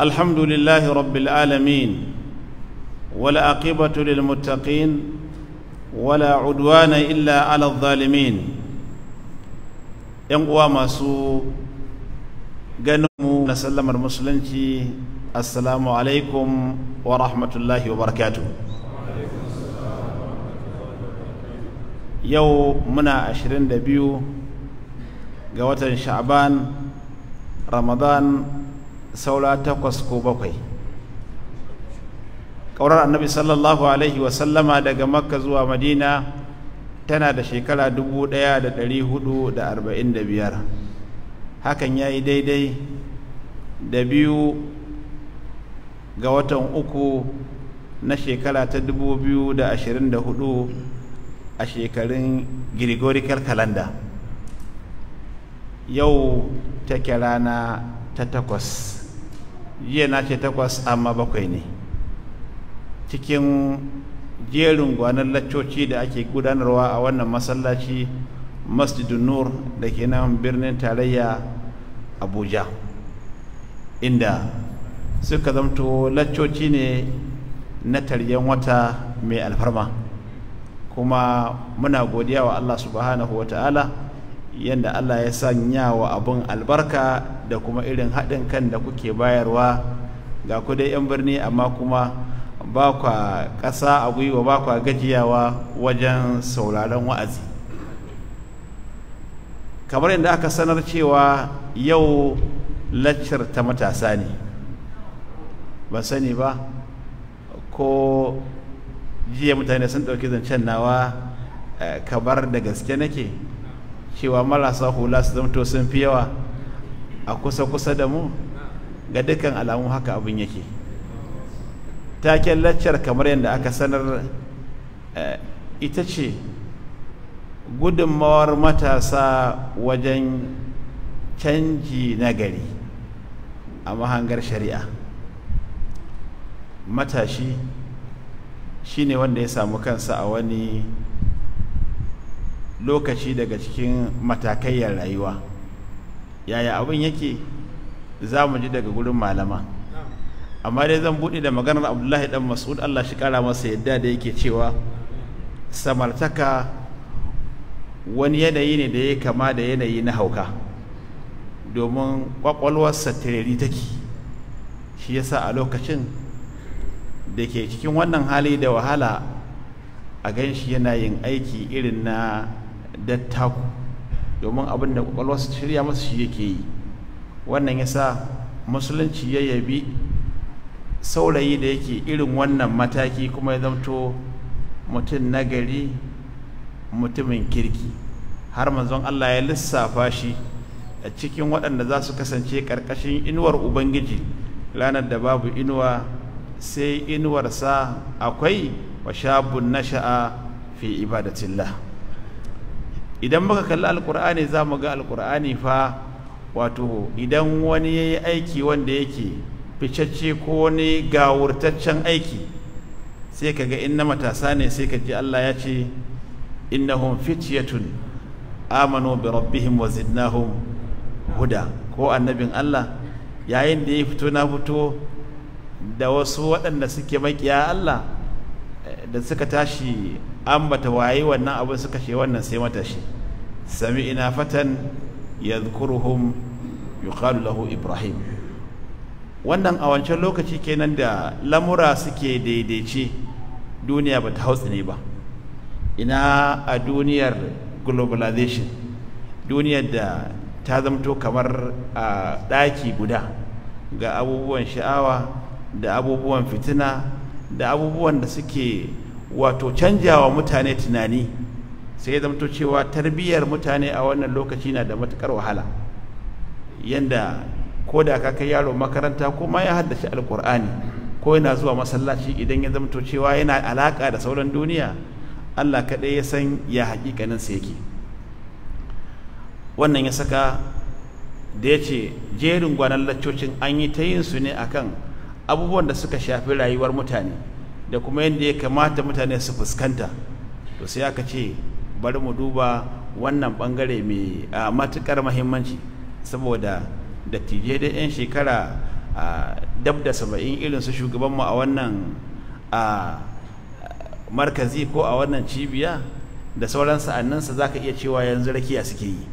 الحمد لله رب العالمين والعاقبة للمتقين ولا عدوان إلا على الظالمين ينقوى ماسو قنمو نسلم المسلمين السلام عليكم ورحمة الله وبركاته yau muna 22 ga watan sha'ban ramadan saura takwas ko bakwai ƙaurar annabi sallallahu alaihi wasallama daga makka zuwa madina tana da shekara da 1445 hakan ya yi daidai da biyu ga watan uku na shekara ta da da 2024 a shekarun Gregorikar Kalanda. yau take rana ta takwas jiya na ce takwas amma bakwai ne cikin jerin gwanar laccoci da ake gudanarwa a wannan masallaci masjidun nur da ke nan birnin tarayya abuja inda suka zamto laccoci ne na taryan wata mai alfarma kuma muna godiya wa allah subhanahu wa ta'ala yadda Allah ya sanya wa abin albarka da kuma irin haɗin kan da kuke bayarwa ga ku dai 'yan birni amma kuma ba kwa ƙasa a gwiwa ba kwa gajiyawa wajen sauraron wa'azi kamar yadda aka sanar cewa yau laccar ta matasa ne ban sani ba ko jiya mutane sun ɗauki zancen nawa eh, kabar da gaske nake cewa marasa hula su zamto sun fi yawa a kusa-kusa da mu ga dukkan alamu haka abin yake taken laccar kamar yadda aka sanar eh, ita ce gudunmawar matasa wajen canji nagari a mahangar shari'a matashi shine wanda ya samu kansa a wani lokaci daga cikin matakayyar rayuwa yaya abin yake za mu ji daga gurin malama amma dai zan buɗe da maganar abdullahi dan mas'ud allah shi kara masa yadda da yake cewa samartaka wani yanayi ne da ya kama da yanayi na hauka domin kwakwalwarsa tirari take shi yasa a lokacin da ke cikin wannan hali da wahala a gan shi yana yin aiki irin na dattaku domin abin da su shirya masa shi yake yi wannan ya sa musulunci ya yabi saurayi da yake irin wannan mataki kuma ya zamto mutum nagari mutumin kirki har manzon Allah ya lissafa shi a cikin waɗanda za su kasance ƙarƙashin inuwar ubangiji ranar da babu inuwa sai inuwarsa akwai wa shabun nasha'a fi ibadatillah idan muka kalli alkur'ani za mu ga alkur'ani fa wato idan wani ya yi aiki wanda yake ficacce ko wani gawurtaccen aiki sai ka ga inna matasa ne sai ka ji allah ya ce innahum fityatun amanu bi rabbihim wa zidnahum huda ko annabin allah yayin da ya fito na fito da wasu waɗanda suke makiya allah eh, da suka tashi an bata waye wannan abin suka ce wannan sai matashi sami ina fatan yadhkuruhum yuqalu lahu ibrahim wannan a wancan lokaci kenan da lamura suke daidaice duniya bata hautsi ne ba ina a duniyar globalization duniyar da ta zamto kamar a ɗaki guda ga abubuwan sha'awa da abubuwan fitina da abubuwan da suke wato canjawa mutane tunani sai ya zamto cewa tarbiyyar mutane a wannan lokaci na da matukar wahala yadda ko da ka kai yaro makaranta ko ma ya haddace alkur'ani ko yana zuwa masallaci idan ya zamto cewa yana alaka da sauran duniya Allah kaɗai ya san ya hakikanin sa yake wannan ya saka da ya ce jerin gwanan laccocin an yi ta yin su ne akan abubuwan da suka shafi rayuwar mutane da kuma yadda ya kamata mutane su fuskanta to sai aka ce bari mu duba wannan bangare mai matukar mahimmanci saboda dattijai da 'yan shekara dab da saba'in irin su shugabanmu a wannan a markazi ko a wannan cibiya da sauran sa'anninsa za ka iya cewa yanzu rakiya suke yi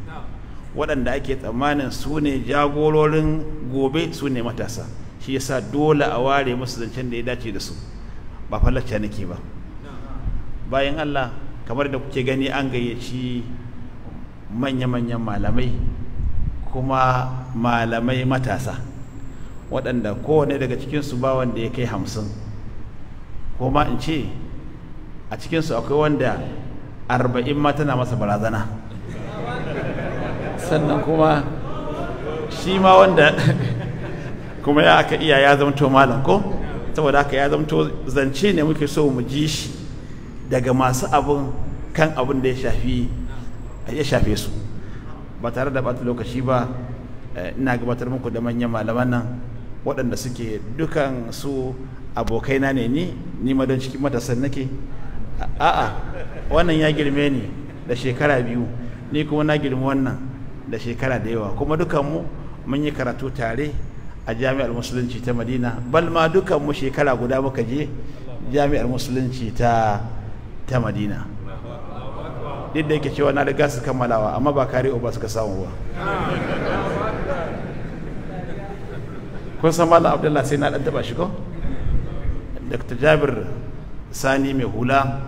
waɗanda ake tsammanin su ne jagororin gobe su ne matasa shi yasa dole a ware musu zancen da ya dace da su ba fallacca nake ba bayan Allah kamar da kuke gani an gayyaci manya-manyan malamai kuma malamai matasa waɗanda kowane daga cikinsu ba wanda ya kai hamsin kuma in ce a cikinsu akwai wanda arba'in ma tana masa barazana sannan kuma shi ma wanda kuma ya aka iya ya zama to malam ko? saboda haka ya zamto zance ne muke so mu ji shi daga masu abin kan abin da ya shafi ya shafe su ba tare da bata lokaci ba eh, ina gabatar muku da manyan malaman nan waɗanda suke dukan su abokaina ne ni ni ma don cikin matasan nake a'a wannan ya girme ni da shekara biyu ni kuma na girmi wannan da shekara da yawa kuma dukanmu mun yi karatu tare a jami'ar musulunci ta madina bal ma dukan mu shekara guda muka je jami'ar musulunci ta ta madina duk yake cewa na riga su kammalawa amma ba kare ba suka samu ba kun san malam abdullah sai na dan taba shi ko dr jabir sani mai hula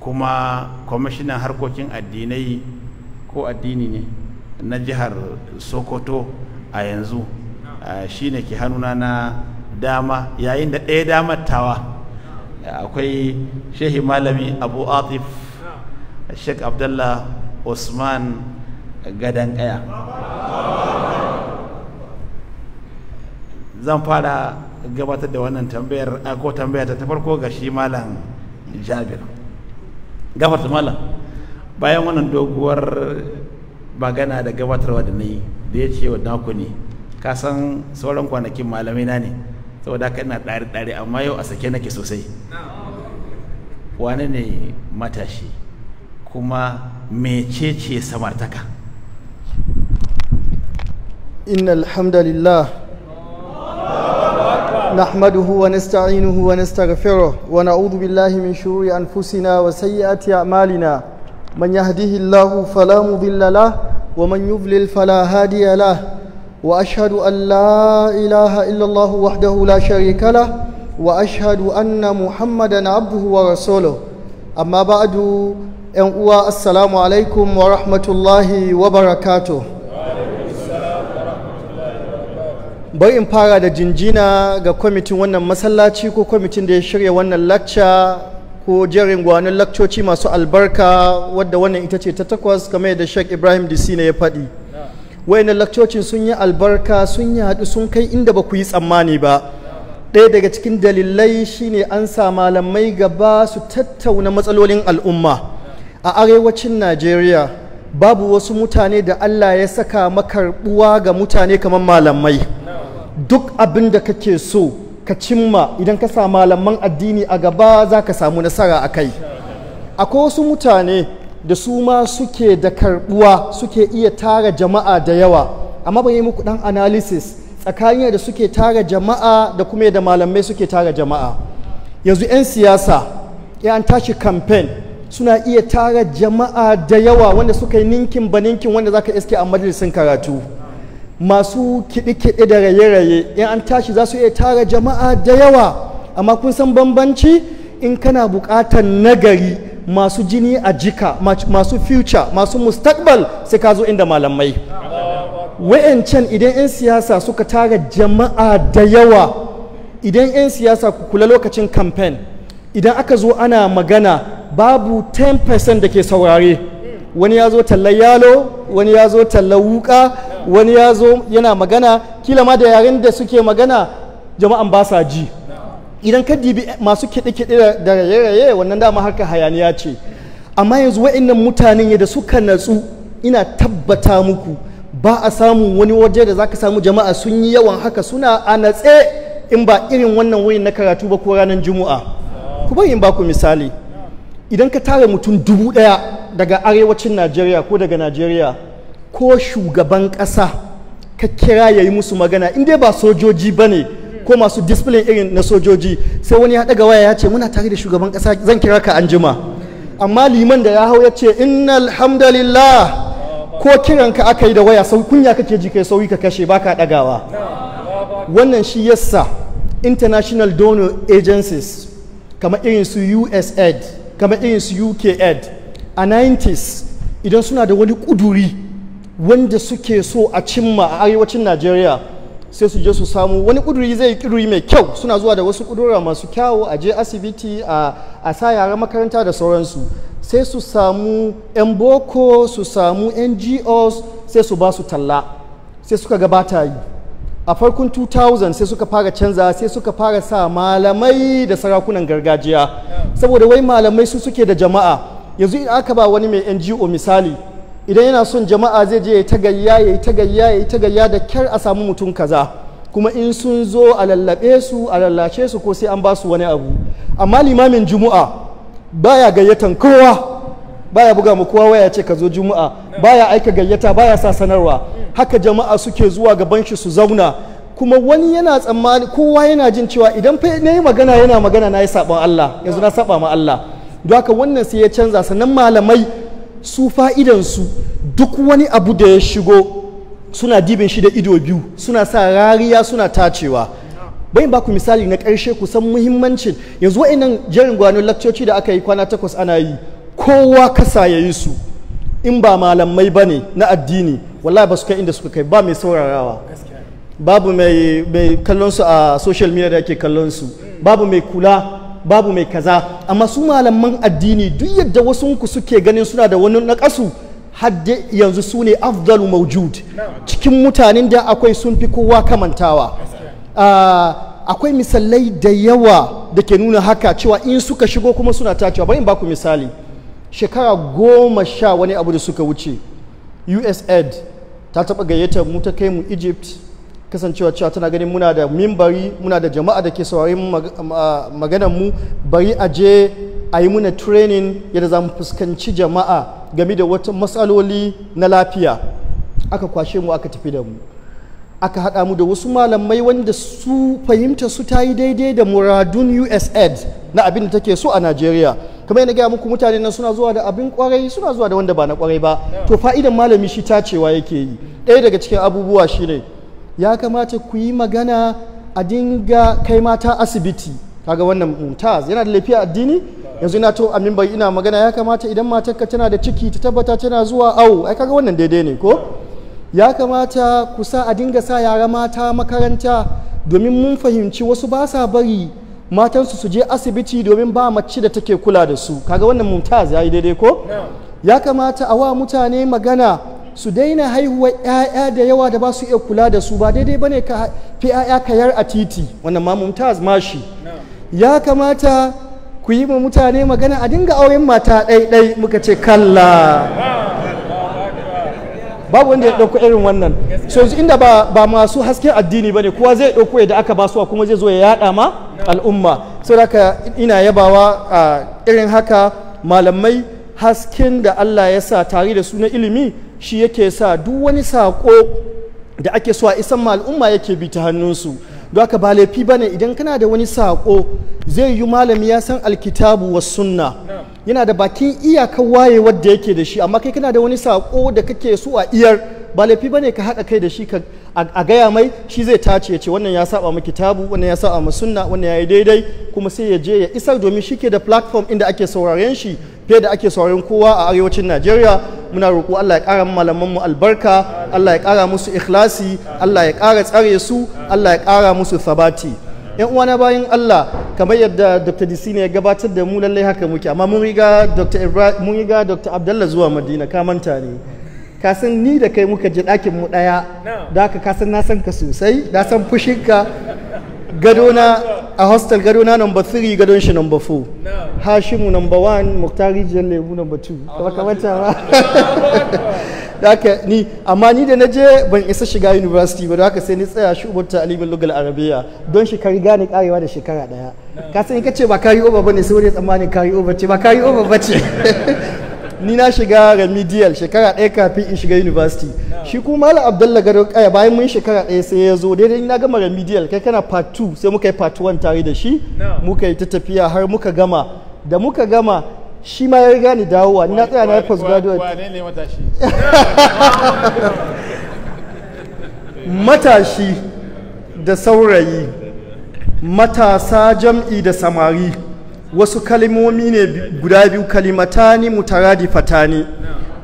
kuma kwamishinan harkokin addinai ko addini ne na jihar sokoto a yanzu shi ne ke hannuna na dama yayin da ɗaya damar tawa akwai shehi malami abu atif sheikh abdullah usman gadan kaya zan fara gabatar da wannan tambayar ko tambaya ta farko ga shi malam jabir gabatar malam bayan wannan doguwar magana da gabatarwa da na yi da ya ce wa naku ne ka san sauran kwanakin malamai na ne sau da kai na ɗari-ɗari amma yau a sake nake sosai wani ne matashi kuma mece ce samartaka inna alhamdulillah na ahmadu huwa na sta'inu huwa na stagafero wana udu billahi mai shuri an fusina wa sai ya ati malina man yi hadihi lahu wa man yi fala hadiyala واشهد ان لا اله الا الله وحده لا شريك له واشهد ان محمدا عبده ورسوله اما بعد ان uwa assalamu alaikum wa rahmatullahi wa barakatuh bari in fara da jinjina ga kwamitin wannan masallaci ko kwamitin da ya shirya wannan lacca ko jerin gwanin lakcoci masu albarka wadda wannan ita ce ta takwas game da shek ibrahim disi ne ya faɗi Wai na lakcocin sun yi albarka sun yi haɗu sun kai inda ba ku yi tsammani ba ɗaya daga cikin dalilai shine an sa malamai gaba su tattauna matsalolin al'umma a arewacin najeriya babu wasu mutane da allah ya saka makarbuwa ga mutane kamar malamai duk abin da kake so ka cimma idan ka sa malaman addini a gaba za ka samu nasara a kai akwai wasu mutane da su ma suke da karbuwa suke iya tara jama'a da yawa amma ban yi muku dan analysis tsakanin da suke tara jama'a da kuma da malamai suke tara jama'a yanzu 'yan siyasa 'yan tashi campaign suna iya tara jama'a da yawa wanda suka yi ninkin ba ninkin wanda zaka iske a majalisun karatu masu kiɗe-kiɗe da raye-raye in an tashi za su iya tara jama'a da yawa amma kun san bambanci in kana buƙatar nagari masu jini a jika masu future masu mustakbal sai ka zo inda malamai wa'ancan idan 'yan siyasa suka tara jama'a da yawa idan 'yan siyasa ku kula lokacin kamfen idan aka zo ana magana babu 10% da ke saurare wani ya zo tallar yalo wani ya zo tallar wuka wani ya zo yana magana kila ma da yaren da suke magana jama'an ba sa ji idan ka dibi masu kiɗe-kiɗe da raye-raye wannan dama harka hayaniya ce amma yanzu waɗannan mutanen yadda suka natsu ina tabbata muku ba a samu wani waje da zaka samu jama'a sun yi yawan haka suna a natse in ba irin wannan wurin na karatu ba ko ranar juma'a ku bari in ba ku misali idan ka tara mutum dubu ɗaya daga arewacin najeriya ko daga najeriya ko shugaban ƙasa ka kira ya yi musu magana in dai ba sojoji ba ne ko masu display irin na sojoji sai wani ya daga waya ya ce muna tare da shugaban kasa zan kira ka anjima amma liman da ya hau ya ce inna alhamdulillah ko kiran ka aka yi da waya sau kunya kake ji kai sauri ka kashe baka dagawa wannan shi yasa international donor agencies kamar irin su USAID kamar irin su UKAID a 90s idan suna da wani kuduri wanda suke so a cimma a arewacin Najeriya sai su je su samu wani kuduri zai yi kuduri mai kyau suna zuwa da wasu kudura masu kyawu a je asibiti a sa yara makaranta da sauransu sai su samu 'yan boko su samu ngos sai su ba su talla sai suka gabata yi a farkon 2000 sai suka fara canza sai suka fara sa malamai da sarakunan gargajiya saboda wai malamai su suke da jama'a yanzu in aka ba wani mai ngo misali idan yana son jama'a zai je ya tagayya ya tagayya ya tagayya da kyar a samu mutum kaza kuma in sun zo a lallabe su a lallace su ko sai an ba su wani abu amma limamin juma'a baya gayyatan kowa baya buga mu kowa waya ce ka zo juma'a baya aika gayyata baya sa sanarwa haka jama'a suke zuwa gaban shi su zauna kuma wani yana tsammani kowa yana jin cewa idan fa na magana yana magana na yi Allah yanzu na saɓa ma Allah don haka wannan sai ya canza sanan malamai su fa'idansu duk wani abu da ya shigo suna dibin shi da ido biyu suna sa rariya suna tacewa bayan ba ku misali na ƙarshe ku san muhimmancin yanzu wa'annan jerin gwanon lakcoci da aka yi kwana takwas ana yi kowa kasa ya yi su in ba malamai ba ne na addini wallahi ba su kai inda suka kai ba mai saurarawa babu mai kallon su a social media da ake kallon su babu mai kula babu mai kaza amma su malaman addini duk yadda wasu ku suke ganin suna da wani nakasu hadde yanzu su ne afdalu maujud cikin mutanen da akwai sun fi kowa kamantawa ah, akwai misalai da yawa da ke nuna haka cewa in suka shigo kuma suna tacewa bari in baku misali shekara goma sha wani abu da suka wuce USAID ta taɓa gayyatar mu ta kai mu Egypt kasancewa cewa tana ganin muna da mimbari muna da jama'a da ke saurayin maganar mu bari a je a yi muna training yadda za mu fuskanci jama'a game da wata matsaloli na lafiya aka kwashe mu aka tafi da mu aka haɗa mu da wasu malamai wanda su fahimta su ta yi daidai da muradun usaid na abin da take so a najeriya kamar yana gaya muku mutane nan suna zuwa da abin kwarai suna zuwa da wanda ba na kwarai ba to fa'idan malami shi tacewa yake yi ɗaya daga cikin abubuwa shine ya kamata ku yi magana a dinga kai mata asibiti kaga wannan mumtaz yana da lafiya addini yanzu ina to amin bai ina magana ya kamata idan matarka tana da ciki ta tabbata tana zuwa awo ai kaga wannan daidai ne ko ya kamata ku sa a dinga sa yara mata makaranta domin mun fahimci wasu ba sa bari matansu su je asibiti domin ba mace da take kula da su kaga wannan mumtaz yayi daidai ko ya kamata a wa mutane magana su daina haihuwa 'ya'ya da yawa da ba su iya kula da su ba daidai bane ka fi 'ya'ya kayar a titi wannan ma mumtaz mashi ya kamata ku yi ma mutane magana a dinga auren mata ɗaiɗai muka ce kalla babu wanda ya ɗauko irin wannan so inda ba, masu hasken addini ba ne kowa zai ɗauko da aka ba su kuma zai zo ya yaɗa ma al'umma so haka ina yabawa a irin haka malamai hasken da Allah ya sa tare da su na ilimi shi yake sa duk wani sako da ake so a isan ma al'umma yake bi ta hannunsu don haka ba laifi ba ne idan kana da wani sako zai yi malami ya san alkitabu wa sunna yana da bakin iyakar waye wadda yake da shi amma kai kana da wani sako da kake so a iyar ba laifi ba ne ka haɗa kai da shi a gaya mai shi zai tace ya ce wannan ya saba ma kitabu wannan ya saba ma sunna wannan ya yi daidai kuma sai ya je ya isar domin shi ke da platform inda ake sauraren shi ta yadda ake saurin kowa a arewacin najeriya muna roƙo allah ya ƙara malamanmu albarka allah ya ƙara musu ikhlasi allah ya ƙara tsare su allah ya ƙara musu sabati yan uwana bayan allah kamar yadda dr dc ne ya gabatar da mu lallai haka muke amma mun riga dr abdallah zuwa madina ka manta ne ka ni da kai muka je ɗakin mu ɗaya da haka ka na san ka sosai na san fushinka gadona a hostel gadona number 3 gadon shi number 4 hashimu number 1 muktari jallemu number 2 kamata ba haka ni amma ni da na je ban isa shiga university ba da haka sai ni tsaya shi ubar ta'alimin lugal arabiya don shi kari gane karewa da shekara daya ka san in ka ce ba kari over bane sai wani tsammanin kari over ce ba kari over bace ni na shiga remedial shekara ɗaya kafin in shiga university shi kuma malam abdulla gado kaya eh, bayan mun shekara ɗaya sai ya zo daidai na gama remedial kai kana part 2 sai muka yi part 1 tare da shi muka yi ta tafiya har muka gama da muka gama shi ma ya riga ni dawowa ni na tsaya na graduate wane ne matashi matashi da saurayi matasa jam'i da samari wasu kalimomi ne guda biyu kalimatani mutaradifatani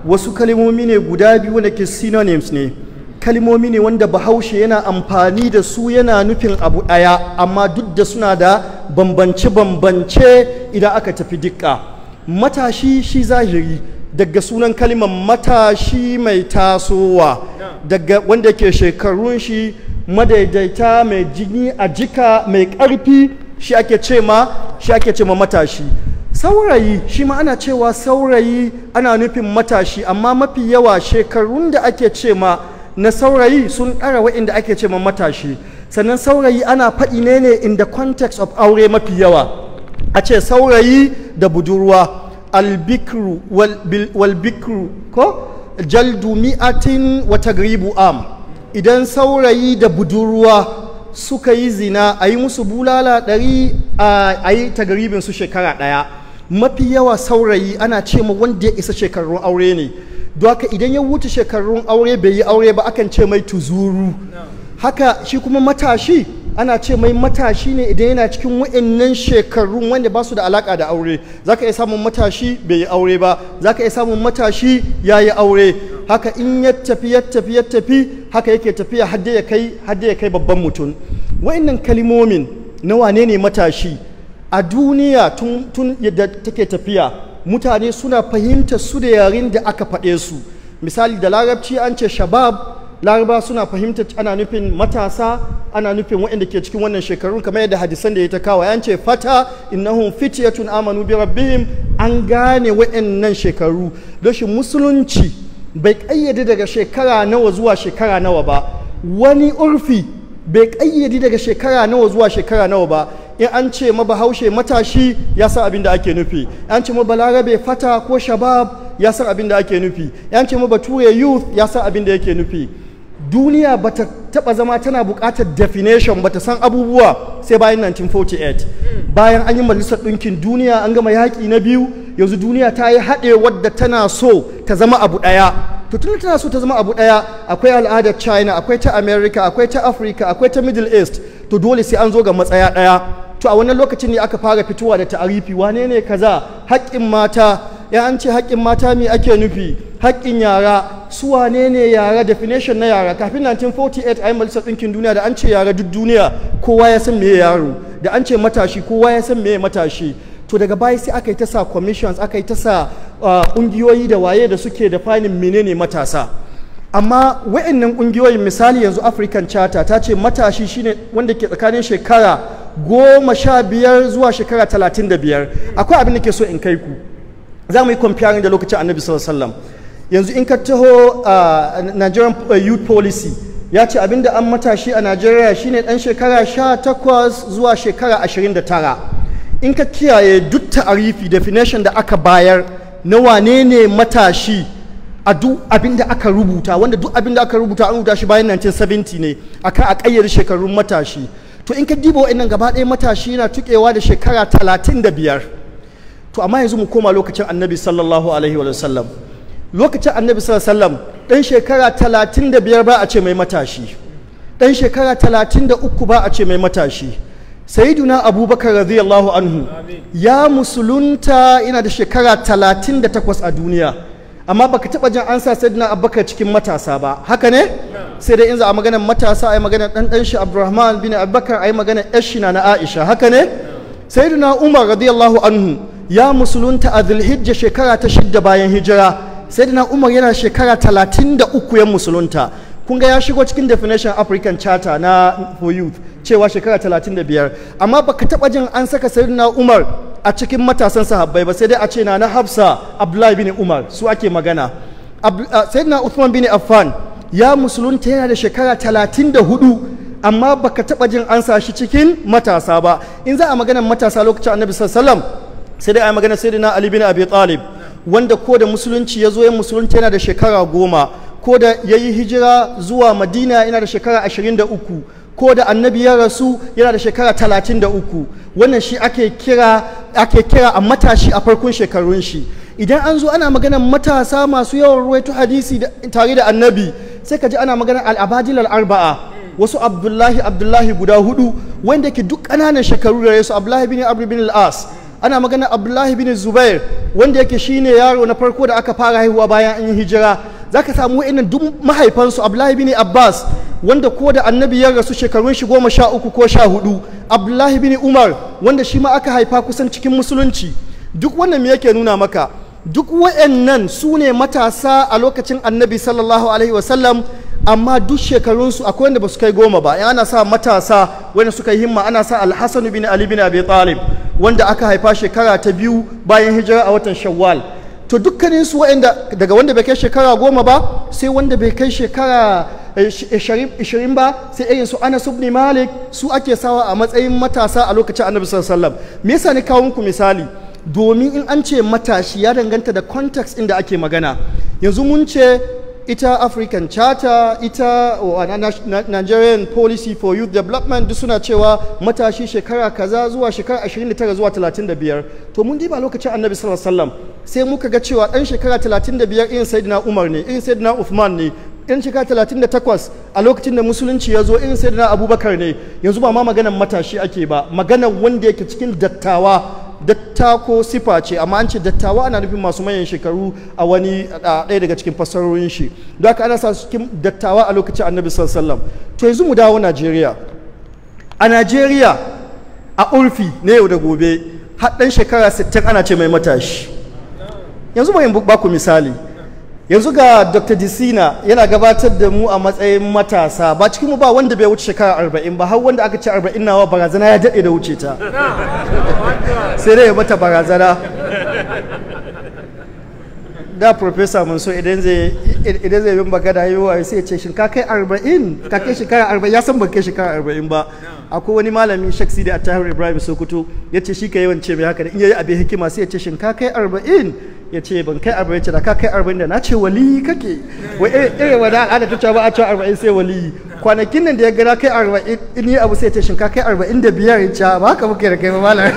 wasu kalimomi ne guda biyu wanda ke synonyms ne kalimomi ne wanda bahaushe yana amfani da su yana nufin abu ɗaya amma duk da suna da bambance-bambance idan aka tafi dukka matashi shi zahiri daga sunan kalimar matashi mai tasowa daga wanda ke shekarun shi madaidaita mai jini a jika mai ƙarfi shi ake ce ma shi ake ce ma matashi saurayi shi ma ana cewa saurayi ana nufin matashi amma mafi yawa shekarun da ake ce ma na saurayi sun ɗara wa'inda ake ce ma matashi sannan saurayi ana faɗi ne ne in the context of aure mafi yawa a ce saurayi da budurwa albikru walbikru ko jaldu mi'atin wata gribu am idan saurayi da budurwa suka yi zina a yi musu bulala ɗari a yi tagaribin su shekara ɗaya mafi yawa saurayi ana ce ma wanda ya isa shekarun aure ne haka idan ya wuce shekarun aure bai yi aure ba akan ce mai tuzuru haka shi kuma matashi ana ce mai matashi ne idan yana cikin wa'annan shekarun wanda ba su da alaka da aure za ka iya samun matashi bai yi aure ba za ka iya samun matashi ya yi aure haka in ya tafi ya tafi ya tafi haka yake tafiya hadda ya kai hadda ya kai babban mutum wa'annan kalimomin na wane ne matashi a duniya tun yadda take tafiya mutane suna fahimta su da yarin da aka faɗe su misali da larabci an ce shabab laraba suna fahimta ana nufin matasa ana nufin waɗanda ke cikin wannan shekarun kamar yadda hadisan da ya ta kawo an ce fata innahum fitiyatun amanu bi rabbihim an gane waɗannan shekaru don shi musulunci bai ƙayyade daga shekara nawa zuwa shekara nawa ba wani urfi bai ƙayyade daga shekara nawa zuwa shekara nawa ba in an ce ma bahaushe matashi ya san abin da ake nufi an ce ma Balarabe fata ko shabab ya san abin da ake nufi an ce ma Bature youth ya san abin da yake nufi duniya ba ta taɓa zama tana buƙatar definition ba ta san abubuwa sai bayan 1948 bayan an yi majalisar ɗinkin duniya an gama yaƙi na biyu yanzu duniya ta yi haɗe wadda tana so ta zama abu ɗaya to tun tana so ta zama abu ɗaya akwai al'adar china akwai ta america akwai ta africa akwai ta middle east to dole sai an zo ga matsaya ɗaya to a wannan lokacin ne aka fara fitowa da ta'arifi wane ne kaza haƙƙin mata ya an ce haƙƙin mata me ake nufi haƙƙin yara su wane ne yara definition na yara kafin 1948 a yi majalisar ɗinkin duniya da an ce yara duk duniya kowa ya san meye yaro da an ce matashi kowa ya san meye matashi to daga baya sai aka yi ta sa commissions aka yi ta sa uh, ƙungiyoyi da waye da suke da fanin menene matasa amma wa'annan ƙungiyoyin misali yanzu african charter ta ce matashi shine wanda ke tsakanin shekara goma sha biyar zuwa shekara talatin da biyar akwai abin da ke so in kai ku za mu yi comparing da lokacin annabi sallallahu alaihi wasallam yanzu in ka taho a nigerian uh, youth policy ya ce abinda an matashi a Nigeria shine dan shekara 18 zuwa shekara 29 in ka kiyaye duk ta'arifi definition da aka bayar na wane ne matashi a duk abinda aka rubuta wanda duk abinda aka rubuta an rubuta shi bayan 1970 ne akan a kayyade shekarun matashi to in ka diba wa'in gaba ɗaya matashi yana tukewa da shekara 35 to amma yanzu mu koma lokacin annabi sallallahu alaihi wa sallam lokacin annabi sallallahu alaihi wasallam dan shekara 35 ba a ce mai matashi dan shekara 33 ba a ce mai matashi sayyiduna abubakar radiyallahu anhu ya musulunta ina da shekara 38 a duniya amma baka taba jin an sa sayyiduna abubakar cikin matasa ba haka ne sai dai in za a maganar matasa ai maganar dan dan shi abdurrahman bin abubakar ai maganar yashina na aisha haka ne sayyiduna umar radiyallahu anhu ya musulunta a zulhijja shekara ta shidda bayan hijira sayyidina umar yana shekara 33 yan musulunta kunga ya shigo cikin definition african charter na for youth cewa shekara 35 amma baka taba jin an saka sayyidina umar a cikin matasan sahabbai ba sai dai a ce na na hafsa abdullahi bin umar su ake magana sayyidina uthman bin affan ya musulunta yana da shekara 34 amma baka taba jin an sa shi cikin matasa ba in za a maganar matasa lokacin annabi sallallahu alaihi wasallam sai dai a magana sayyidina ali bin abi talib wanda ko da musulunci ya zo ya musulunci yana da shekara goma ko da ya yi hijira zuwa madina yana da shekara ashirin da uku ko da annabi ya rasu yana da shekara talatin da uku wannan shi ake kira a matashi a farkon shekarun shi idan an zo ana maganar matasa masu yawan ruwaito hadisi tare da annabi sai ka ji ana maganar al'abadil arba'a wasu abdullahi abdullahi guda hudu wanda ke duk ƙananan shekaru da su abdullahi bin abu bin al'as ana magana abdullahi bin zubair wanda yake shine yaro na farko da aka fara haihuwa bayan an yi hijira za ka samu wa'in duk mahaifansu abdullahi bin abbas wanda ko da annabi ya rasu shekarun shi goma sha uku ko sha hudu abdullahi bin umar wanda shi ma aka haifa kusan cikin musulunci duk wannan me yake nuna maka duk waɗannan su ne matasa a lokacin annabi sallallahu alaihi wasallam amma duk shekarunsu akwai wanda ba su kai goma ba ana sa matasa wanda suka yi himma ana sa alhassan bin ali bin abi talib wanda aka haifa shekara ta biyu bayan hijira a watan shawwal to dukkanin su wa'anda daga wanda bai kai shekara goma ba sai wanda bai kai shekara eh, ishirin ba sai irin su anas ibn malik su ake sawa a matsayin matasa a lokacin annabi sallallahu alaihi wasallam me yasa ni kawo muku misali domin in an ce matashi ya danganta da context inda ake magana yanzu mun ce ita african charter ita oh, nigerian policy for youth development duk suna cewa matashi shekara kaza zuwa shekara 29 zuwa 35 to mun diba lokacin annabi sallallahu alaihi wasallam sai muka ga cewa dan shekara 35 irin sayyidina umar ne irin sayyidina uthman ne yan shekara talatin da takwas a lokacin da musulunci ya zo irin sai da abubakar ne yanzu ba ma maganan matashi ake ba maganan wanda yake cikin dattawa Dattako sifa ce amma an ce dattawa ana nufin masu manyan shekaru a wani ɗaya daga cikin fassarorin shi don haka ana sa cikin dattawa a lokacin annabi sallallahu to yanzu mu dawo najeriya a najeriya a urfi ne yau da gobe har dan shekara 60 ana ce mai matashi yanzu mu ba ku misali yanzu ga dr disina yana gabatar da mu a matsayin matasa ba cikinmu ba wanda bai wuce shekara arba'in ba har wanda aka ce arba'in nawa barazana ya daɗe da wuce ta sai dai ya mata barazana da professor manso idan zai idan zai bin baka da haihuwa sai ya ce shin ka kai arba'in ka kai shekara arba'in ya san ban kai shekara arba'in ba akwai wani malami shaksi da attahir ibrahim sokoto ya ce shi ka yawan ce mai haka da in yayi abin hikima sai ya ce shin ka kai arba'in ya ce ban kai arba'in ce da ka kai arba'in da na ce wali kake wai irin eh, eh, wani al'ada ta cewa ba a cewa arba'in sai wali kwanakin nan da ya gana kai arba'in in yi abu sai ya ce shin ka kai arba'in da biyar ya ce ba haka muke da kai ba malam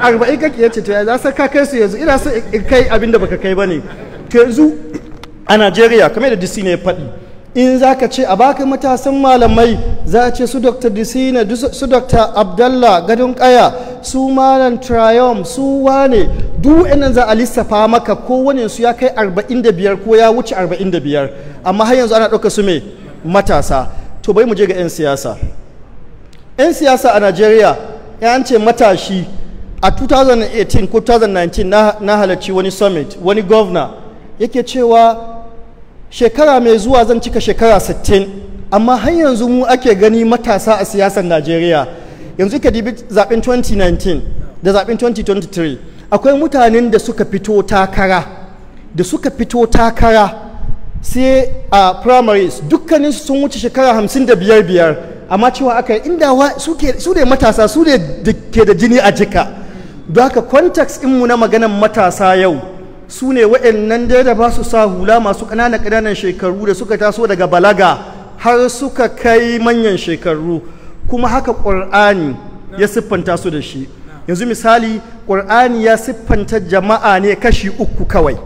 arba'in kake ya ce to ya sa ka kai su yanzu ina so in kai abin da baka kai ba ne to yanzu a najeriya kamar da disi ne ya faɗi in za ka ce a baka matasan malamai za a ce su dr disina su dr abdallah gadon kaya su malam triumph su wane duwannan za a lissafa maka kowane su ya kai 45 ko ya wuce 45 amma har yanzu ana ɗauka su mai matasa to bai mu je ga 'yan siyasa 'yan siyasa a najeriya ya ce matashi a 2018 ko 2019 na halarci wani summit wani governor yake cewa shekara mai zuwa zan cika shekara 60 amma har yanzu mu ake gani matasa a siyasar najeriya yanzu ka dibi zaben 2019 da zaben 2023 akwai mutanen da suka fito takara da suka fito takara sai a primaries dukkanin su sun wuce shekara 55 biyar amma cewa aka yi inda su ne matasa su ne ke da jini a jika don haka context mu na maganan matasa yau su ne wa'annan dai da ba su sa hula masu ƙananan ƙananan shekaru da suka taso daga balaga har suka kai manyan shekaru kuma haka ƙur'ani ya siffanta su da shi yanzu misali ƙur'ani ya siffanta jama'a ne kashi uku kawai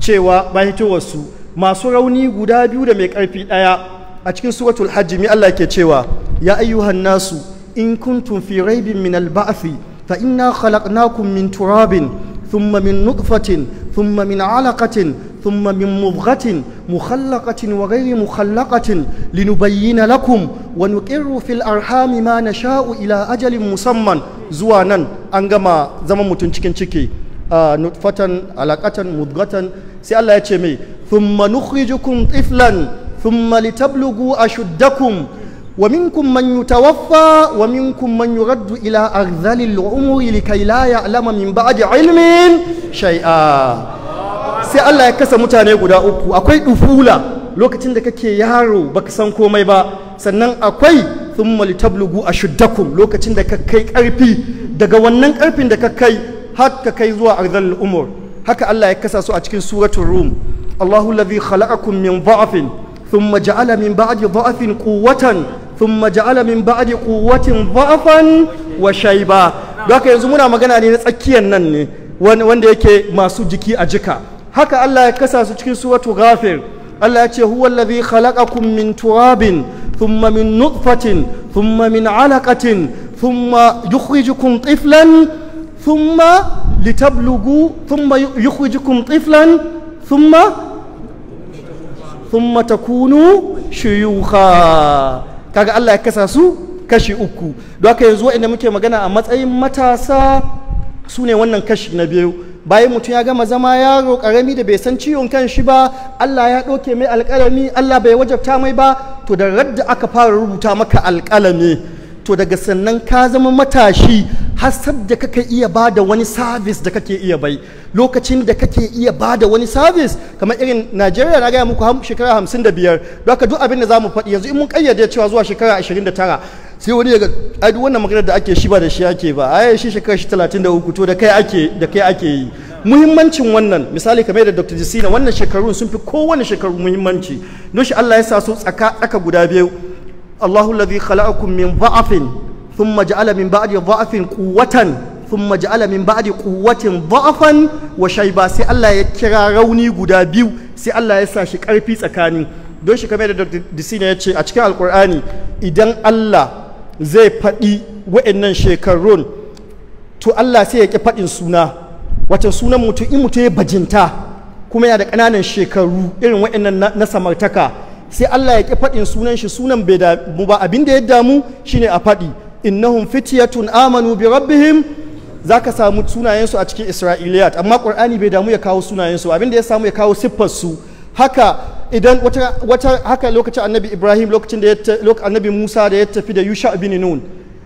cewa ba wasu masu rauni guda biyu da mai ƙarfi ɗaya a cikin suratul hajji mi Allah ke cewa ya ayyuhan nasu in kuntum fi raibin min al-ba'thi fa inna khalaqnakum min turabin ثم من نطفة ثم من علقة ثم من مضغة مخلقة وغير مخلقة لنبين لكم ونقر في الأرحام ما نشاء إلى أجل مسمى زوانا أنجما زمن متنشكن شكي آه نطفة علقة مضغة سي الله يتشمي ثم نخرجكم طفلا ثم لتبلغوا أشدكم ومنكم من يتوفى ومنكم من يرد إلى أرذل العمر لكي لا يعلم من بعد علم شيئا sai Allah ya kasa mutane guda uku akwai dufula lokacin da kake yaro baka san komai ba sannan akwai thumma a ashuddakum lokacin da ka kai karfi daga wannan karfin da ka kai har ka kai zuwa arzal umur haka Allah ya kasa su a cikin suratul rum Allahu alladhi khalaqakum min dha'fin thumma ja'ala min ba'di dha'fin quwwatan thumma ja'ala min ba'adi quwwatin bafan wa shaiba. haka yanzu muna magana ne na tsakiyar nan ne wanda yake masu jiki a jika haka Allah ya kasa su cikin suratu ghafir Allah ya ce huwa alladhi khalaqakum min turabin thumma min nutfatin thumma min alaqatin thumma yukhrijukum tiflan thumma litablugu thumma yukhrijukum tiflan thumma thumma takunu shuyukha kaga Allah ya kasa su kashi uku don haka yanzu waɗanda muke magana a matsayin matasa su ne wannan kashi na biyu bayan mutum ya gama zama yaro karami da bai san ciwon kan shi ba Allah ya ɗauke mai alƙalami Allah bai wajabta mai ba to da radda aka fara rubuta maka alƙalami to daga sannan ka zama matashi sab da kake iya ba da wani service da kake iya bai lokacin da kake iya ba da wani service kamar irin najeriya na gaya muku shekara hamsin da biyar don duk abin da za mu faɗi yanzu in mun ƙayyade cewa zuwa shekara ashirin da tara sai wani yaga ai duk wannan maganar da ake shi ba da shi ake ba ai shi shekara shi talatin da uku to da kai ake yi muhimmancin wannan misali kamar da Dr. Jisina wannan shekarun sun fi kowane shekaru muhimmanci don shi Allah ya sa su tsaka tsaka guda biyu Allahu ladhi khalaqakum min dha'fin thumma ja'ala min ba'di dha'fin quwwatan thumma ja'ala min ba'di quwwatin dha'fan wa shayba sai Allah ya kira rauni guda biyu sai Allah ya sa shi karfi tsakani don shi kamar da Dr. Disina ya ce a cikin alkur'ani idan Allah zai faɗi wa'annan shekarun to Allah sai ya ƙi faɗin suna wata sunan mutum in ya bajinta kuma yana da ƙananan shekaru irin wa'annan na samartaka sai Allah ya ƙi faɗin sunan shi sunan bai damu ba abin da ya damu shi ne a faɗi innahum fitiyatun amanu bi rabbihim zaka samu sunayensu a cikin isra'iliyat amma qur'ani bai damu ya kawo sunayensu abinda ya samu ya kawo siffarsu haka idan wata, wata haka lokacin annabi ibrahim lokacin da annabi musa da ya tafi da yusha bin nun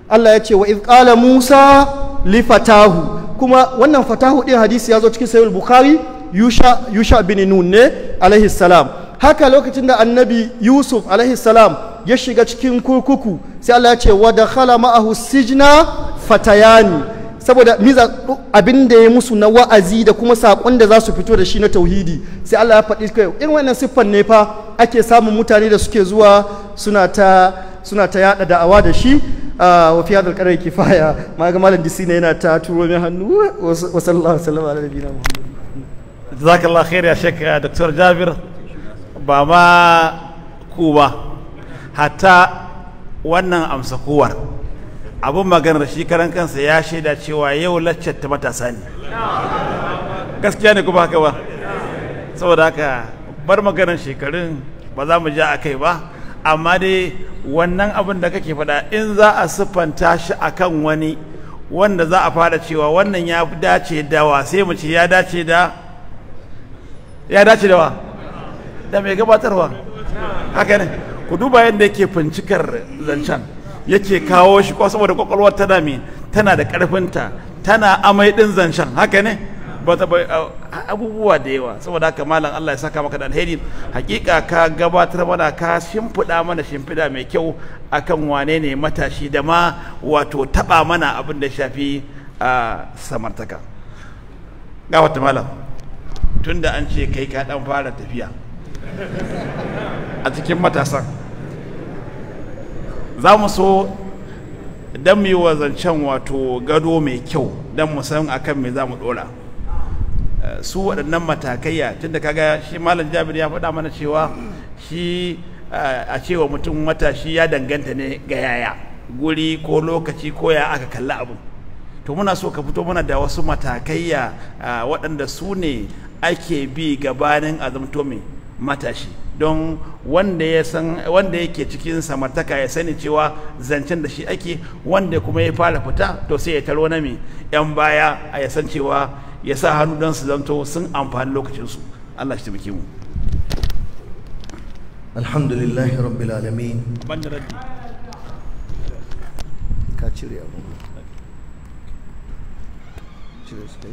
allah ya ce wa qala musa li fatahu kuma wannan fatahu din hadisi ya zo cikin sahih bukhari yusha yusha bin nun ne alaihi salam haka lokacin da annabi yusuf alaihi ya shiga cikin kurkuku sai Allah ya ce wa khala ma'ahu sijna fatayani saboda miza abin da ya musu na wa'azi da kuma saƙon da za su fito da shi na tauhidi sai Allah ya faɗi kai irin wannan siffan ne fa ake samun mutane da suke zuwa suna ta suna ta yada da'awa da shi ah, wa fi da ƙarar kifaya ma ga malam disi ne yana ta turo mai hannu wasu sallallahu salama wa sallam ala ya dr jabir ba ma ku ba hatta wannan amsa kowar abin maganar shi karan kansa ya shaida cewa yau laccar ta matasa ne gaskiya ne kuma haka ba saboda haka bar maganar shekarun ba za mu ja a kai ba amma dai wannan abin da kake faɗa in za a siffanta shi kan wani wanda za a fara cewa wannan ya dace da wa sai mu ce ya dace da ya dace da wa da mai gabatarwa haka ne ku duba yadda yake fincikar zancen yake kawo shi ko saboda kwakwalwar tana mi tana da karfinta tana amai din zancen haka ne ba ta abubuwa da yawa saboda haka malam Allah ya saka maka da alheri hakika ka gabatar mana ka shimfiɗa mana shimfiɗa mai kyau akan wane ne matashi da ma wato taɓa mana abin da shafi a samartaka ga wata malam tunda an ce kai ka dan fara tafiya a cikin matasan za mu so don mu yi wa zancen wato gado mai kyau don mu san akan mai za mu dora su waɗannan matakaiya tunda ga shi malam jabir ya faɗa mana cewa shi eh, a cewa mutum matashi ya danganta ne ga yaya guri ko lokaci ko ya aka kalla abu to muna so ka fito mana da wasu matakaiya eh, waɗanda su ne ake bi gabanin azumtomi. matashi don wanda ya san wanda yake cikin samartaka ya sani cewa zancen da shi ake wanda kuma ya fara fita to sai ya taro na mai yan baya a ya san cewa ya sa hannu don su zanto sun amfani lokacinsu Allah shi taimake mu alhamdulillahi rabbil alamin ka cire abu cire su kai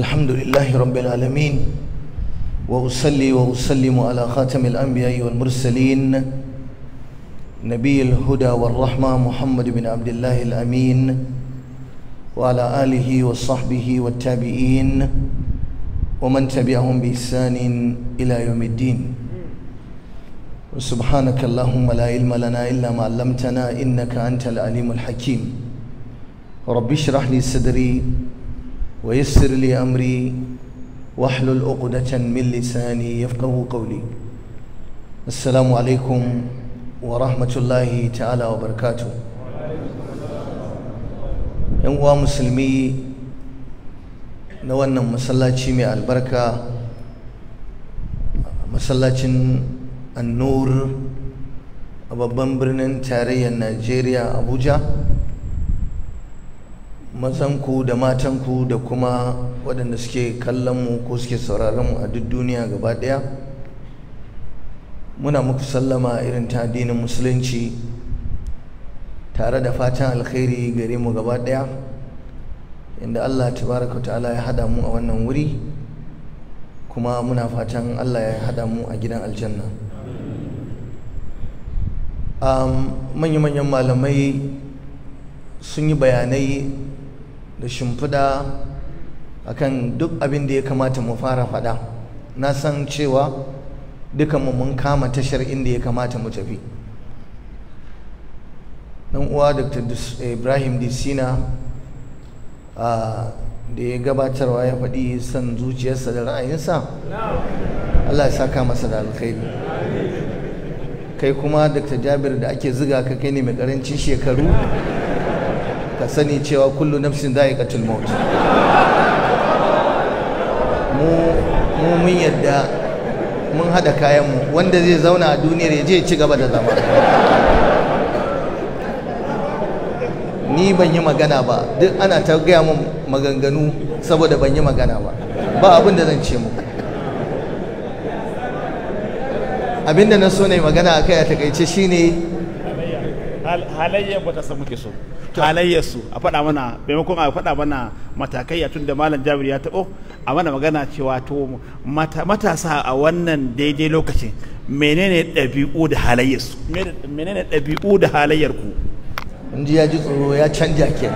الحمد لله رب العالمين وأصلي وأسلم على خاتم الأنبياء والمرسلين نبي الهدى والرحمة محمد بن عبد الله الأمين وعلى آله وصحبه والتابعين ومن تبعهم بإحسان إلى يوم الدين وسبحانك اللهم لا علم لنا إلا ما علمتنا إنك أنت العليم الحكيم رب اشرح لي صدري ويسر لي أمري واحلل عقدة من لساني يفقه قولي السلام عليكم ورحمة الله تعالى وبركاته yan uwa musulmi na wannan masallaci mai albarka masallacin annur a babban birnin tarayyar najeriya abuja mazanku da matanku da kuma waɗanda suke kallon mu ko suke sauraron mu a duk duniya gaba ɗaya muna muku sallama irin ta addinin musulunci tare da fatan alkhairi gare mu gaba ɗaya inda Allah tabaraka ta'ala ya hada mu a wannan wuri kuma muna fatan Allah ya hada mu a gidan aljanna manya-manyan malamai sun yi bayanai da shimfiɗa kan duk abin da ya kamata mu fara faɗa na san cewa dukanmu mun kama tashar inda ya kamata mu tafi Ɗan uwa dr eh, ibrahim disina ah, da ya gabatarwa ya faɗi son zuciyarsa da ra'ayinsa allah ya saka masa da alkhairi kai kuma dr jabir da ake ziga ka kai ne mai karancin shekaru ka sani cewa kullu nafsin ya maut mu mu mun yadda mun haɗa kayan mu wanda zai zauna a duniyar ya je ci gaba da zama ni ban yi magana ba duk ana ta gaya min maganganu saboda ban yi magana ba ba abin da zan ce mu abin da na so ne magana a kai a takaice shine halayya ba ta muke so halayyarsu a faɗa mana maimakon a faɗa mana matakai tun da malam jabir ya taɓo a mana magana cewa to matasa a wannan daidai lokacin menene ɗabi'u da halayyarsu menene ɗabi'u da halayyarku inji ya ji tsoro ya canja ke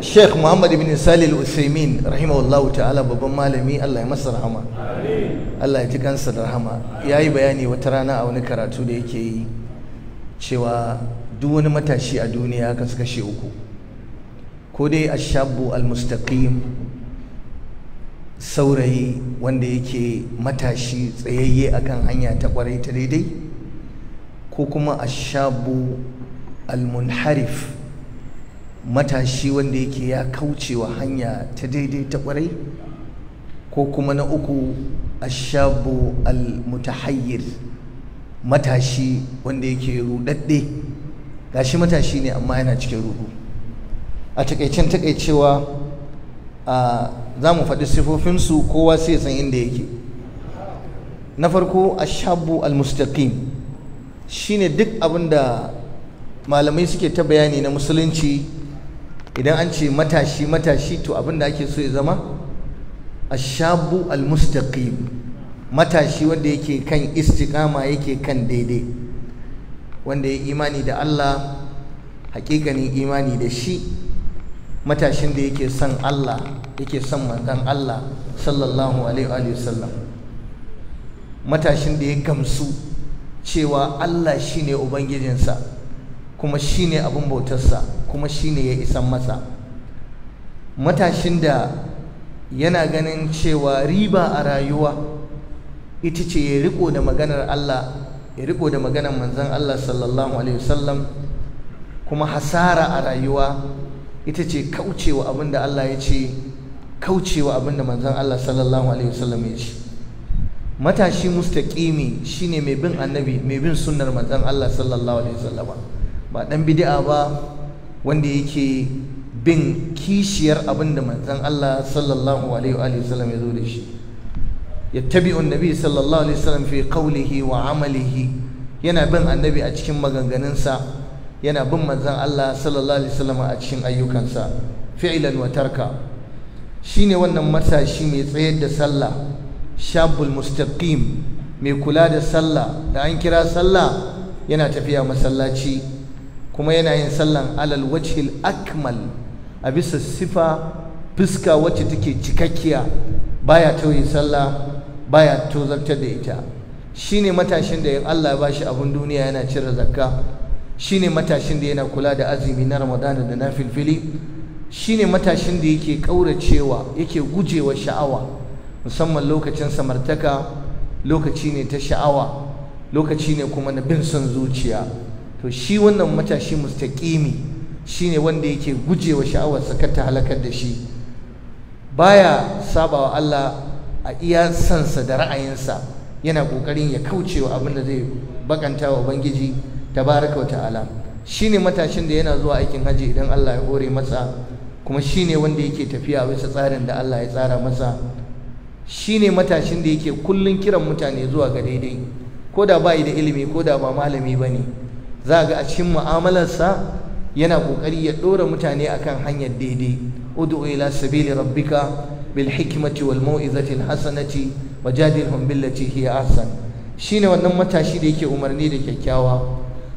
Sheikh Muhammad ibn Salil Usaimin rahimahullahu ta'ala babban malami Allah ya masa rahama Allah ya ji kansa da rahama yayi bayani wata rana a wani karatu da yake yi cewa duk wani matashi a duniya ya kasu kashe uku ko dai a ashabu al-mustaqim saurayi wanda yake matashi tsayayye akan hanya ta kwarai ta daidai ko kuma ashabu munharif matashi wanda yake ya kaucewa hanya ta daidai ta kwarai ko kuma na uku ashabu mutahayyir matashi wanda yake rudadde gashi matashi ne amma yana cikin rudu a takaicen takaicewa za mu faɗi sifofinsu kowa sai san inda yake na farko ashabu almustaqim shine duk abin da malamai suke ta bayani na musulunci idan an ce matashi matashi to abin da ake so ya zama ashabu almustaqim matashi wanda yake kan istiqama yake kan daidai wanda ya imani da Allah hakikanin imani da shi matashin da yake son Allah yake son manzon Allah sallallahu alaihi wasallam matashin da ya gamsu cewa Allah shine ubangijinsa kuma shine abin bautarsa kuma shine ya isan masa matashin da yana ganin cewa riba a rayuwa ita ce ya riko da maganar Allah ya riko da maganar manzon Allah sallallahu alaihi wasallam kuma hasara a rayuwa ita ce kaucewa abin da Allah ya ce kaucewa abin da manzon Allah sallallahu alaihi wasallam ya ce matashi mustaqimi shine mai bin annabi mai bin sunnar manzon Allah sallallahu alaihi wasallam ba dan bid'a ba wanda yake bin kishiyar abin da manzon Allah sallallahu alaihi wasallam ya zo da shi yattabi'u annabi sallallahu alaihi wasallam fi qawlihi wa amalihi yana bin annabi a cikin maganganunsa yana bin manzon Allah sallallahu alaihi wasallam a cikin ayyukansa fi'lan wa tarka shine wannan matashi mai tsayar da sallah shabul mustaqim mai kula da sallah da an kira sallah yana tafiya masallaci kuma yana yin sallar alal wajhil akmal a bisa sifa fuska wacce take cikakkiya baya tauye sallah baya tozartar da ita shine matashin da in Allah ya bashi abun duniya yana cire zakka shine matashin da yana kula da azumi na ramadana da na filfili shine matashin da yake kauracewa yake gujewa sha'awa musamman lokacin samartaka lokaci ne ta sha'awa lokaci ne kuma na bin son zuciya to shi wannan matashi mustaqimi shine wanda yake gujewa sha'awar sakar ta halakar da shi baya sabawa Allah a iya sansa da ra'ayinsa yana kokarin ya kauce wa abin da zai bakanta wa ubangiji ta wa ta'ala Shi ne matashin da yana zuwa aikin haji idan Allah ya hore masa kuma shi ne wanda yake tafiya bisa tsarin da Allah ya tsara masa Shi ne matashin da yake kullun kiran mutane zuwa ga daidai ko da bai da ilimi ko da ba malami ba ne. za ga a cikin mu'amalarsa yana kokari ya ɗora mutane akan hanyar daidai ud'u ila sabili rabbika بالحكمة والموئذة الحسنة وجادلهم بالتي Hassan shi ne wannan matashi da yake umarni da kyakkyawa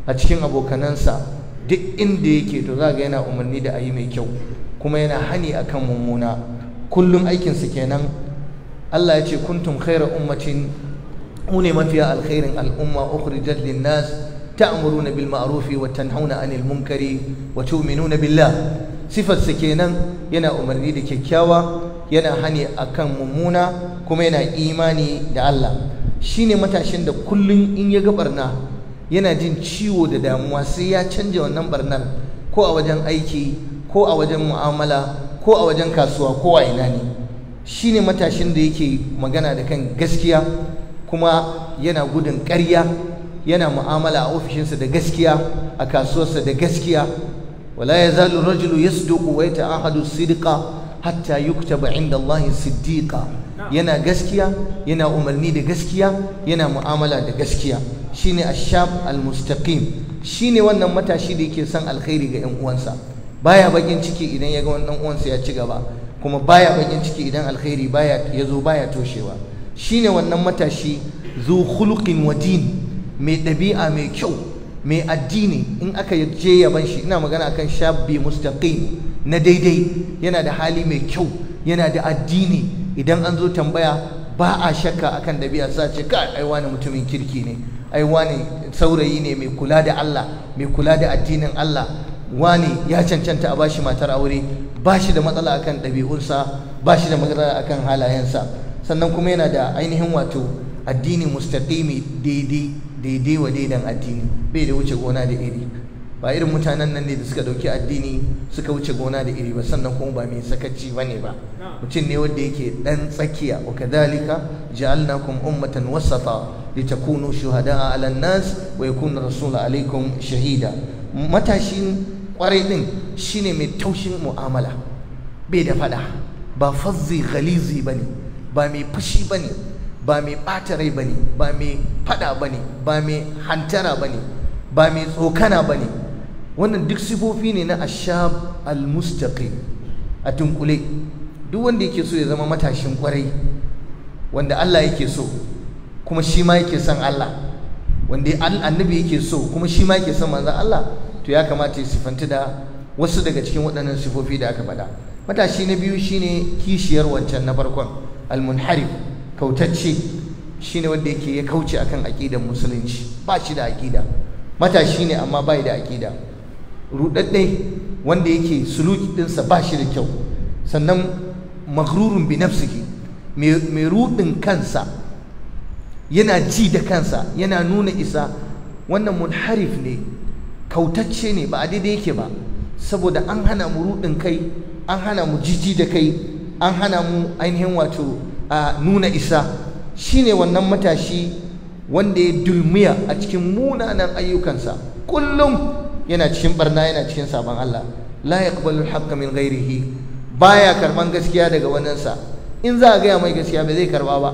a cikin abokanansa duk inda yake to za ga yana umarni da ayi mai kyau kuma yana hani kan mummuna kullum aikinsa kenan Allah ya ce kuntum khaira ummatin une mafiya alkhairin al'umma ukhrijat linnas ta'muruna bil ma'rufi wa tanhauna wato munkari wa tu'minuna billah sifar sa kenan yana umarni da kyakkyawa yana hani a kan mummuna kuma yana imani da Allah shi ne matashin da kullum in ya ga barna yana jin ciwo da damuwa sai ya canja wannan barnar ko a wajen aiki ko a wajen mu'amala ko a wajen kasuwa ko a ina ne shi ne matashin da yake magana da kan gaskiya kuma yana gudun karya yana mu'amala a ofishinsa da gaskiya a kasuwarsa da gaskiya wala zalu rajulu yasduqu wa yata'ahadu sidqa hatta yuktaba inda Allah siddiqa yana gaskiya yana umarni da gaskiya yana mu'amala da gaskiya shine ashab almustaqim shine wannan matashi da yake son alkhairi ga yan uwansa baya bakin ciki idan ya ga wani uwansa ya ci gaba kuma baya bakin ciki idan alkhairi baya yazo baya toshewa shine wannan matashi zu khuluqin wa mai dabi'a mai kyau mai addini in aka je yaban shi ina magana akan shabbi mustaqim na daidai yana da hali mai kyau yana da addini idan an zo tambaya ba a shakka akan dabi'a sa ce kai ai wani mutumin kirki ne ai wani saurayi ne mai kula da Allah mai kula da addinin Allah wani ya cancanta a bashi matar aure bashi da matsala akan ɗabi'unsa bashi da matsala akan halayensa sannan kuma yana da ainihin wato addini mustaqimi daidai daidai wa daidan addini bai da wuce gona da iri ba irin mutanen nan ne da suka dauki addini suka wuce gona da iri ba sannan kuma ba mai sakaci ba ne ba mutum ne wanda yake dan tsakiya wa kadhalika ja'alnakum ummatan wasafa litakunu shuhada'a 'ala an-nas wa yakuna rasulu 'alaykum shahida matashin kwarai din shine mai taushin mu'amala bai da fada ba fazzi ghalizi bane ba mai fushi bane ba mai ɓata rai ne ba mai faɗa ne ba mai hantara ba ne ba mai tsokana ba ne. wannan duk sifofi ne na ashab al-mustaqi a tunkule duk wanda yake so ya zama matashin kwarai wanda Allah yake so kuma shi ma yake son Allah wanda annabi yake so kuma shi ma yake son manzon Allah to ya kamata ya sifanta da wasu daga cikin waɗannan sifofi da aka faɗa matashi na biyu shine kishiyar wancan na farkon al-munharif kautacce ne wanda yake ya kauce akan aƙidar musulunci ba shi da aƙida matashi ne amma ba da aƙida Ruɗaɗɗe wanda yake suluki ɗinsa ba shi da kyau sannan magrurun bi nafsihi mai rudin kansa yana ji da kansa yana nuna isa wannan munharif ne kautacce ne ba a daidai yake ba saboda an hana mu ruɗin kai an hana mu jiji da kai an hana mu ainihin wato a nuna isa shine wannan matashi wanda ya dulmiya a cikin munanan ayyukansa kullum yana cikin barna yana cikin sabon Allah la yaqbalu al min ba baya karban gaskiya daga waninsa in za a gaya mai gaskiya ba zai karba ba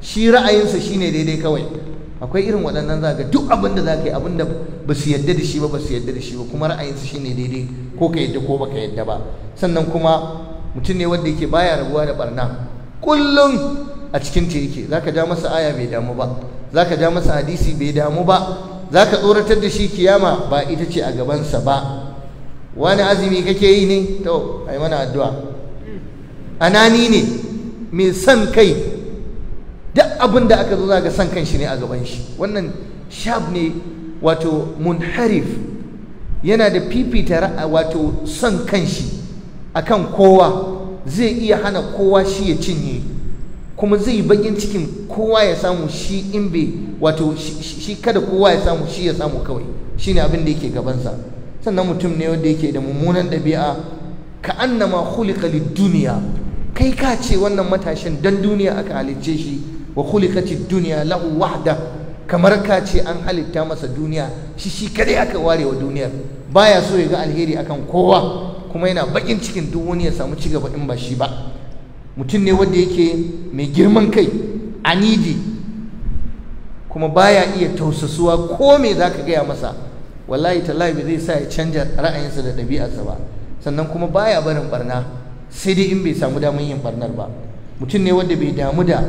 shi ra'ayinsa shine daidai kawai akwai irin waɗannan za ga duk abin da za ka yi abin da ba su yadda da shi ba ba su yadda da shi ba kuma ra'ayinsa shine daidai ko ka yadda ko ba ka yadda ba sannan kuma mutum ne wanda yake baya rabuwa da barna kullum a cikin ta yake ka ja masa aya bai damu ba zaka ja masa hadisi bai damu ba zaka tsoratar da shi kiyama ba ita ce a gabansa ba wani azumi kake yi ne to ai mana addu'a anani ne mai son kai duk abin da aka zo za ga son kan shi ne a gaban shi wannan shab ne wato munharif yana da fifita wato son shi akan kowa zai iya hana kowa shi ya cinye kuma zai yi bakin cikin kowa ya samu shi in bai wato shi kada kowa ya samu shi ya samu kawai shine abin da yake gabansa sannan mutum ne wanda yake da mummunan ɗabi'a ka annama khuliqa duniya kai ka ce wannan matashin dan duniya aka halicce shi wa khuliqati duniya lau wahda kamar ka ce an halitta masa duniya shi shi kadai aka ware wa duniyar baya so ya ga alheri akan kowa kuma yana bakin cikin duk wani ya samu cigaba in ba shi ba mutum ne wanda yake mai girman kai anidi kuma baya iya tausasuwa ko me za ka gaya masa wallahi talabi zai sa ya canja ra'ayinsa da ɗabi'arsa ba sannan kuma baya barin barna sai dai in bai samu damar yin barnar ba mutum ne wanda bai damu da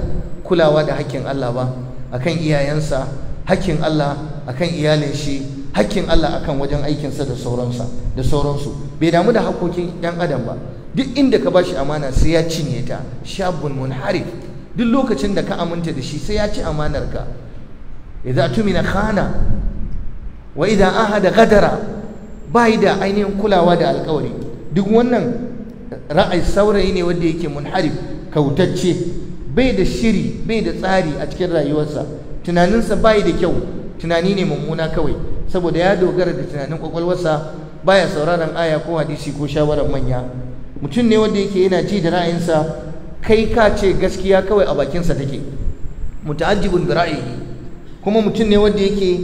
kulawa da hakkin Allah ba akan iyayensa hakkin Allah akan iyalin shi hakkin Allah akan wajen aikinsa da sauransa da sauransu bai damu da hakokin yan adam ba duk inda ka bashi amana sai ya cinye ta shabun munharif duk lokacin da ka aminta da shi sai ya ci amanar ka idza tumina khana wa idza ahada gadara bai da ainihin kulawa da alƙawari duk wannan ra'ayi saurayi ne wanda yake munharif kautacce bai da shiri bai da tsari a cikin rayuwarsa tunaninsa bai da kyau tunani ne mummuna kawai saboda ya dogara da tunanin kwakwalwarsa baya sauraron aya ko hadisi ko shawarar manya mutum ne wanda yake yana ji da ra'ayinsa kai ka ce gaskiya kawai a bakinsa take muta'ajjibun bi ra'ayi kuma mutum ne wanda yake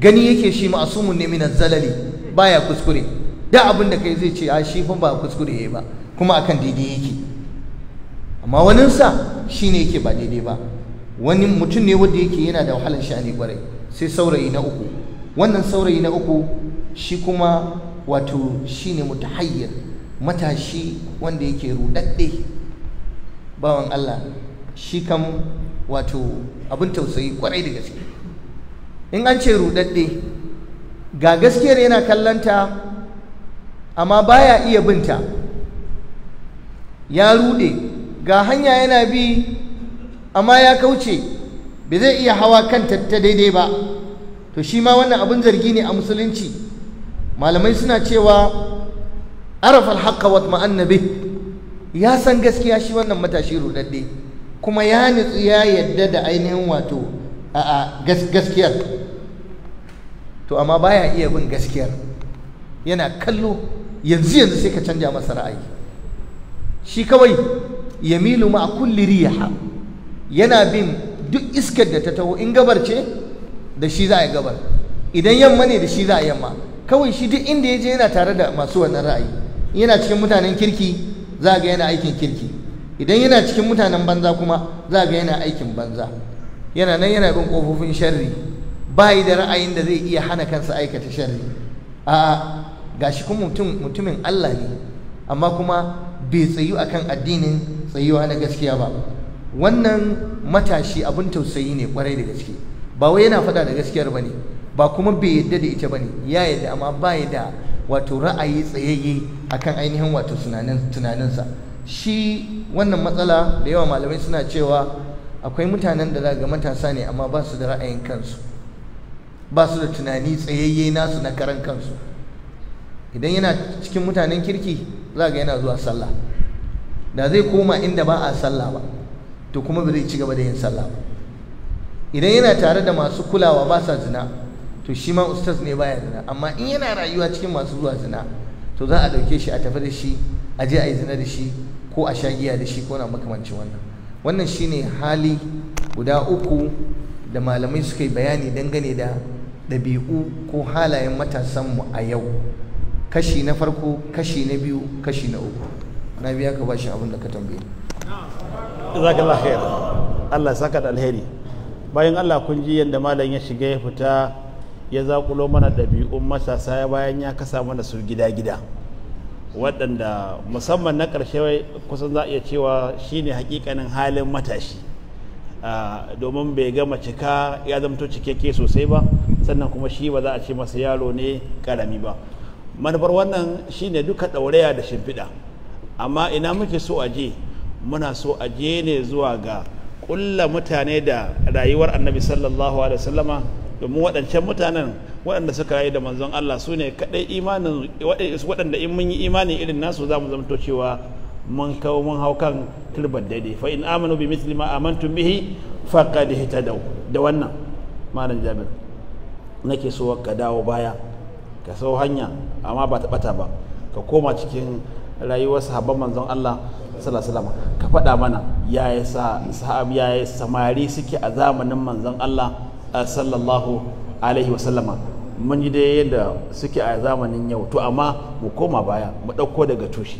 gani yake shi ma'asumun ne min zalali baya kuskure da abin da kai zai ce a shi fa ba kuskure yayi ba kuma akan daidai yake amma waninsa shine yake ba daidai ba wani mutum ne wanda yake yana da wahalar sha'ani kwarai sai saurayi na uku wannan saurayi na uku shi kuma wato shine mutahayyar matashi wanda yake rudadde bawan Allah shi kam wato abin tausayi kwarai da gaske in an ce rudadde ga gaskiyar yana kallanta amma baya iya binta ya rude ga hanya yana bi amma ya kauce bai zai iya hawa kanta ta daidai ba to shi ma wannan abin zargi ne a musulunci malamai suna cewa arafal haqqa wa ma'anna ya san gaskiya shi wannan matashi rudadde kuma ya nutsu ya yadda da ainihin wato a gaskiyar to amma baya iya bin gaskiyar yana kallo yanzu yanzu sai ka canja masa ra'ayi shi kawai yamilu ma kulli riyaha yana bin duk iskar da ta taho in gabar ce da shi za a yi gabar idan yamma ne da shi za a yamma kawai shi duk inda ya je yana tare da masu wannan ra'ayi yana cikin mutanen kirki za ga yana aikin kirki idan yana cikin mutanen banza kuma za ga yana aikin banza yana nan yana bin kofofin sharri yi da ra'ayin da zai iya hana kansa aikata sharri a shi kuma mutum mutumin Allah ne amma kuma bai tsayu akan addinin tsayuwa na gaskiya ba wannan matashi abin tausayi ne kwarai da gaske ba wai yana faɗa da gaskiyar bane ba kuma bai yadda da ita bane ya yadda amma ba ya da wato ra'ayi tsayayye akan ainihin wato tunaninsa shi wannan matsala da yawa malamai suna cewa akwai mutanen da zaga matasa ne amma ba su da ra'ayin kansu ba su da tunani tsayayye nasu na karan kansu idan yana cikin mutanen kirki za yana zuwa sallah da zai koma inda ba a sallah ba to kuma ba zai ci gaba da yin sallah ba idan yana tare da masu kulawa ba sa zina to shi ma ustaz ne baya zina amma in yana rayuwa cikin masu zuwa zina to za a ɗauke shi a tafi da shi a je a yi zina da shi ko a sha giya da shi ko na makamancin wannan wannan shine hali guda uku da malamai suka yi bayani dangane da ɗabi'u ko halayen matasanmu a yau kashi na farko kashi na biyu kashi na uku na biya ka ba shi abin da ka tambaye Allah ya saka da alheri bayan Allah kun ji yadda malam ya shiga ya fita ya zaƙulo mana ɗabi'un matasa ya bayan ya kasa mana su gida-gida waɗanda musamman na ƙarshe kusan za a iya cewa shi ne hakikanin halin matashi domin bai gama cika ya zamto cikakke sosai ba sannan kuma shi ba za a ce masa yaro ne ƙarami ba manufar wannan shi ne duka ɗauraya da shimfiɗa amma ina muke so a je muna so a je ne zuwa ga kulla mutane da rayuwar annabi sallallahu alaihi wasallama domin waɗancan mutanen waɗanda suka rayu da manzon Allah sune ne kaɗai imanin waɗanda in mun yi imani irin nasu za mu zamto cewa mun kawo mun hau kan turbar daidai fa in amanu bi misli ma amantum bihi faqad ihtadaw da wannan malam Jabir nake so ka dawo baya ka sau hanya amma ba ta bata ba ka koma cikin rayuwar sahabban manzon Allah sallallahu ka faɗa mana yi sa ya yi samari suke a zamanin manzon Allah eh, sallallahu alaihi wasallama mun yi dai yadda suke a zamanin yau to amma mu koma baya mu ɗauko daga tushe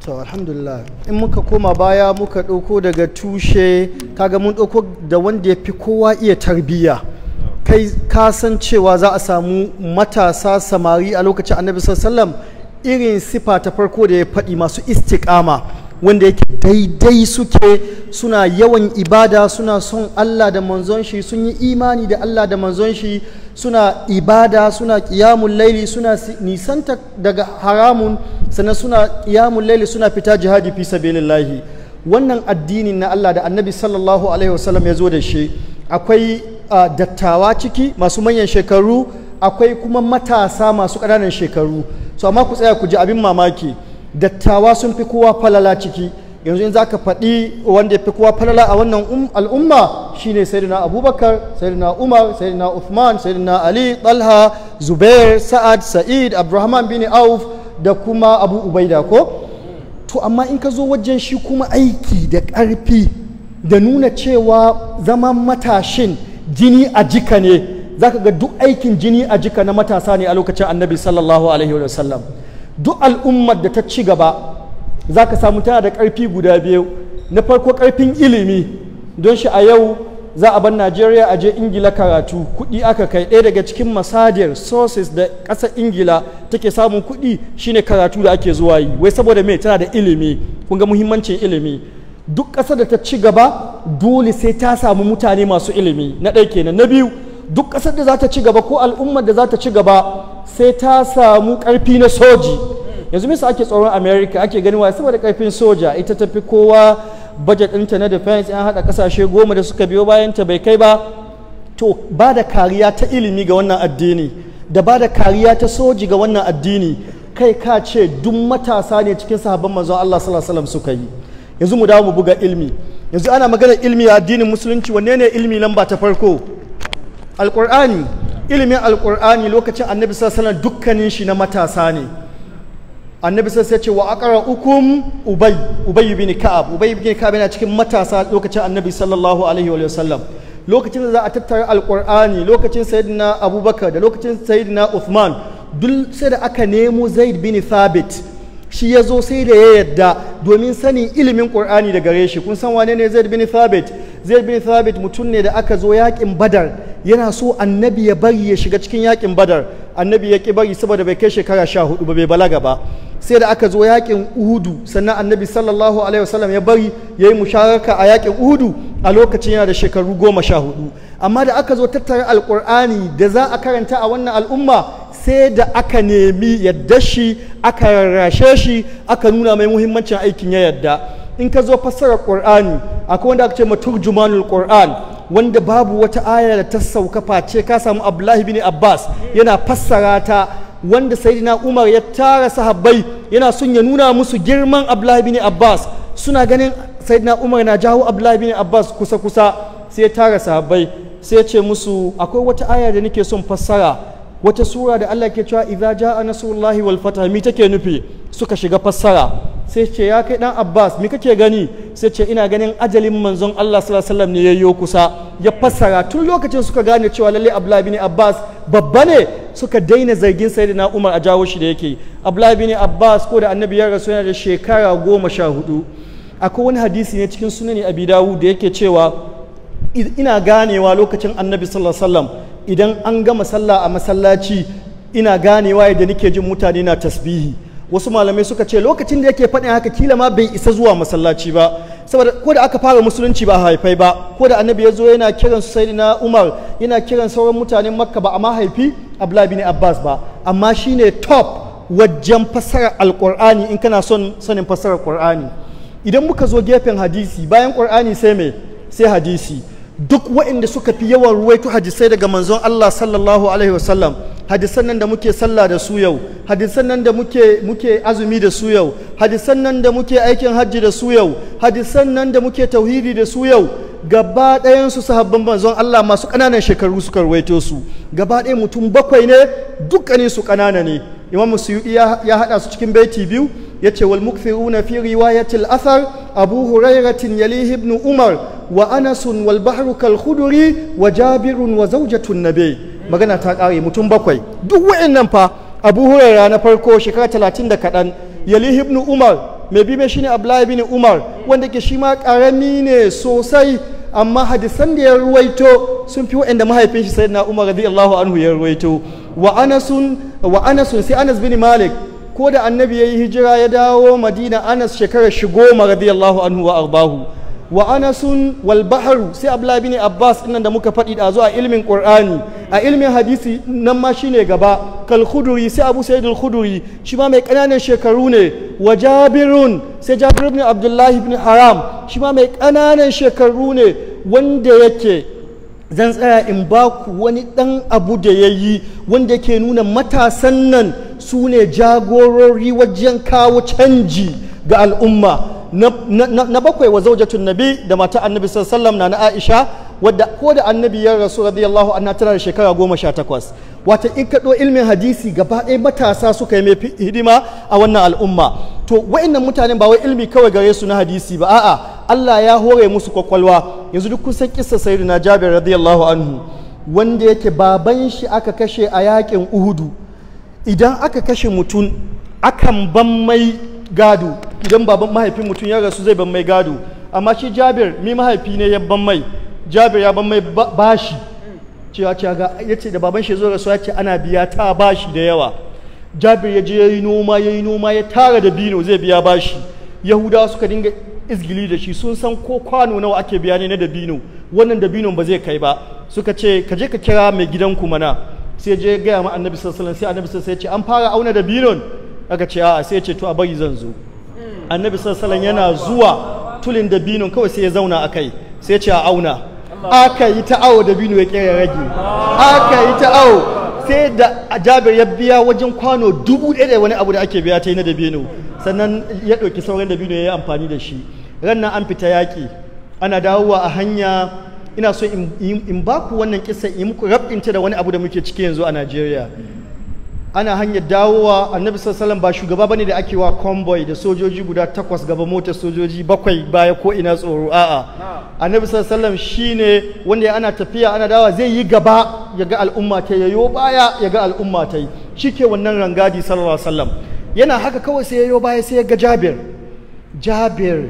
to alhamdulillah in muka koma baya muka ɗauko daga tushe kaga mun ɗauko da wanda ya fi kowa iya tarbiyya kai ka san cewa za a samu matasa samari a lokacin annabi sallallahu alaihi irin sifa ta farko da ya faɗi masu istiƙama wanda yake daidai suke suna yawan ibada suna son Allah da manzon shi sun yi imani da Allah da manzon shi suna ibada suna kiyamun laili suna nisanta daga haramun sannan suna ƙiyamun laili suna fita jihadi fi sabilillahi wannan addinin na Allah da annabi sallallahu alaihi wasallam ya zo da shi akwai ah, dattawa ciki masu manyan shekaru akwai kuma matasa masu ƙananan shekaru so amma ku tsaya ku ji abin mamaki dattawa sun fi kowa falala ciki yanzu in za ka faɗi wanda ya fi kowa falala a wannan um, al'umma shine sayyidina abubakar sayyidina umar sayyidina uthman sayyidina ali talha zubair sa'ad sa'id abdurrahman bin auf da kuma abu ubaida ko to amma in ka zo wajen shi kuma aiki da ƙarfi da nuna cewa zaman matashin jini a jika ne za ka ga duk aikin jini a jika na matasa ne a lokacin annabi sallallahu alaihi wa sallam duk al'ummar da ta ci gaba za ka samu tana da karfi guda biyu na farko karfin ilimi don shi a yau za a bar Najeriya a je Ingila karatu kuɗi aka kai ɗaya daga cikin masadiyar sources da ƙasar Ingila take samun kuɗi shine karatu da ake zuwa yi wai saboda me tana da ilimi kun ga muhimmancin ilimi duk ƙasar da ta ci gaba dole sai ta samu mutane masu ilimi na ɗaya kenan na biyu duk ƙasar da za ta ci gaba ko al'ummar da za ta ci gaba sai ta samu ƙarfi na soji yanzu misa ake tsoron america ake ganin wa saboda ƙarfin soja ita ta fi kowa budget ɗinta na defense an haɗa ƙasashe goma da suka biyo bayan ta bai kai ba to ba da kariya ta ilimi ga wannan addini da ba da kariya ta soji ga wannan addini kai ka ce duk matasa ne cikin sahabban manzon Allah sallallahu alaihi wasallam suka yi yanzu mu dawo mu buga ilmi yanzu ana magana ilmi a addinin musulunci wanne ne ilmi lamba ta farko alƙur'ani ilimin alƙur'ani lokacin annabi sassanar dukkanin shi na matasa ne annabi sassa ce wa akara ukun ubai ubay bin ka'ab ubai bin ka'ab yana cikin matasa lokacin annabi sallallahu alaihi wa sallam lokacin da za a tattara alƙur'ani lokacin sayyidina abubakar da lokacin sayyidina uthman duk sai da aka nemo zaid bin thabit shi ya zo sai da ya yadda domin sanin ilimin ƙur'ani da gare shi kun san wane ne zaid bin thabit zai bin thabit mutum ne da aka zo yakin badar yana so annabi ya bari ya shiga cikin yakin badar annabi ya ki bari saboda bai kai shekara sha hudu ba bai balaga ba sai da aka zo yakin uhudu sannan annabi sallallahu alaihi wasallam ya bari ya yi musharaka a yakin uhudu a lokacin yana da shekaru goma sha hudu amma da aka zo tattara alkur'ani da za a karanta a wannan al'umma sai da aka nemi yadda shi aka rarrashe shi aka nuna mai muhimmancin aikin ya yadda in ka zo fassara ƙur'ani akwai wanda aka ce turjumanul ƙur'an wanda babu wata aya da ta sauka face ka samu abdullahi bin abbas yana fassara ta wanda sayyidina umar ya tara sahabbai yana son ya nuna musu girman abdullahi bin abbas suna ganin sayyidina umar na jawo abdullahi bin abbas kusa kusa sai ya tara sahabbai sai ya ce musu akwai wata aya da nake son fassara wata sura da Allah ke cewa idza jaa nasrullahi wal fatah mi take nufi suka shiga fassara sai ce ya kai dan abbas mi kake gani sai ce ina ganin ajalin manzon allah sallallahu alaihi ne yayyo kusa ya fassara tun lokacin suka gane cewa lalle abdullahi bin abbas babba ne suka daina zargin sai na umar a jawo shi da yake abdullahi ne abbas ko da annabi ya rasu yana da shekara goma sha hudu akwai wani hadisi ne cikin sunani abi dawud da yake cewa ina ganewa lokacin annabi sallallahu alaihi wasallam idan an gama sallah a masallaci ina ganewa yadda nike jin mutane na tasbihi wasu malamai suka ce lokacin da yake faɗin haka kila ma bai isa zuwa masallaci ba saboda ko da aka fara musulunci ba haifai ba ko da annabi ya zo yana kiran su na umar yana kiran sauran mutanen makka ba a mahaifi abla bin abbas ba amma shine top wajen fasara alkur'ani in kana son sanin fasara qur'ani idan muka zo gefen hadisi bayan qur'ani sai me sai hadisi duk waɗanda suka fi yawan ruwaito hadisai daga manzon Allah sallallahu alaihi wasallam hadisan nan da muke sallah da su yau hadisan nan da muke muke azumi da su yau hadisan nan da muke aikin hajji da su yau hadisan nan da muke tauhidi da su yau gaba ɗayan su sahabban manzon Allah masu ƙananan shekaru suka karwaito su gaba ɗaya mutum bakwai ne dukkanin su ƙanana ne imam suyuɗi ya haɗa su cikin baiti biyu ya ce wal mukthiruna fi riwayatil athar abu hurairatin yalihi ibn umar wa anasun wal bahru kal khuduri wa jabirun wa zaujatun nabiy magana ta kare mutum bakwai duk wa'annan fa abu huraira na farko shekara talatin da kaɗan yali ibn umar mai bibe shine abdullahi ibn umar wanda ke shi ma ƙarami ne sosai amma hadisan da ya ruwaito sun fi wa'anda mahaifin shi sayyidina umar radiyallahu anhu ya ruwaito wa anasun sai anas bin malik ko da annabi ya yi hijira ya dawo madina anas shekarar shi goma radiyallahu anhu wa arbahu wa anasun wal baharu sai abdullahi bin abbas nan da muka faɗi da zuwa ilmin qur'ani a ilmin hadisi nan ma shine gaba kal khuduri sai abu sayyid al khuduri shi ma mai kananan shekaru ne wa jabirun sai jabir ibn abdullahi ibn haram shi ma mai kananan shekaru ne wanda yake zan tsaya in ba ku wani ɗan abu da ya yi wanda ke nuna matasan nan su ne jagorori wajen kawo canji ga al'umma na bakwai wa zaujatun nabi da mata annabi sallallahu na na aisha wadda ko da annabi ya rasu radiyallahu anha tana da shekara goma sha takwas wata in kaɗo ilmin hadisi gaba ɗaya matasa suka yi mai hidima a wannan al'umma to wa'annan mutanen ba wai ilmi kawai gare su na hadisi ba a'a Allah ya hore musu kwakwalwa yanzu duk kusan kissa sayyidina Jabir radiyallahu anhu wanda yake baban shi aka kashe a yakin Uhudu idan aka kashe mutum akan ban mai gado idan baban mahaifin mutum ya rasu zai ban mai gado amma shi jabir mi mahaifi ne ya ban mai jabir ya ban mai bashi cewa ce ga ya ce da baban shi zo rasu ya ce ana biya ta bashi da yawa jabir ya je ya yi noma ya yi noma ya tara da bino zai biya bashi yahudawa suka dinga izgili da shi sun san ko kwano nawa ake biya ne na dabino wannan dabino ba zai kai ba suka ce ka je ka kira mai gidanku mana sai je gaya ma annabi sallallahu alaihi wasallam sai annabi sallallahu alaihi wasallam ya ce an fara auna dabinon aka ce a'a sai ya ce to a bari zan zo annabi sassalan yana zuwa tulin dabino kawai sai ya zauna akai sai ce a auna aka yi ta awo dabino ya kera rage aka yi ta awo sai da jabir ya biya wajen kwano dubu ɗaya da wani abu da ake biya ta yi na dabino sannan ya ɗauki sauran dabino ya yi amfani da shi rannan an fita yaƙi ana dawowa a hanya ina so in, ba ku wannan kisa in muku rabinta da wani abu da muke ciki yanzu a Najeriya ana hanyar dawowa annabi sallallahu ba shugaba bane da ake wa convoy da sojoji guda takwas gaba motar sojoji bakwai baya ko ina tsoro a'a annabi sallallahu shine wanda ana tafiya ana dawa zai yi gaba ya ga al'umma ta yayo baya ya ga al'umma ta ke wannan rangadi sallallahu alaihi wasallam yana haka kawai sai yayo baya sai ya ga Jabir Jabir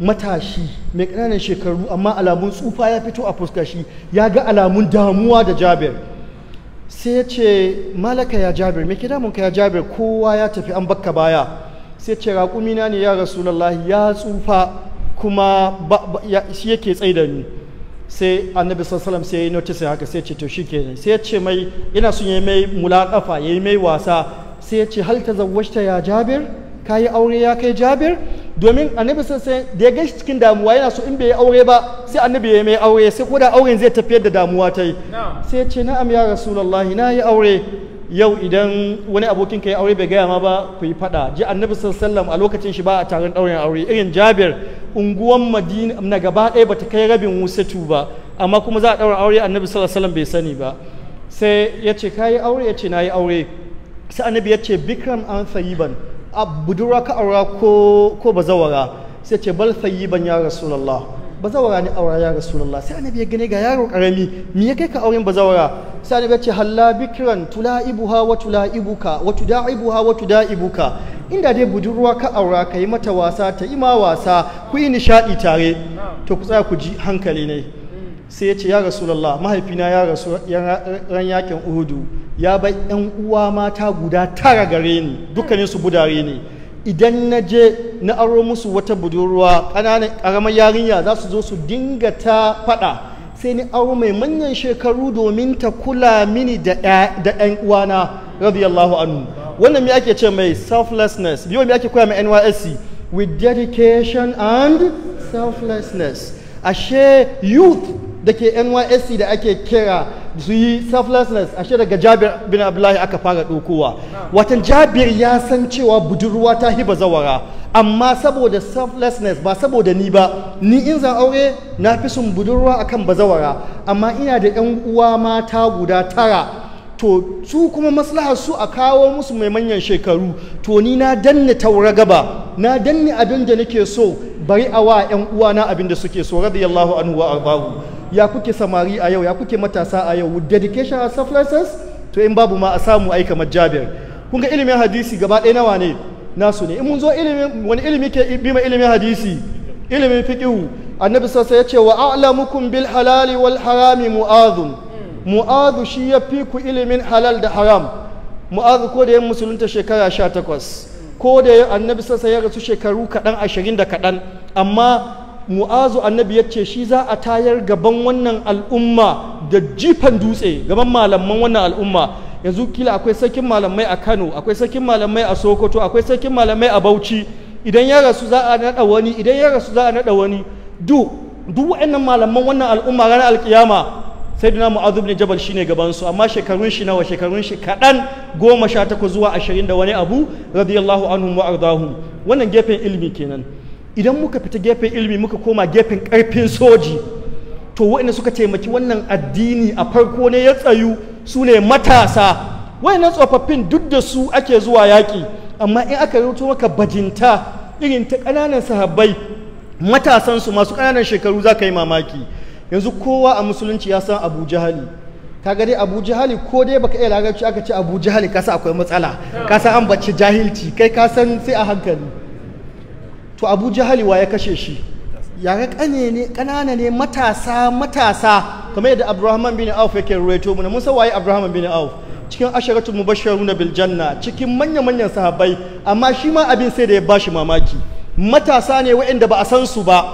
matashi mai ƙananan shekaru amma alamun tsufa ya fito a fuskar shi ya ga alamun damuwa da Jabir sai ya ce malaka ya jabir me ke damunka ya jabir kowa ya tafi an bakka baya sai ce raƙumina ne ya rasulullahi ya tsufa kuma shi yake tsaye da ni sai annabi sallam sai ya yi notice haka sai ce to shi shikenan sai ya ce mai ina son ya mai mulaƙafa ya yi mai wasa sai ya ce hal tazawwajta ya jabir ka yi aure ya kai jabir domin annabi sun sai da ya shi cikin damuwa yana so in bai yi aure ba sai annabi ya mai aure sai ko da auren zai tafiyar da damuwa ta yi sai ya ce na'am ya rasulullahi na yi aure yau idan wani abokin ka yi aure bai gaya ma ba ku yi fada ji annabi sallam a lokacin shi ba a taron ɗaurin aure irin jabir unguwan madina na gaba ɗaya bata kai rabin wusatu ba amma kuma za a ɗaura aure annabi sallallahu bai sani ba sai ya ce ka yi aure ya ce na yi aure sai annabi ya ce bikram an sayiban A budurwa ka aura ko ko bazawara sai ce bal ban ya rasulullah bazawara ne aura ya rasulullah sai annabi ya gane ga yaro karami me ya kai ka auren bazawara sai annabi ya ce halla bikran tulaibuha wa tulaibuka wa tudaibuha wa tudaibuka inda dai budurwa ka aura ka yi mata wasa ta yi ma wasa ku yi nishadi tare to ku tsaya ku ji hankali ne sai ya ce ya rasulallah mahaifina ya rasu ran yakin uhudu ya bai yan uwa mata guda tara gare ni dukkanin su budare ne idan na je na aro musu wata budurwa ƙananan ƙaramar yarinya za su zo su dinga ta faɗa sai ni aro mai manyan shekaru domin ta kula mini da yan uwana radiyallahu anhu wannan me ake ce mai selflessness biyo me ake koya mai NYSC with dedication and selflessness ashe youth da ke nysc da ake kira su yi selflessness ashe daga jabir bin abdullahi aka fara dokowa watan jabir ya san cewa budurwa ta hiba zawara amma saboda selflessness ba saboda ni ba ni in zan aure na fi sun budurwa akan bazawara amma ina da yan uwa mata guda tara to su kuma maslahar su a kawo musu mai manyan shekaru to ni na danne taura gaba na danne abin da nake so bari a wa yan uwa na abin da suke so radiyallahu anhu wa ardahu ya kuke samari a yau ya kuke matasa a yau with dedication and selflessness to in babu ma a samu ai kamar Jabir kun ga ilimin hadisi gaba ɗaya nawa ne nasu ne in mun zo ilimin wani ilimi ke bima ilimin hadisi ilimin fiqhu annabi sallallahu ya ce wa a'lamukum bil halali wal harami mu'adhun mu'adhu shi ya fi ku ilimin halal da haram mu'adhu ko da ya musulunta shekara 18 ko da annabi sallallahu ya rasu shekaru kaɗan ashirin da kaɗan amma mu'azu annabi ya ce shi za a tayar gaban wannan al'umma da jifan dutse gaban malaman wannan al'umma yanzu kila akwai sarkin malamai a kano akwai sarkin malamai a sokoto akwai sarkin malamai a bauchi idan ya rasu za a nada wani idan ya rasu za a naɗa wani du duk wa'annan malaman wannan al'umma ranar alkiyama sai Mu'azu mu'adhu ibn jabal shine gaban su amma shekarun shi nawa shekarun shi kadan goma sha takwas zuwa ashirin da wani abu radiyallahu anhum wa ardahum wannan gefen ilimi kenan idan muka fita gefen ilimi muka koma gefen karfin soji to wa'ina suka taimaki wannan addini a farko ne ya tsayu su ne matasa wa'ina tsofaffin duk da su ake zuwa yaƙi amma in aka rubuto maka bajinta irin ta ƙananan sahabbai matasansu masu ƙananan shekaru za ka yi mamaki yanzu kowa a musulunci ya san abu jahali kaga dai abu jahali ko dai baka iya larabci aka ce abu jahali kasa akwai matsala kasa an bacci jahilci kai kasan sai a hankali to abu jahaliwa ya kashe shi yare ƙanana ne matasa matasa kamar yadda abraham bin auf yake ruwaito na mun san waye abraham bin auf cikin asharatul mubashsharuna bil biljanna cikin manya-manyan sahabbai amma shi ma abin sai da ya bashi mamaki matasa ne waɗanda ba a san su ba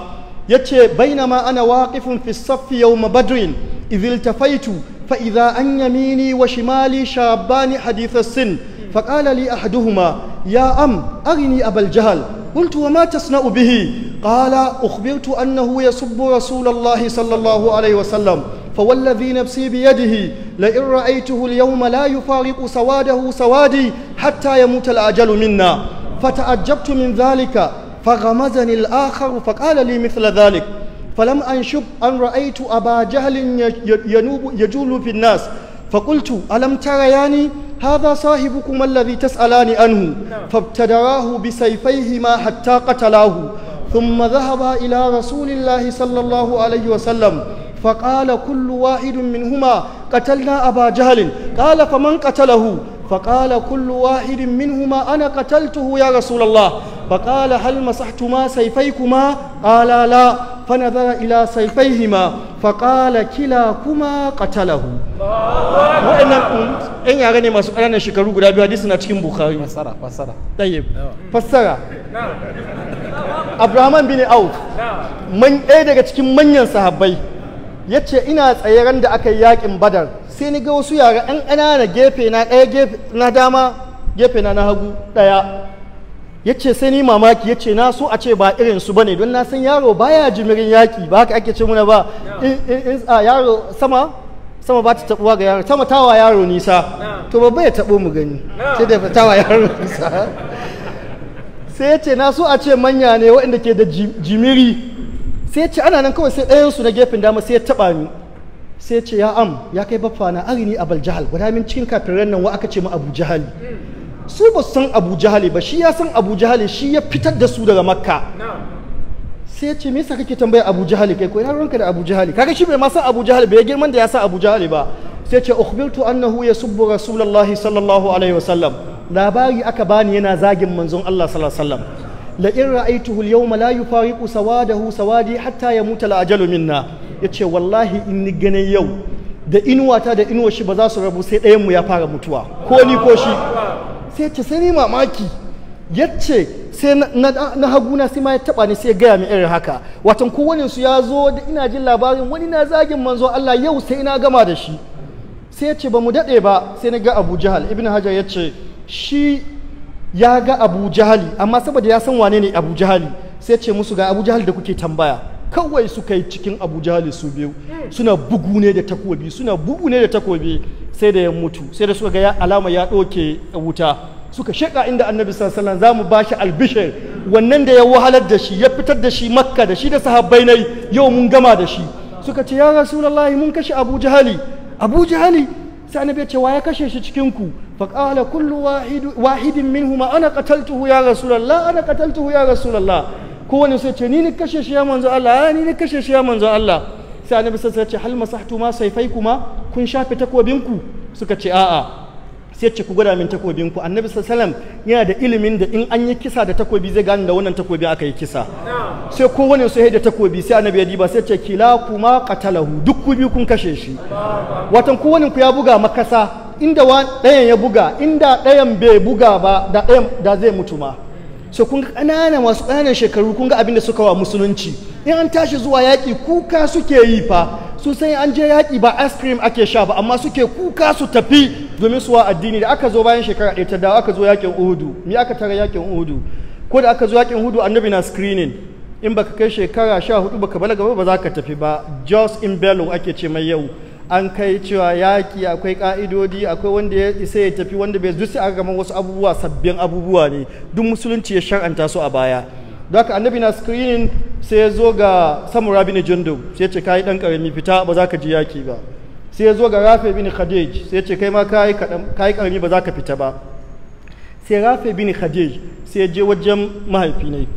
yace bainama ana waqifun fi yau yawm badrin idh iltafaitu fa idha an yamini wa shimali shabani haditha sin فقال لي أحدهما يا أم أرني أبا الجهل قلت وما تصنع به قال أخبرت أنه يسب رسول الله صلى الله عليه وسلم فوالذي نفسي بيده لئن رأيته اليوم لا يفارق سواده سوادي حتى يموت الأجل منا فتعجبت من ذلك فغمزني الآخر فقال لي مثل ذلك فلم أنشب أن رأيت أبا جهل ينوب يجول في الناس فقلت ألم ترياني هذا صاحبكم الذي تسألان عنه نعم. فابتدراه بسيفيهما حتى قتلاه ثم ذهبا إلى رسول الله صلى الله عليه وسلم فقال كل واحد منهما قتلنا أبا جهل قال فمن قتله فقال كل واحد منهما أنا قتلته يا رسول الله فقال هل مسحتما سيفيكما قال لا فنظر إلى سيفيهما فقال كلاكما قتله وإنهم إن يغني ما سؤالنا شكروا قد أبي حديثنا تكين بخاري فسرة فسرة طيب فسرة Abrahaman bin Auf man ɗaya daga cikin manyan sahabbai yace ina tsaye ran da aka yi yakin Badar sai ni ga wasu yara ɗan ƙanana gefe na ɗaya gefe na dama gefe na na hagu ɗaya ya ce sai ni mamaki ya ce na so a ce ba irin su bane don na san yaro baya jimirin yaki ba haka ake ce muna ba a yaro sama sama ba ta tabuwa ga yaro sama tawa yaro nisa to babba ya tabo mu gani sai da tawa yaro nisa sai ya ce na so a ce manya ne waɗanda ke da jimiri sai ya ce ana nan kawai sai ɗayan su na gefen dama sai ya taɓa ni sai ce ya am ya kai baffa na arini abal jahal guda min cikin kafiran nan wa aka ce mu abu jahali su ba san abu jahali ba shi ya san abu jahali shi ya fitar da su daga makka sai ya ce me yasa kake tambaya abu jahali kai ko ina ranka da abu jahali kaga shi bai ma san abu jahali bai girman da ya sa abu jahali ba sai ce ukhbirtu annahu yasubbu rasulullahi sallallahu alaihi wasallam labari aka bani yana zagin manzon Allah sallallahu alaihi wasallam la in ra'aytuhu al-yawma la yufariqu sawadahu sawadi hatta yamuta al-ajalu minna ya ce wallahi in ni ganin yau da inuwata da inuwar shi ba za su rabu sai ɗayanmu ya fara mutuwa ko ni ko shi sai ce sai ni mamaki yace sai na haguna sai ma ya taba ni sai gaya min irin haka watan kowane su ya zo da ina jin labarin wani na zagin manzo Allah yau sai ina gama da shi sai ya ce ba mu daɗe ba sai na ga Abu Jahal Ibn Hajar ya ce shi ya ga Abu Jahali amma saboda ya san wane ne Abu Jahali sai ce musu ga Abu Jahal da kuke tambaya kawai suka yi cikin abu jahali su biyu suna bugu ne da takobi suna bugu ne da takobi sai da ya mutu sai da suka ga alama ya ɗauke wuta suka sheka inda annabi sallallahu za mu bashi albishir wannan da ya wahalar da shi ya fitar da shi makka da shi da sahabbai nai yau mun gama da shi suka ce ya rasulullahi mun kashe abu jahali abu jahali sai annabi ya ce wa ya kashe shi cikin ku fa qala kullu wahidin ma ana qataltuhu ya rasulullah ana qataltuhu ya rasulullah kowane sai ce ni ne kashe shi ya manzo Allah ya ah, ni ne kashe shi ya manzo Allah sai annabi sai ya ce hal masahtu ma saifai kuma kun shafe ku? suka ce a'a sai ce ku gwada min takobin ku annabi sallallahu yana da ilimin da in an yi kisa da takobi zai gane da wannan takobi aka yi kisa sai kowane su da takobi sai annabi ya diba sai ce kila kuma qatalahu duk ku bi kun kashe shi watan kowane ku ya buga makasa inda ɗayan ya buga inda ɗayan bai buga ba da ɗayan da zai mutu ma so kun ƙanana masu ƙananan shekaru kun ga abin da suka wa musulunci in an tashi zuwa yaƙi kuka suke yi fa sun san an je yaƙi ba ice cream ake sha ba amma suke kuka su tafi domin suwa addini da aka zo bayan shekara ɗaya ta dawo aka zo yaƙin uhudu me aka tara yaƙin uhudu ko da aka zo yaƙin uhudu annabi na screening in baka kai shekara sha hudu baka balaga ba ba za ka tafi ba jos in bello ake ce mai yau an kai cewa yaƙi akwai ƙa'idodi akwai wanda ya isa ya tafi wanda bai zuci aka gaman wasu abubuwa sabbin abubuwa ne duk musulunci ya shar'anta su a baya don haka annabi na screening sai ya zo ga samura bin jundub sai ya ce kai dan karami fita ba za ka ji yaƙi ba sai ya zo ga rafe bin khadij sai ya ce kai ma kai karami ba za ka fita ba sai rafe bin khadij sai ya je wajen mahaifi ne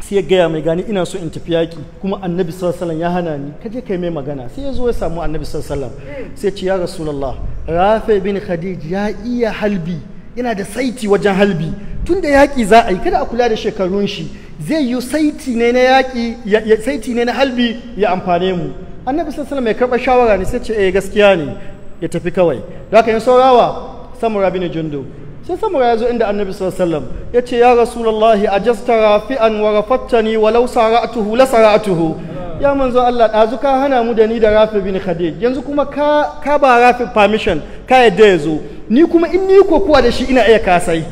sai ya gaya mai gani ina so in tafi yaki kuma annabi sallallahu ya hana ni kaje kai mai magana sai ya zo ya samu annabi sallallahu sai ce ya rasulullah rafi bin khadij ya iya halbi ina da saiti wajen halbi tun da yaƙi za a yi kada a kula da shekarun shi zai yi saiti ne na yaƙi saiti ne na halbi ya amfane mu annabi sallallahu mai karɓa shawara ne sai ce eh gaskiya ne ya tafi kawai da haka yin saurawa samura bin jundu sai samura ya zo inda annabi sallallahu alaihi wasallam ya ce ya rasulullahi ajasta rafi'an wa rafattani walau sara'atuhu la sara'atuhu ya manzo Allah ɗazu ka hana mu da ni da Rafi bin Khadij yanzu kuma ka ka ba Rafi permission ka yadda ya zo ni kuma in ni kokuwa da shi ina iya kasai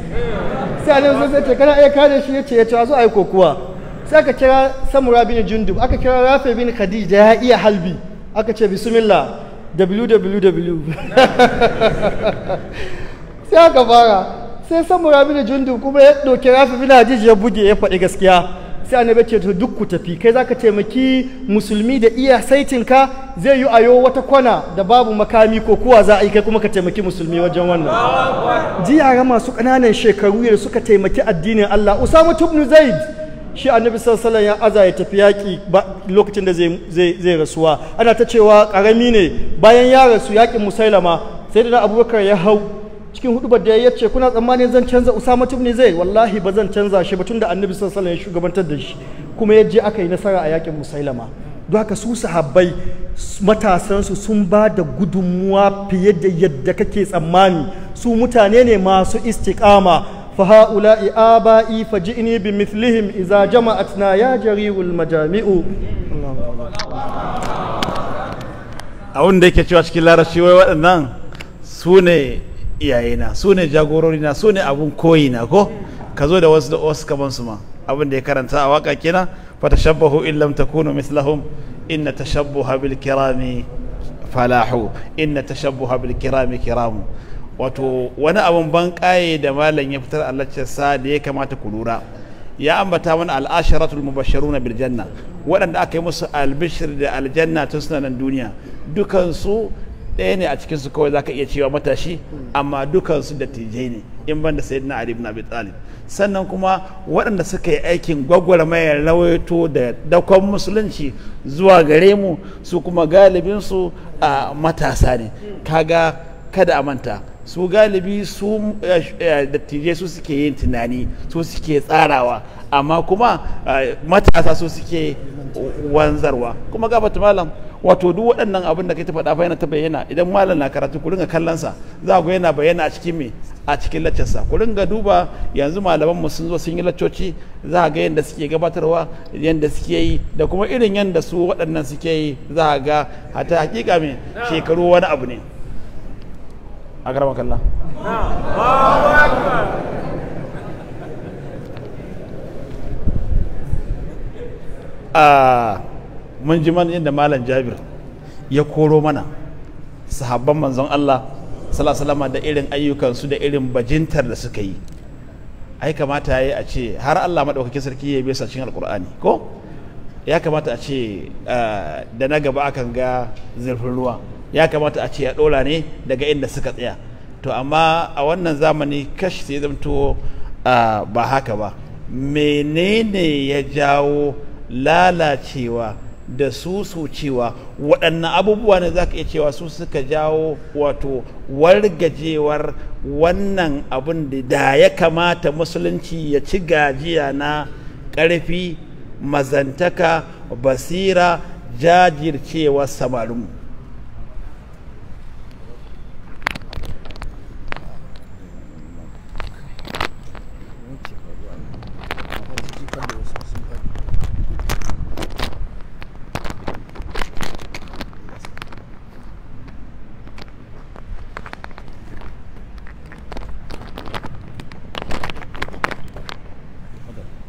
sai annabi sai ce kana iya ka da shi yace ya ce zo ai kokuwa sai aka kira Samura bin Jundub aka kira Rafi bin Khadij da ya iya halbi aka ce bismillah www sai aka fara sai samura mini jundu kuma ya ɗauki rafi bin hadiji ya buge ya faɗi gaskiya sai annabi ce to duk ku tafi kai zaka taimaki musulmi da iya saitin ka zai yi ayo wata kwana da babu makami ko kuwa za a yi kai kuma ka taimaki musulmi wajen wannan ji yara masu ƙananan shekaru da suka taimaki addinin Allah Usama ibn Zaid shi annabi sallallahu ya aza ya tafi yaƙi lokacin da zai rasuwa ana ta cewa ƙarami ne bayan ya rasu yaƙin musailama sai da abubakar ya hau cikin hudu ba da ya ce kuna tsammanin zan canza Usama ne zai wallahi ba zan canza shi ba da Annabi sun alaihi ya shugabantar da shi kuma ya je aka yi nasara a yakin Musailama don haka su sahabbai matasansu sun ba da gudunmuwa fiye da yadda kake tsammani su mutane ne masu istiqama fa ha'ula'i aba'i fa ji'ni bi mithlihim idza jama'atna ya jarirul majami'u a wanda yake cewa cikin larashi wai waɗannan su ne iyayena su ne jagororina su ne abun koyina ko ka zo da wasu da wasu su ma abin da ya karanta a waka kina fa shabbahu in lam takunu mithlahum inna tashabbuha bil kirami falahu inna tashabbuha bil kirami kiramu wato wani abun ban kaye da malam ya fitar Allah sa da ya kamata ku lura ya ambata mana al'asharatul mubashsharuna bil janna waɗanda aka yi musu albishir da aljanna tun suna nan duniya dukansu ɗaya ne a cikin su kawai zaka iya cewa matashi amma dukan su da tijai ne in ban banda na ali ibn abi talib sannan kuma waɗanda suka yi aikin gwagwarmayar rawaito da dakon musulunci zuwa gare mu su kuma galibin su a matasa ne kaga kada a manta su galibi su eh, eh, dattijai su suke yin tunani su suke tsarawa amma kuma eh, matasa su suke wanzarwa kuma gabata malam wato duk waɗannan abin da kai ta faɗa fa yana ta bayyana idan malam na karatu ku ringa kallon sa za ku yana bayyana a cikin me a cikin laccarsa ku ringa duba yanzu malaman mu sun zo sun yi laccoci za ga yanda suke gabatarwa yanda suke yi da kuma irin yanda su waɗannan suke yi za ga hata hakika me shekaru wani abu ne agarama a mun ji man inda malam jabir ya koro mana sahabban manzon Allah salama da irin ayyukansu da irin bajintar da suka yi ai kamata ya yi a ce har Allah maɗaukakin sarki ya bisa cikin alkur'ani ko ya kamata a ce da na gaba akan ga zurfin ruwa ya kamata a ce ya dola ne daga inda suka tsaya to amma a wannan zamani kashi sai zamto ba haka ba menene ya jawo lalacewa da susu cewa waɗannan abubuwa ne za ka iya cewa su suka jawo wato wargajewar wannan abin da ya kamata musulunci ya ci gajiya na ƙarfi mazantaka basira jajircewar samarinmu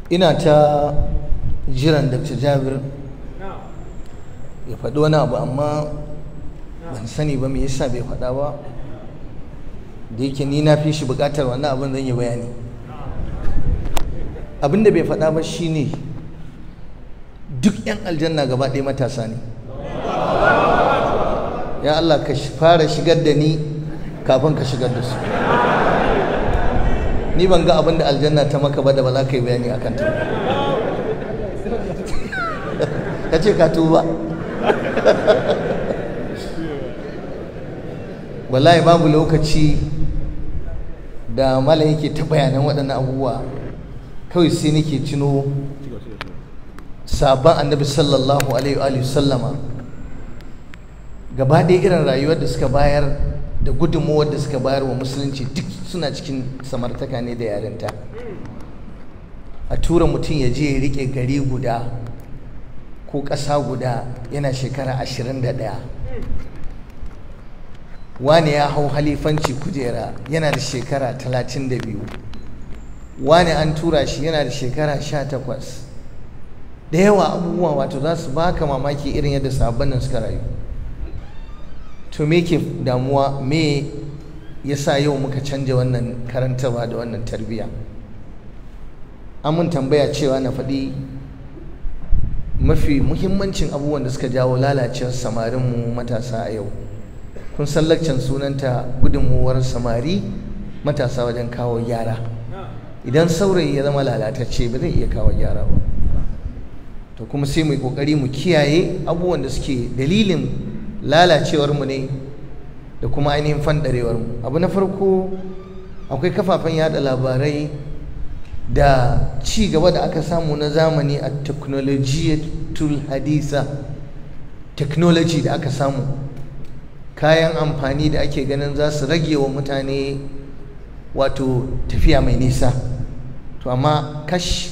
ina ta jiran dr jabir ya faɗi wani abu amma ban sani ba me yasa bai faɗa ba da yake ni na fi shi buƙatar wannan abin zan yi bayani abin da bai faɗa ba shi ne duk 'yan aljanna gaba ɗaya matasa ne ya Allah ka fara shigar da ni kafin ka shigar da su ni ban ga abin da aljanna ta maka ba da ba za ka yi bayani a ta ya ce ka tuba wallahi babu lokaci da malam yake ta bayanan waɗannan abubuwa kawai sai nake cino sabon annabi sallallahu alaihi wa sallama gaba ɗaya irin rayuwar da suka bayar da gudunmu da suka bayar wa musulunci duk suna cikin samartaka ne da yarinta a tura mutum ya je ya rike gari guda ko ƙasa guda yana shekara 21 wani ya hau halifanci kujera yana da shekara 32 wani an tura shi yana da shekara 18 da yawa abubuwa wato za su baka mamaki irin yadda sabbin nan suka rayu to me ke damuwa me ya sa yau muka canja wannan karantarwa da wannan tarbiyya an mun tambaya cewa na faɗi mafi muhimmancin abubuwan da suka jawo lalacewar samarinmu matasa a yau kun san sunanta gudunmuwar samari matasa wajen kawo gyara idan saurayi ya zama lalatacce ba zai iya kawo gyara ba to kuma sai mu yi kokari mu kiyaye abubuwan da suke dalilin Lalacewar mu ne da kuma ainihin mu. abu na farko akwai kafafen yada labarai da ci gaba da aka samu na zamani a technologiyatul hadisa technology da aka samu kayan amfani da ake ganin za su rage wa mutane wato tafiya mai nisa to amma kash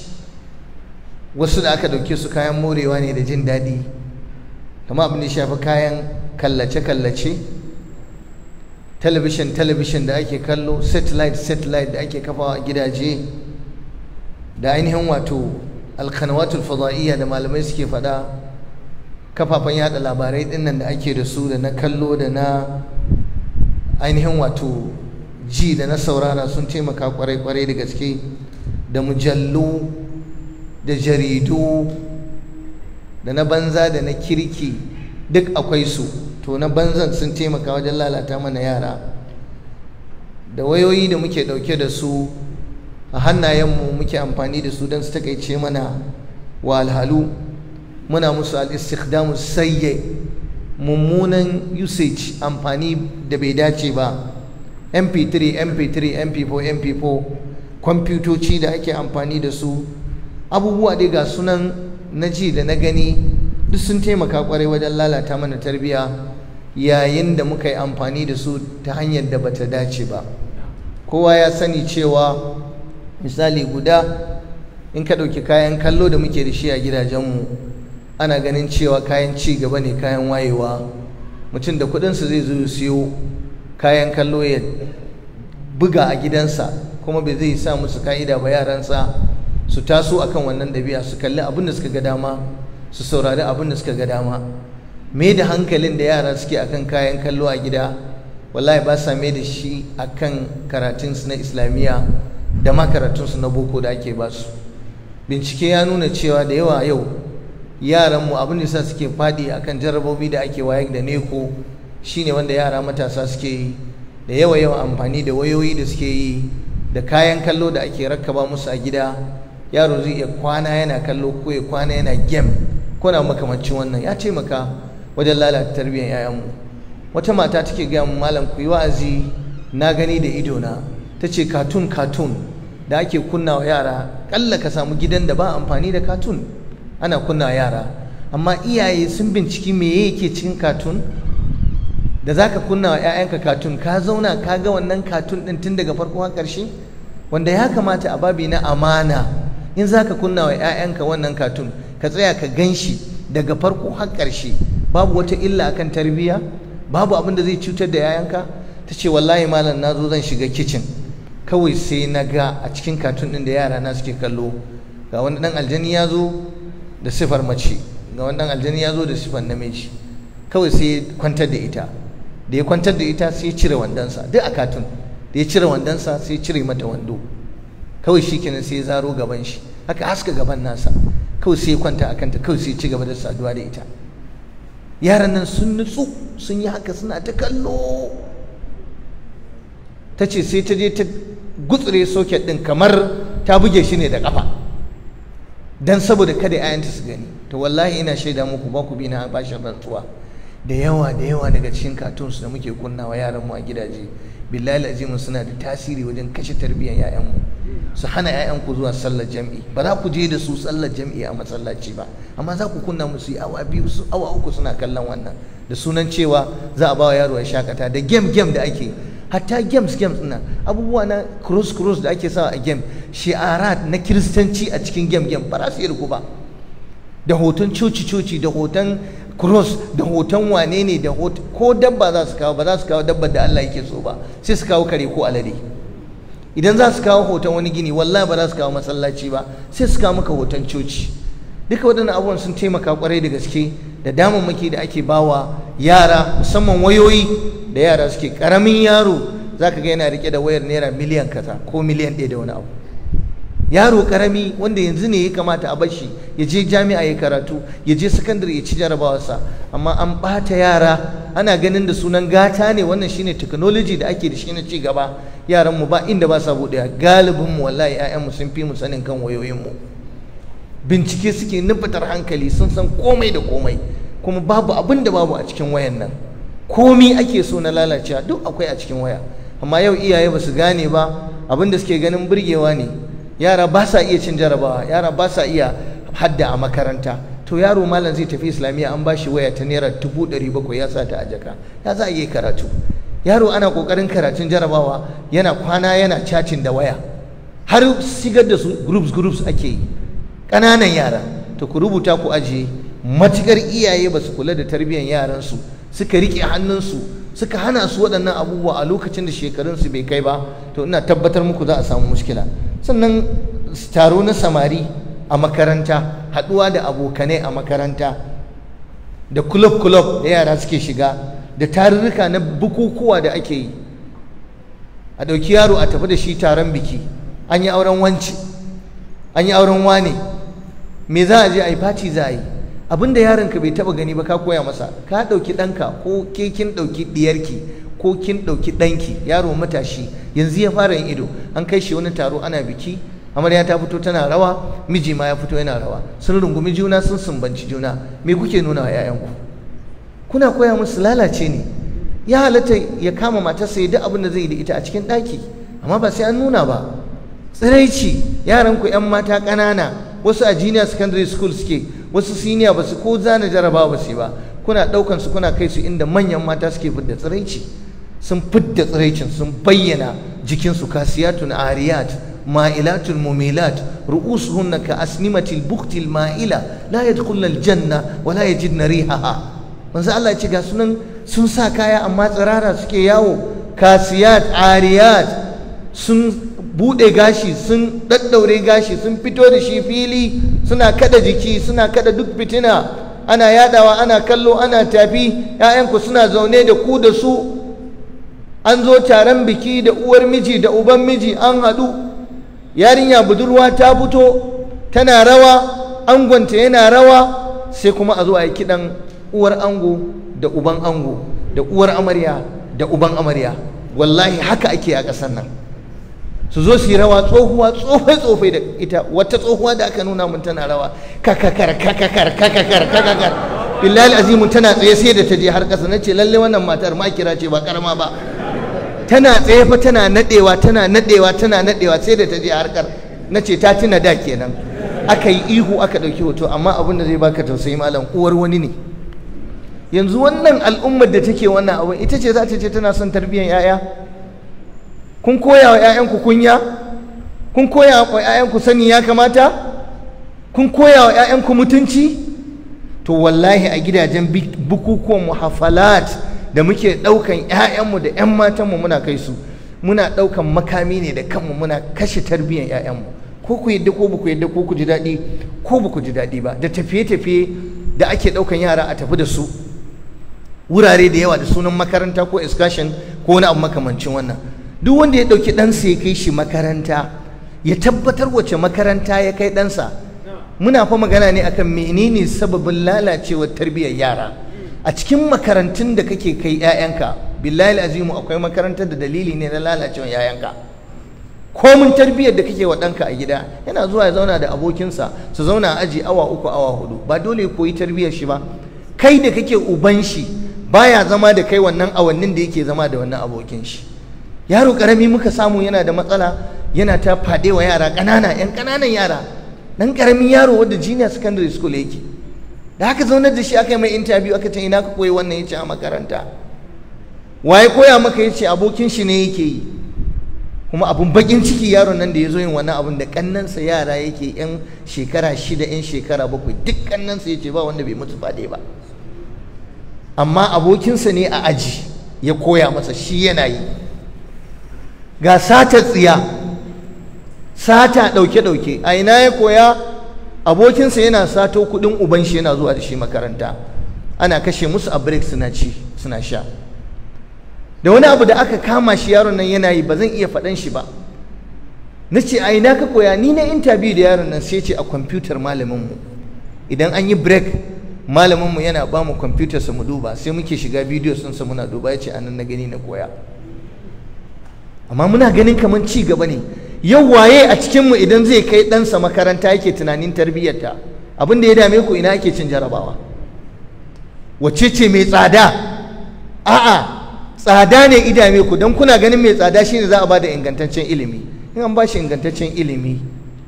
wasu da aka dauke su kayan morewa ne da jin daɗi kama abin da shafi kayan kallace-kallace talabishin-talabishin da ake kallo satellite-satellite da ake kafa gidaje da ainihin wato alkanawatul fada'iyya da malamai suke faɗa kafafen yada labarai dinnan da ake da su da na kallo da na ainihin wato ji da na saurara sun taimaka kwarai-kwarai da gaske da mujallu da jaridu da na banza da na kirki duk akwai su to na banzan sun taimaka wajen lalata mana yara da wayoyi da muke ɗauke da su a hannayenmu muke amfani da su don su takaice mana wa alhalu muna musu al'istikdamu sayye mummunan usage amfani da bai dace ba mp3 mp3 mp4 mp4 kwamfutoci da ake amfani da su abubuwa dai sunan na ji da na gani duk sun taimaka kwarai wajen lalata mana tarbiyya yayin da muka yi amfani da su ta hanyar da bata dace ba kowa ya sani cewa misali guda in ka ɗauki kayan kallo da muke da shi a gidajenmu ana ganin cewa kayan ci gaba ne kayan wayewa mutum da kudinsa zai zo siyo kayan kallo ya buga a gidansa kuma bai zai sa musu ka'ida ba yaransa su taso akan wannan ɗabi'a su kalli abin da suka ga dama su saurari abin da suka ga dama me da hankalin da yara suke akan kayan kallo a gida wallahi ba sa me da shi akan karatunsu na islamiyya da ma su na boko da ake ba su bincike ya nuna cewa da yawa yau yaranmu abin da suke faɗi akan jarabobi da ake wayar da neko shine wanda yara matasa suke yi da yawa yawa amfani da wayoyi da suke yi da kayan kallo da ake rakkaba musu a gida yaro zai iya kwana yana kallo ko ya kwana yana game ko na makamancin wannan ya taimaka wajen lalata tarbiyyar 'ya'yanmu wata mata take gaya mu malam ku yi wa'azi na gani da idona ta ce katun katun da ake kunna wa yara kalla ka samu gidan da ba amfani da katun ana kunna yara amma iyaye sun binciki me yake cikin katun da za ka kunna wa 'ya'yanka katun ka zauna ka ga wannan katun ɗin tun daga farko har ƙarshe wanda ya kamata a babi na amana in za ka kunna wa 'ya'yanka wannan katun ka tsaya ka gan shi daga farko har ƙarshe babu wata illa akan tarbiyya babu abin da zai cutar da yayanka ta ce wallahi malam na zo zan shiga kicin kawai sai na ga a cikin katun ɗin da yara na suke kallo ga wani ɗan aljani ya zo da sifar mace ga wani ɗan aljani ya zo da sifar namiji kawai sai ya kwantar da ita da ya kwantar da ita sai ya cire wandonsa duk a katun da ya cire wandonsa sai ya cire mata wando kawai shi kenan sai ya zaro gaban shi haka haska gaban nasa kawai sai kwanta akan kanta. kawai sai ci gaba da saduwa da ita yaran nan sun nutsu sun yi haka suna ta kallo ta ce sai ta je ta gutsure soket ɗin kamar ta buge shi ne da ƙafa don saboda kada 'ya'yanta su gani to wallahi ina shaida muku ba ku bi na bashin rantsuwa da yawa da yawa daga cikin katons da muke kunnawa yaran mu a gidaje billahi azimin suna da tasiri wajen kashe tarbiyyar yayanmu su hana yayanku zuwa sallar jam'i ba za ku je da su sallar jam'i a masallaci ba amma za ku kunna musu yi awa biyu su awa uku suna kallon wannan da sunan cewa za a ba wa yaro ya shakata da game game da ake hatta games games na abubuwa na cross cross da ake sawa a game shi'arat na kiristanci a cikin game game ba za su yi ba da hoton coci coci da hoton cross da hoton wane ne da ko dabba za su kawo ba za su kawo dabba da Allah yake so ba sai su kawo kare ko alade idan za su kawo hoton wani gini wallahi ba za su kawo masallaci ba sai su kawo maka hoton coci duka waɗannan abubuwan sun taimaka kwarai da gaske da damar damammaki da ake bawa yara musamman wayoyi da yara suke karamin yaro zaka ga yana rike da wayar naira miliyan kaza ko miliyan ɗaya da wani abu yaro karami wanda yanzu ne ya kamata a bashi ya je jami'a ya karatu ya je sakandare ya ci jarabawarsa amma an ɓata yara ana ganin da sunan gata ne wannan shine technology da ake da shi na ci gaba yaran mu ba inda ba sa buɗe galibin mu wallahi ƴaƴan mu sun fi mu sanin kan wayoyin mu bincike suke nufatar hankali sun san komai da komai kuma babu abin da babu a cikin wayan nan komi ake so na lalacewa duk akwai a cikin waya amma yau iyaye ba su gane ba abin da suke ganin burgewa ne yara ba sa iya cin jarabawa yara ba sa iya hadda a makaranta to yaro malam zai tafi islamiyya an bashi waya ta naira dubu ɗari bakwai ya sa ta a jaka ya za a yi karatu yaro ana ƙoƙarin karatun jarabawa yana kwana yana cacin da waya har sigar da su groups groups ake yi ƙananan yara to ku rubuta ku ajiye matukar iyaye ba su kula da tarbiyyar yaransu suka riƙe hannunsu suka hana su waɗannan abubuwa a lokacin da shekarunsu bai kai ba to ina tabbatar muku za a samu muskila. sannan taro na samari a makaranta haɗuwa da abokanai a makaranta da kulob-kulob da yara suke shiga da tarurruka na bukukuwa da ake yi a ɗauki yaro a tafi da shi taron biki an yi auren wanci an yi auren wane me za a je a yi fati za a yi abin da yaronka bai taɓa gani ba ka koya masa ka ɗauki ɗanka ko kekin kin ɗauki ɗiyarki ko kin ɗauki ɗanki yaro matashi yanzu ya fara yin ido an kai shi wani taro ana biki amarya ta fito tana rawa miji ma ya fito yana rawa sun rungumi juna sun sumbanci juna me kuke nuna wa 'ya'yanku kuna koya musu lalace ne ya halatta ya kama matarsa ya duk abin da zai yi da ita a cikin ɗaki amma ba sai an nuna ba tsiraici yaranku 'yan mata ƙanana wasu a junior secondary school suke wasu senior ba su ko zana jarabawa ba su ba kuna ɗaukansu kuna kai su inda manyan mata suke fidda tsiraici sun fidda tsiraicin sun bayyana jikinsu kasiyatun ariyat ma'ilatun mumilat ru'usuhunna ka asnimatil buktil ma'ila la yadkhulna aljanna wa la yajidna rihaha manzo Allah ya ce ga sunan sun sa kaya amma tsirara suke yawo kasiyat ariyat sun bude gashi sun daddaure gashi sun fito da shi fili suna kada jiki suna kada duk fitina ana yadawa ana kallo ana tafi 'ya'yanku suna zaune da ku da su an zo taron biki da uwar miji da uban miji an haɗu yarinya budurwa ta fito tana rawa angonta yana rawa sai kuma a zo a yi kiɗan uwar ango da uban ango da uwar amarya da uban amarya wallahi haka ake a ƙasar nan su zo su yi rawa tsohuwa tsofai tsofai da ita wata tsohuwa da aka nuna mun tana rawa kakakar kakakar kakakar kakakar billahi Azimu tana tsaye sai da ta je har ƙasa na ce lalle wannan matar ma kira ce ba karama ba tana tsefa, tana nadewa tana nadewa tana nadewa sai da ta je harkar na ce ta tuna da kenan aka yi ihu aka ɗauki hoto amma abin da zai baka tausayi malam uwar wani ne yanzu wannan al'ummar da take wannan abu ita ce za ta ce tana son tarbiyyar 'ya'ya kun koya wa 'ya'yanku kunya kun koya wa 'ya'yanku sani ya kamata kun koya wa 'ya'yanku mutunci to wallahi a gidajen bukukuwan muhafalat da muke ɗaukan 'ya'yanmu da 'yan matanmu muna kai su muna ɗaukan makami ne da kanmu muna kashe tarbiyyar 'ya'yanmu ko ku yadda ko ba ku yadda ko ku ji daɗi ko ba ku ji daɗi ba da tafiye-tafiye da ake ɗaukan yara a tafi da su wurare da yawa da sunan makaranta ko excursion ko wani abu makamancin wannan duk wanda ya ɗauki ɗansa ya kai shi makaranta ya tabbatar wace makaranta ya kai ɗansa muna fa magana ne akan menene sababin lalacewar tarbiyyar yara a cikin makarantun da kake kai 'ya'yanka billahi azimu akwai makarantar da dalili ne na lalacewa 'ya'yanka komin tarbiyyar da kake wa ɗanka a gida yana zuwa ya zauna da abokinsa su zauna a aji awa uku awa hudu ba dole ya koyi tarbiyyar shi ba kai da kake uban shi baya zama da kai wannan awannin da yake zama da wannan abokin shi yaro karami muka samu yana da matsala yana ta faɗewa yara ƙanana 'yan ƙananan yara ɗan ƙaramin yaro wadda junior secondary school yake da haka zaunar da shi aka yi mai interview aka ce ina ka koyi wannan yace a makaranta waye koya maka yace abokin shi ne yake yi kuma abun bakin ciki yaron nan da ya zo yin wannan abun da kannansa yara yake yan shekara shida yan shekara bakwai duk kannansa yace ba wanda bai mutu fade ba amma abokinsa ne a aji ya koya masa shi yana yi ga sata tsiya sata ɗauke-ɗauke a ina ya koya abokinsa yana sato kuɗin uban shi yana zuwa da shi makaranta ana kashe musu a break suna ci suna sha da wani abu da aka kama shi yaron nan yana yi ba zan iya faɗan shi ba na ce a ina ka koya ni na interview da yaron nan sai ce a kwamfutar malaminmu idan an yi break malaminmu yana ba mu kwamfutarsa mu duba sai muke shiga bidiyo sun sa muna duba ya ce a nan na gani na koya amma muna ganin kamar ci gaba ne yau waye a cikinmu idan zai kai ɗansa makaranta yake tunanin tarbiyyarta abin da ya dame ku ina ake cin jarabawa wace ce mai tsada a'a tsada ne idame ku don kuna ganin mai tsada shine za a ba da ingantaccen ilimi in an ba shi ingantaccen ilimi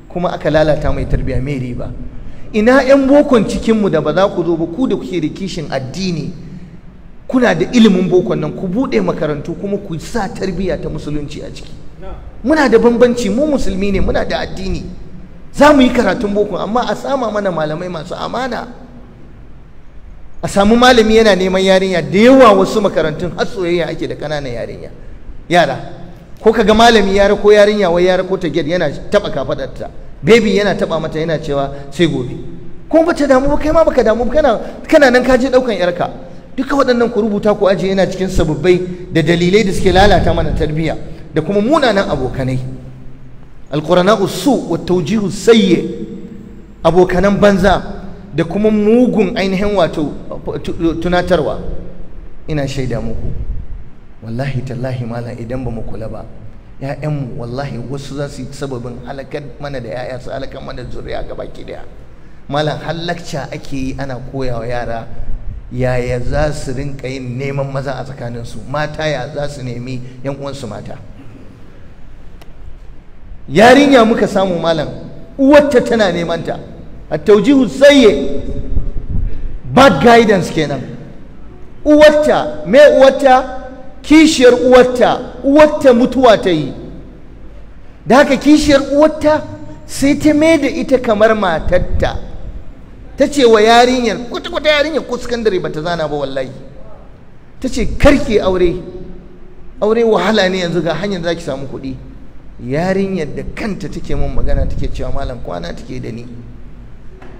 kuma aka lalata mai tarbiyya mai riba ina 'yan bokon cikinmu da ba za ku zo ba ku da kuke da kishin addini kuna da ilimin bokon nan ku buɗe makarantu kuma ku sa tarbiyya ta musulunci a ciki muna da bambanci mu musulmi ne muna da addini za mu yi karatun boko amma a sama mana malamai masu amana a samu malami yana neman yarinya da yawa wasu makarantun har soyayya ake da ƙananan yarinya yara ko kaga malami ya ko yarinya wai ya ko ta gyar yana taba kafaɗarta baby yana taba mata yana cewa sai gobe ko bata damu ba kai ma baka damu kana kana nan ka je daukan yarka duka waɗannan ku rubuta ku aje yana cikin sababbai da dalilai da suke lalata mana tarbiyya da kuma munanan abokanai alƙurana usu wa taujihu sayye abokanan banza da kuma mugun ainihin wato tunatarwa ina shaida muku wallahi tallahi malam idan ba mu kula ba ‘ya'yanmu wallahi wasu za su yi sababin halakar mana da ‘ya'ya su halakar mana zuriya ga baki daya malam halakca ake yi ana koyawa yara yaya za su rinka yin neman maza a tsakaninsu mata ya za su nemi yan uwansu mata yarinya muka samu malam uwarta tana neman ta a tawjihu bad guidance kenan uwarta me uwarta kishiyar uwarta uwarta mutuwa ta yi da haka kishiyar uwarta sai ta mai da ita kamar matarta ta ce wa yarinyar kwata-kwata yarinyar ko sakandare ba ta zana ba wallahi ta ce karke aure aure wahala ne yanzu ga hanyar za ki samu kuɗi yarinyar da kanta take mun magana take cewa malam kwana take da ni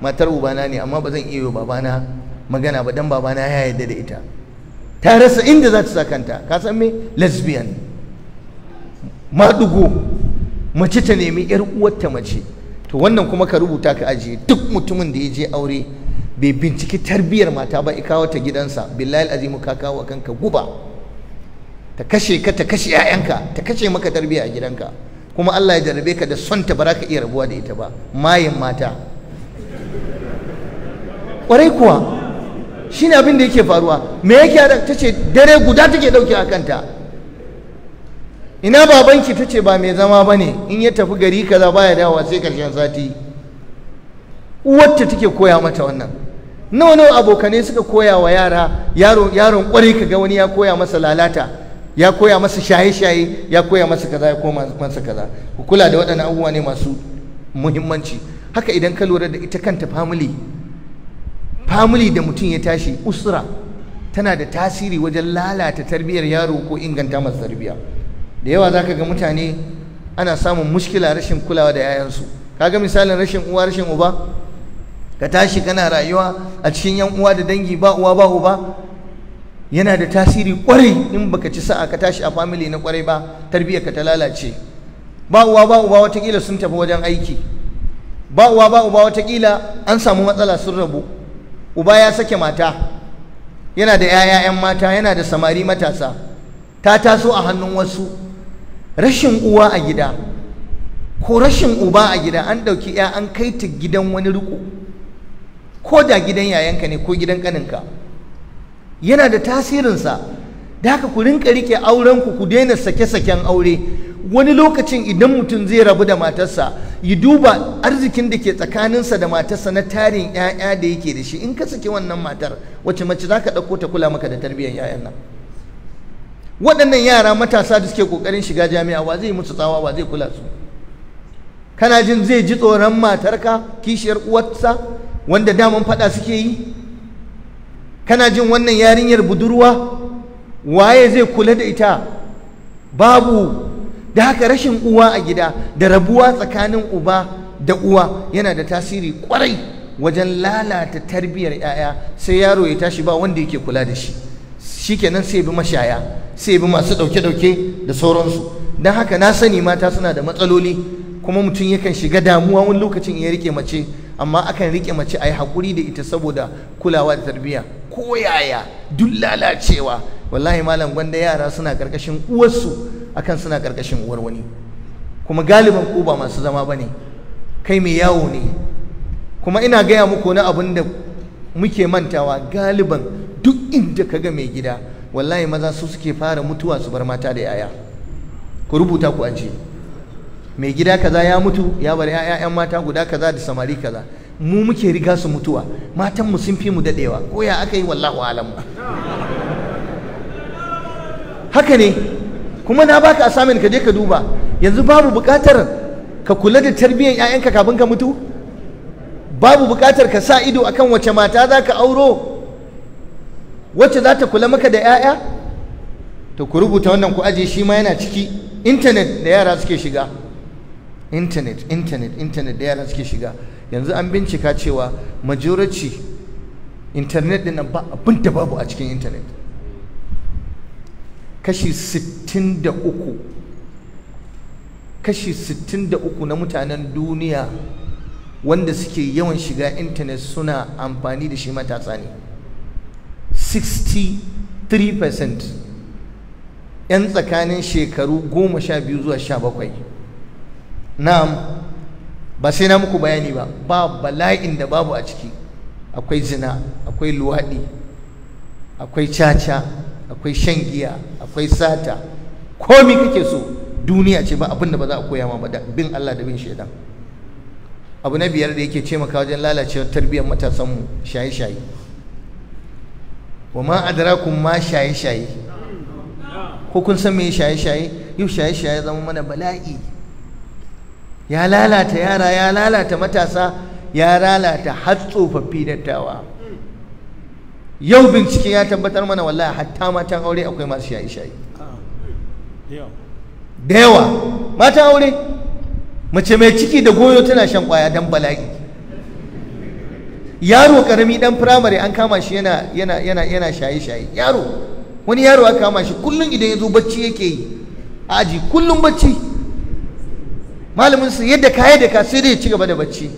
matar ubana ne amma ba zan iya yi babana magana ba dan babana ya yarda da ita ta rasa inda za ta sa kanta ka san me lesbian madugo mace ta nemi yar uwarta mace to wannan kuma ka rubuta ka ajiye duk mutumin da ya je aure bai binciki tarbiyar mata ba ikawo ta gidansa billahi azimu ka kawo kanka guba ta kashe ka ta kashe ƴaƴanka ta kashe maka tarbiyya a gidanka kuma Allah ya jarabe ka da son ta baraka iya rabuwa da ita ba mayin mata ƙwarai kuwa shine abin da yake faruwa me yake da ta ce dare guda take ɗauke a kanta ina babanki ta ce ba mai zama ba ne in ya tafi gari kaza baya dawowa sai ƙarshen sati uwarta take koya mata wannan nawa nawa abokanai suka koya wa yara yaron ƙwarai ka ga wani ya koya masa lalata ya koya masa shaye-shaye ya koya masa kaza ya koma masa kaza ku kula da waɗannan abubuwa ne masu muhimmanci haka idan ka lura da ita kanta family family da mutum ya tashi usra tana da tasiri wajen lalata tarbiyyar yaro ko inganta masa tarbiyya da yawa zaka ga mutane ana samun mushkila rashin kulawa da 'ya'yansu Ka ga misalin rashin uwa rashin uba ka tashi kana rayuwa a cikin yan uwa da dangi ba uwa ba uba yana da tasiri kwarai in baka ci sa'a ka tashi a family na kwarai ba tarbiyyar ka ta lalace ba uwa ba uba watakila sun tafi wajen aiki ba uwa ba uba watakila an samu matsala sun rabu uba ya sake mata yana da 'ya'ya mata yana da samari matasa ta taso a hannun wasu rashin uwa a gida ko rashin uba a gida an ɗauki 'ya an kai ta gidan wani riko ko da gidan yayanka ne ko gidan ƙaninka yana da tasirinsa da haka ku rinka rike aurenku ku daina sake-saken aure wani lokacin idan mutum zai rabu da matarsa yi duba arzikin da ke tsakaninsa da matarsa na tarin 'ya'ya da yake da shi in ka saki wannan matar wacce mace za ka ɗauko ta kula maka da tarbiyyar 'ya'yan nan waɗannan yara matasa da suke ƙoƙarin shiga jami'a wa zai musu tsawa wa zai kula su kana jin zai ji tsoron matarka kishiyar uwarsa wanda daman faɗa suke yi kana jin wannan yarinyar budurwa waye zai kula da ita babu da haka rashin uwa a gida da rabuwa tsakanin uba da uwa yana da tasiri kwarai wajen lalata tarbiyyar 'ya'ya sai yaro ya tashi ba wanda yake kula da shi shikenan sai bi mashaya sai bi masu ɗauke-ɗauke da sauransu don haka na sani mata suna da matsaloli kuma mutum yakan shiga damuwa wani lokacin ya rike mace amma akan rike mace a yi haƙuri da ita saboda kulawa da tarbiyya ko yaya duk lalacewa wallahi malam gwanda yara suna ƙarƙashin uwarsu akan suna ƙarƙashin uwar wani kuma galiban ko ba masu zama ba ne kai mai yawo ne kuma ina gaya muku na abin da muke mantawa galiban duk inda ka ga mai gida wallahi maza su suke fara mutuwa su bar mata da yaya ku rubuta ku aji. mai gida kaza ya mutu ya bar ya'yan mata guda kaza da samari kaza mu muke riga su mutuwa matan mu sun fi mu dadewa ko ya aka yi wallahu alamu haka ne kuma na baka assignment ka je ka duba yanzu babu bukatar ka kula da tarbiyyar ƴaƴanka kafin ka mutu babu bukatar ka sa ido akan wace mata za ka auro wacce za ta kula maka da 'ya'ya to ku rubuta wannan ku aje shi ma yana ciki intanet da yara suke shiga internet internet internet da yara suke shiga yanzu an bincika cewa majority internet din ba abin da babu a cikin internet kashi 63 kashi 63 na mutanen duniya wanda suke yawan shiga intanet suna amfani da shi matasa ne 63% 'yan tsakanin shekaru 12 zuwa 17 na'am ba sai na muku bayani ba ba bala'in da babu a ciki akwai zina akwai luwaɗi akwai caca akwai shan giya akwai sata komi kake so duniya ce ba abin da ba za a koya ma ba bin Allah da bin shaidan abu na biyar da yake taimaka wajen lalacewar tarbiyyar matasanmu shaye-shaye wa ma adrakum ma shaye-shaye ko kun san me shaye-shaye yau shaye-shaye zama mana bala'i ya lalata yara ya lalata matasa ya lalata har tsofaffi dattawa yau bincike ya tabbatar mana wallahi hatta matan aure akwai masu shaye-shaye da yawa matan aure mace mai ciki da goyo tana shan kwaya dan bala'i yaro karami dan firamare an kama shi yana yana yana shaye-shaye yaro wani yaro aka kama shi kullum idan ya zo bacci yake yi aji kullum bacci malamin su yadda kaya da ka sai dai ci gaba da bacci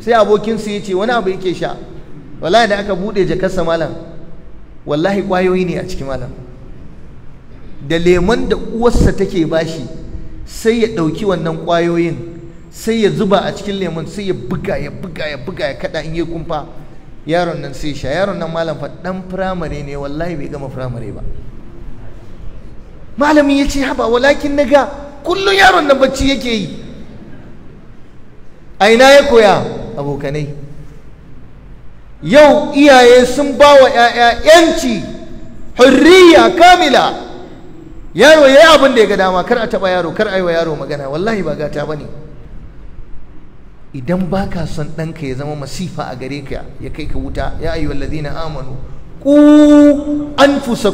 sai abokin su yace wani abu yake sha wallahi da aka bude jakarsa malam wallahi kwayoyi ne a cikin malam da lemon da uwarsa take bashi sai ya ɗauki wannan kwayoyin sai ya zuba a cikin lemon sai ya buga ya buga ya buga ya kada in ya kumfa yaron nan sai sha yaron nan malam fa dan firamare ne wallahi bai gama firamare ba malamin ya ce haba walakin naga kullum yaron nan bacci yake yi a ina ya koya abokanai yau iyaye sun ba wa 'ya'ya 'yanci hurriya kamila yaro ya yi abin da ya ga dama kar a taɓa yaro kar a yi wa yaro magana wallahi ba gata ba ne idan ba ka son ɗanka ya zama masifa a gare ka ya kai ka wuta ya wallazi na amanu ku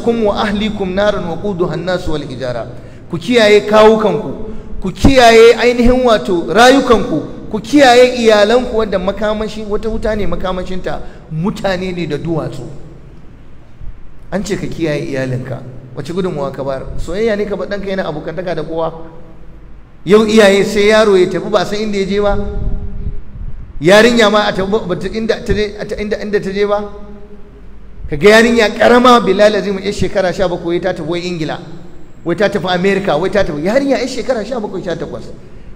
kun wa ahlikum narin wa kudu hannasu wal hijara ku kiyaye kawukanku ku kiyaye ainihin wato rayukanku ku kiyaye iyalanku wadda makamashi wata wuta ne makamashinta mutane ne da duwatsu an ce ka kiyaye iyalinka wace gudunmuwa ka bar soyayya ne ka bar ɗanka yana abokantaka da kowa yau iyaye sai yaro ya tafi ba san inda ya je ba yarinya ma a tafi inda ta je ba ka ga yarinya karama bilal azim ya shekara 17 wai ta tafi wai ingila wai ta tafi america wai ta tafi yarinya ya shekara 17 18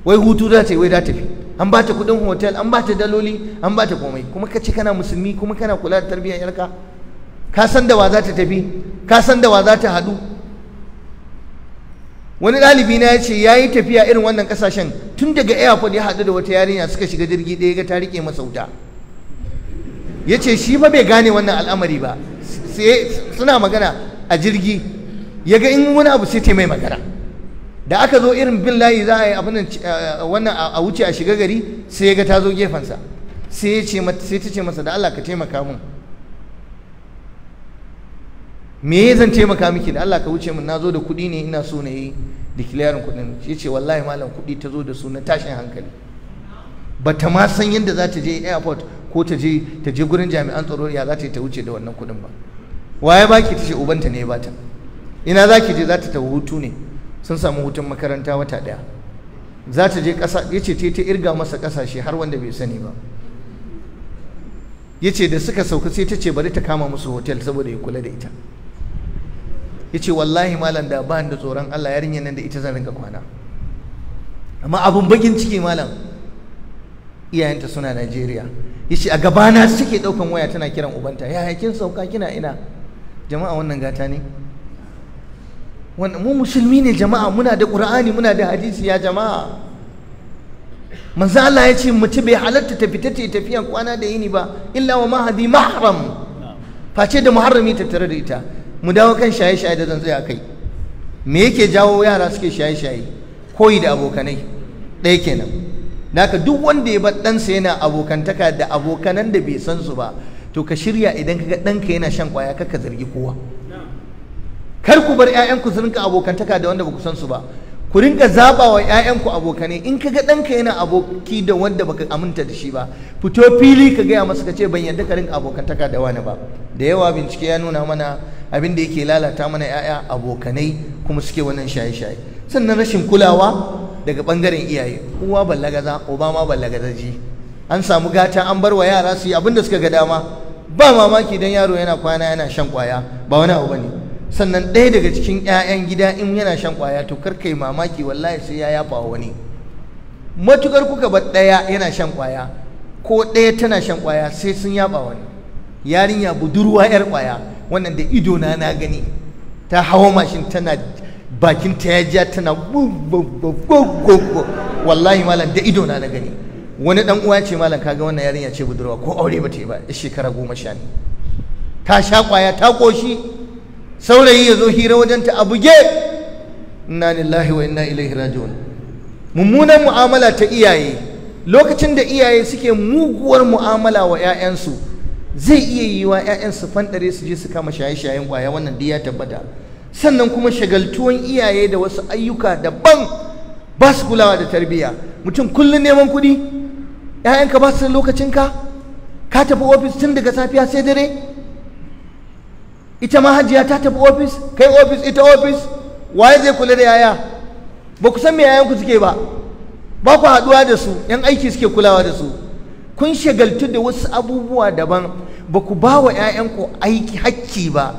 wai hutu za ta yi wai za ta tafi an ba ta kudin hotel an ba ta daloli an ba ta komai kuma ka ce kana musulmi kuma kana kula da tarbiyyar yarka ka san da wa za ta tafi ka san da wa za ta haɗu wani ɗalibi na ya ce ya yi tafiya irin wannan ƙasashen tun daga airport ya haɗu da wata yarinya suka shiga jirgi ɗaya ga ta riƙe masa wuta ya ce shi fa bai gane wannan al'amari ba suna magana a jirgi ya ga in wani abu sai ta mai magana da aka zo irin bin layi za a yi abin eh, wannan a wuce a shiga gari sai ya ga ta zo gefensa sai ya ce sai ta ce masa da Allah ka taimaka mun me zan taimaka miki da Allah ka wuce min na zo da kuɗi ne ina so na yi declaring kuɗin ya ce wallahi malam kuɗi ta zo da su na tashin hankali ba ta ma san yadda za ta je airport ko ta je ta je gurin jami'an tsaro ya za ta yi ta wuce da wannan kuɗin ba waye baki ta ce ubanta ne ya bata ina za ki je za ta ta hutu ne sun samu hutun makaranta wata ɗaya za ta je ƙasa ya ce ta irga masa ƙasashe har wanda bai sani ba ya ce da suka sauka sai ta ce bari ta kama musu hotel saboda ya kula da ita ya ce wallahi malam da ba da tsoron Allah yarinya nan da ita zan rinka kwana amma abin bagin ciki malam iyayenta suna Najeriya ya ce a gabana suke ɗaukan waya tana kiran ubanta Ya kin sauka kina ina jama'a wannan gata ne wannan mu musulmi ne jama'a muna da qur'ani muna da hadisi ya jama'a manzo Allah ya ce mutum bai halatta ta fita ta tafiya kwana da yini ba illa wa mahadi mahram face da muharrami ta tare da ita mu dawo kan shaye-shaye da zan tsaya kai me yake jawo yara suke shaye-shaye koyi da abokanai ɗaya kenan naka duk wanda ya bar ɗansa yana abokantaka da abokanan da bai san su ba to ka shirya idan kaga ɗanka yana shan kwaya kaka zargi kowa kar ku bar 'ya'yanku su rinka abokantaka da wanda ba ku san su ba ku rinka zaba wa 'ya'yanku abokanai in kaga ɗanka yana aboki da wanda baka aminta da shi ba fito fili ka gaya masa ka ce ban yadda ka rinka abokantaka da wani ba da yawa bincike ya nuna mana abin da yake lalata mana 'ya'ya abokanai kuma suke wannan shaye-shaye sannan rashin kulawa daga bangaren iyaye uwa ballagaza obama ballagaza ji an samu gata an bar wa yara su yi abin da suka ga dama ba mamaki don yaro yana kwana yana shan kwaya ba wani abu ba ne. sannan ɗaya daga cikin 'ya'yan gida in yana shan ƙwaya to kar kai mamaki wallahi sai ya yafa wani matukar kuka ba ɗaya yana shan ƙwaya ko ɗaya tana shan ƙwaya sai sun yafa wani yarinya budurwa 'yar ƙwaya wannan da ido na na gani ta hawa mashin tana bakin ta ya ja tana gogogogo dan ce malam kaga wannan yarinya ce ko aure yi ba shekara goma sha ta sha ƙwaya ta ƙoshi saurayi ya zo hira wajenta a buge inna lillahi wa inna ilaihi raji'un mummunan mu'amala ta iyaye lokacin da iyaye suke muguwar mu'amala wa 'ya'yansu zai iya yi wa 'ya'yansu fanɗare su je su kama shaye-shayen ƙwaya wannan duk ya tabbata sannan kuma shagaltuwan iyaye da wasu ayyuka daban ba su kulawa da tarbiyya mutum kullum neman kuɗi 'ya'yanka ba su lokacinka ka tafi ofis tun daga safiya sai dare ita ma hajiya ta tafi ofis kai ofis ita ofis waye zai kula da yaya ba ku san me yayanku suke ba ba ku haɗuwa da su yan aiki suke kulawa da su kun shagaltu da wasu abubuwa daban ba ku ba wa 'ya'yanku aiki hakki ba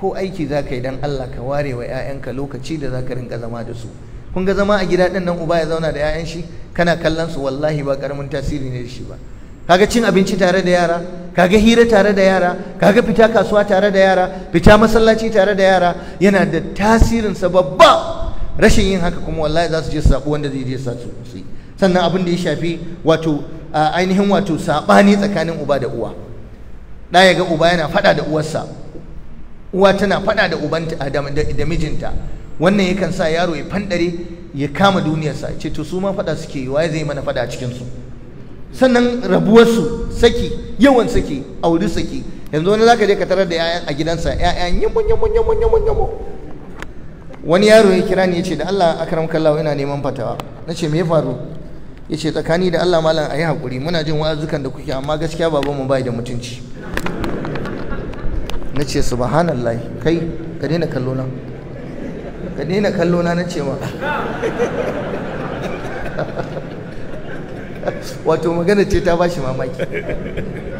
ko aiki za ka yi don Allah ka ware wa 'ya'yanka lokaci da za ka rinka zama da su kun ga zama a gida ɗin nan uba ya zauna da 'ya'yan shi kana kallon su wallahi ba karamin tasiri ne da shi ba kaga cin abinci tare da yara kaga hira tare da yara kaga fita kasuwa tare da yara fita masallaci tare da yara yana da tasirin babba rashin yin haka kuma wallahi za su je su wanda zai je su su sannan abin da ya shafi wato ainihin wato saɓani tsakanin uba da uwa ɗa ya uba yana faɗa da uwarsa uwa tana faɗa da ubanta da mijinta wannan yakan sa yaro ya fanɗare ya kama duniyarsa ce to su ma faɗa suke yi waye zai mana faɗa a cikinsu sannan rabuwarsu saki yawan saki auri saki yanzu wani zaka je ka tarar da 'ya'yan a gidansa 'ya'yan yamun yamun yamun yamun yamun wani yaro ya kira ni ya ce da Allah a karam kallawa ina neman fatawa na ce me ya faru ya ce tsakani da Allah malam a yi hakuri muna jin wa'azukan da kuke amma gaskiya baban mu bai da mutunci na ce subhanallah kai ka daina kallo na ka daina kallo na na ce ma wato magana ce ta bashi mamaki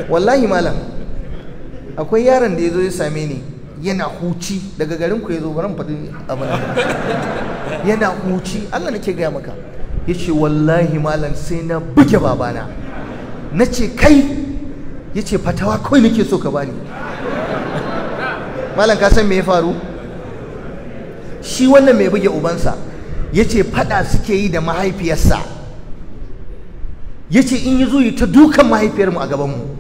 wallahi malam akwai yaron da ya zo ya same ni yana huci daga garin ku ya zo bari faɗi abu yana huci Allah nake gaya maka ya ce wallahi malam sai na buge babana na ce kai ya ce fatawa kawai nake so ka bani malam ka san me ya faru shi wannan mai buge ubansa ya ce faɗa suke yi da mahaifiyarsa ya ce in yi zo ya ta dukan mahaifiyarmu a gabanmu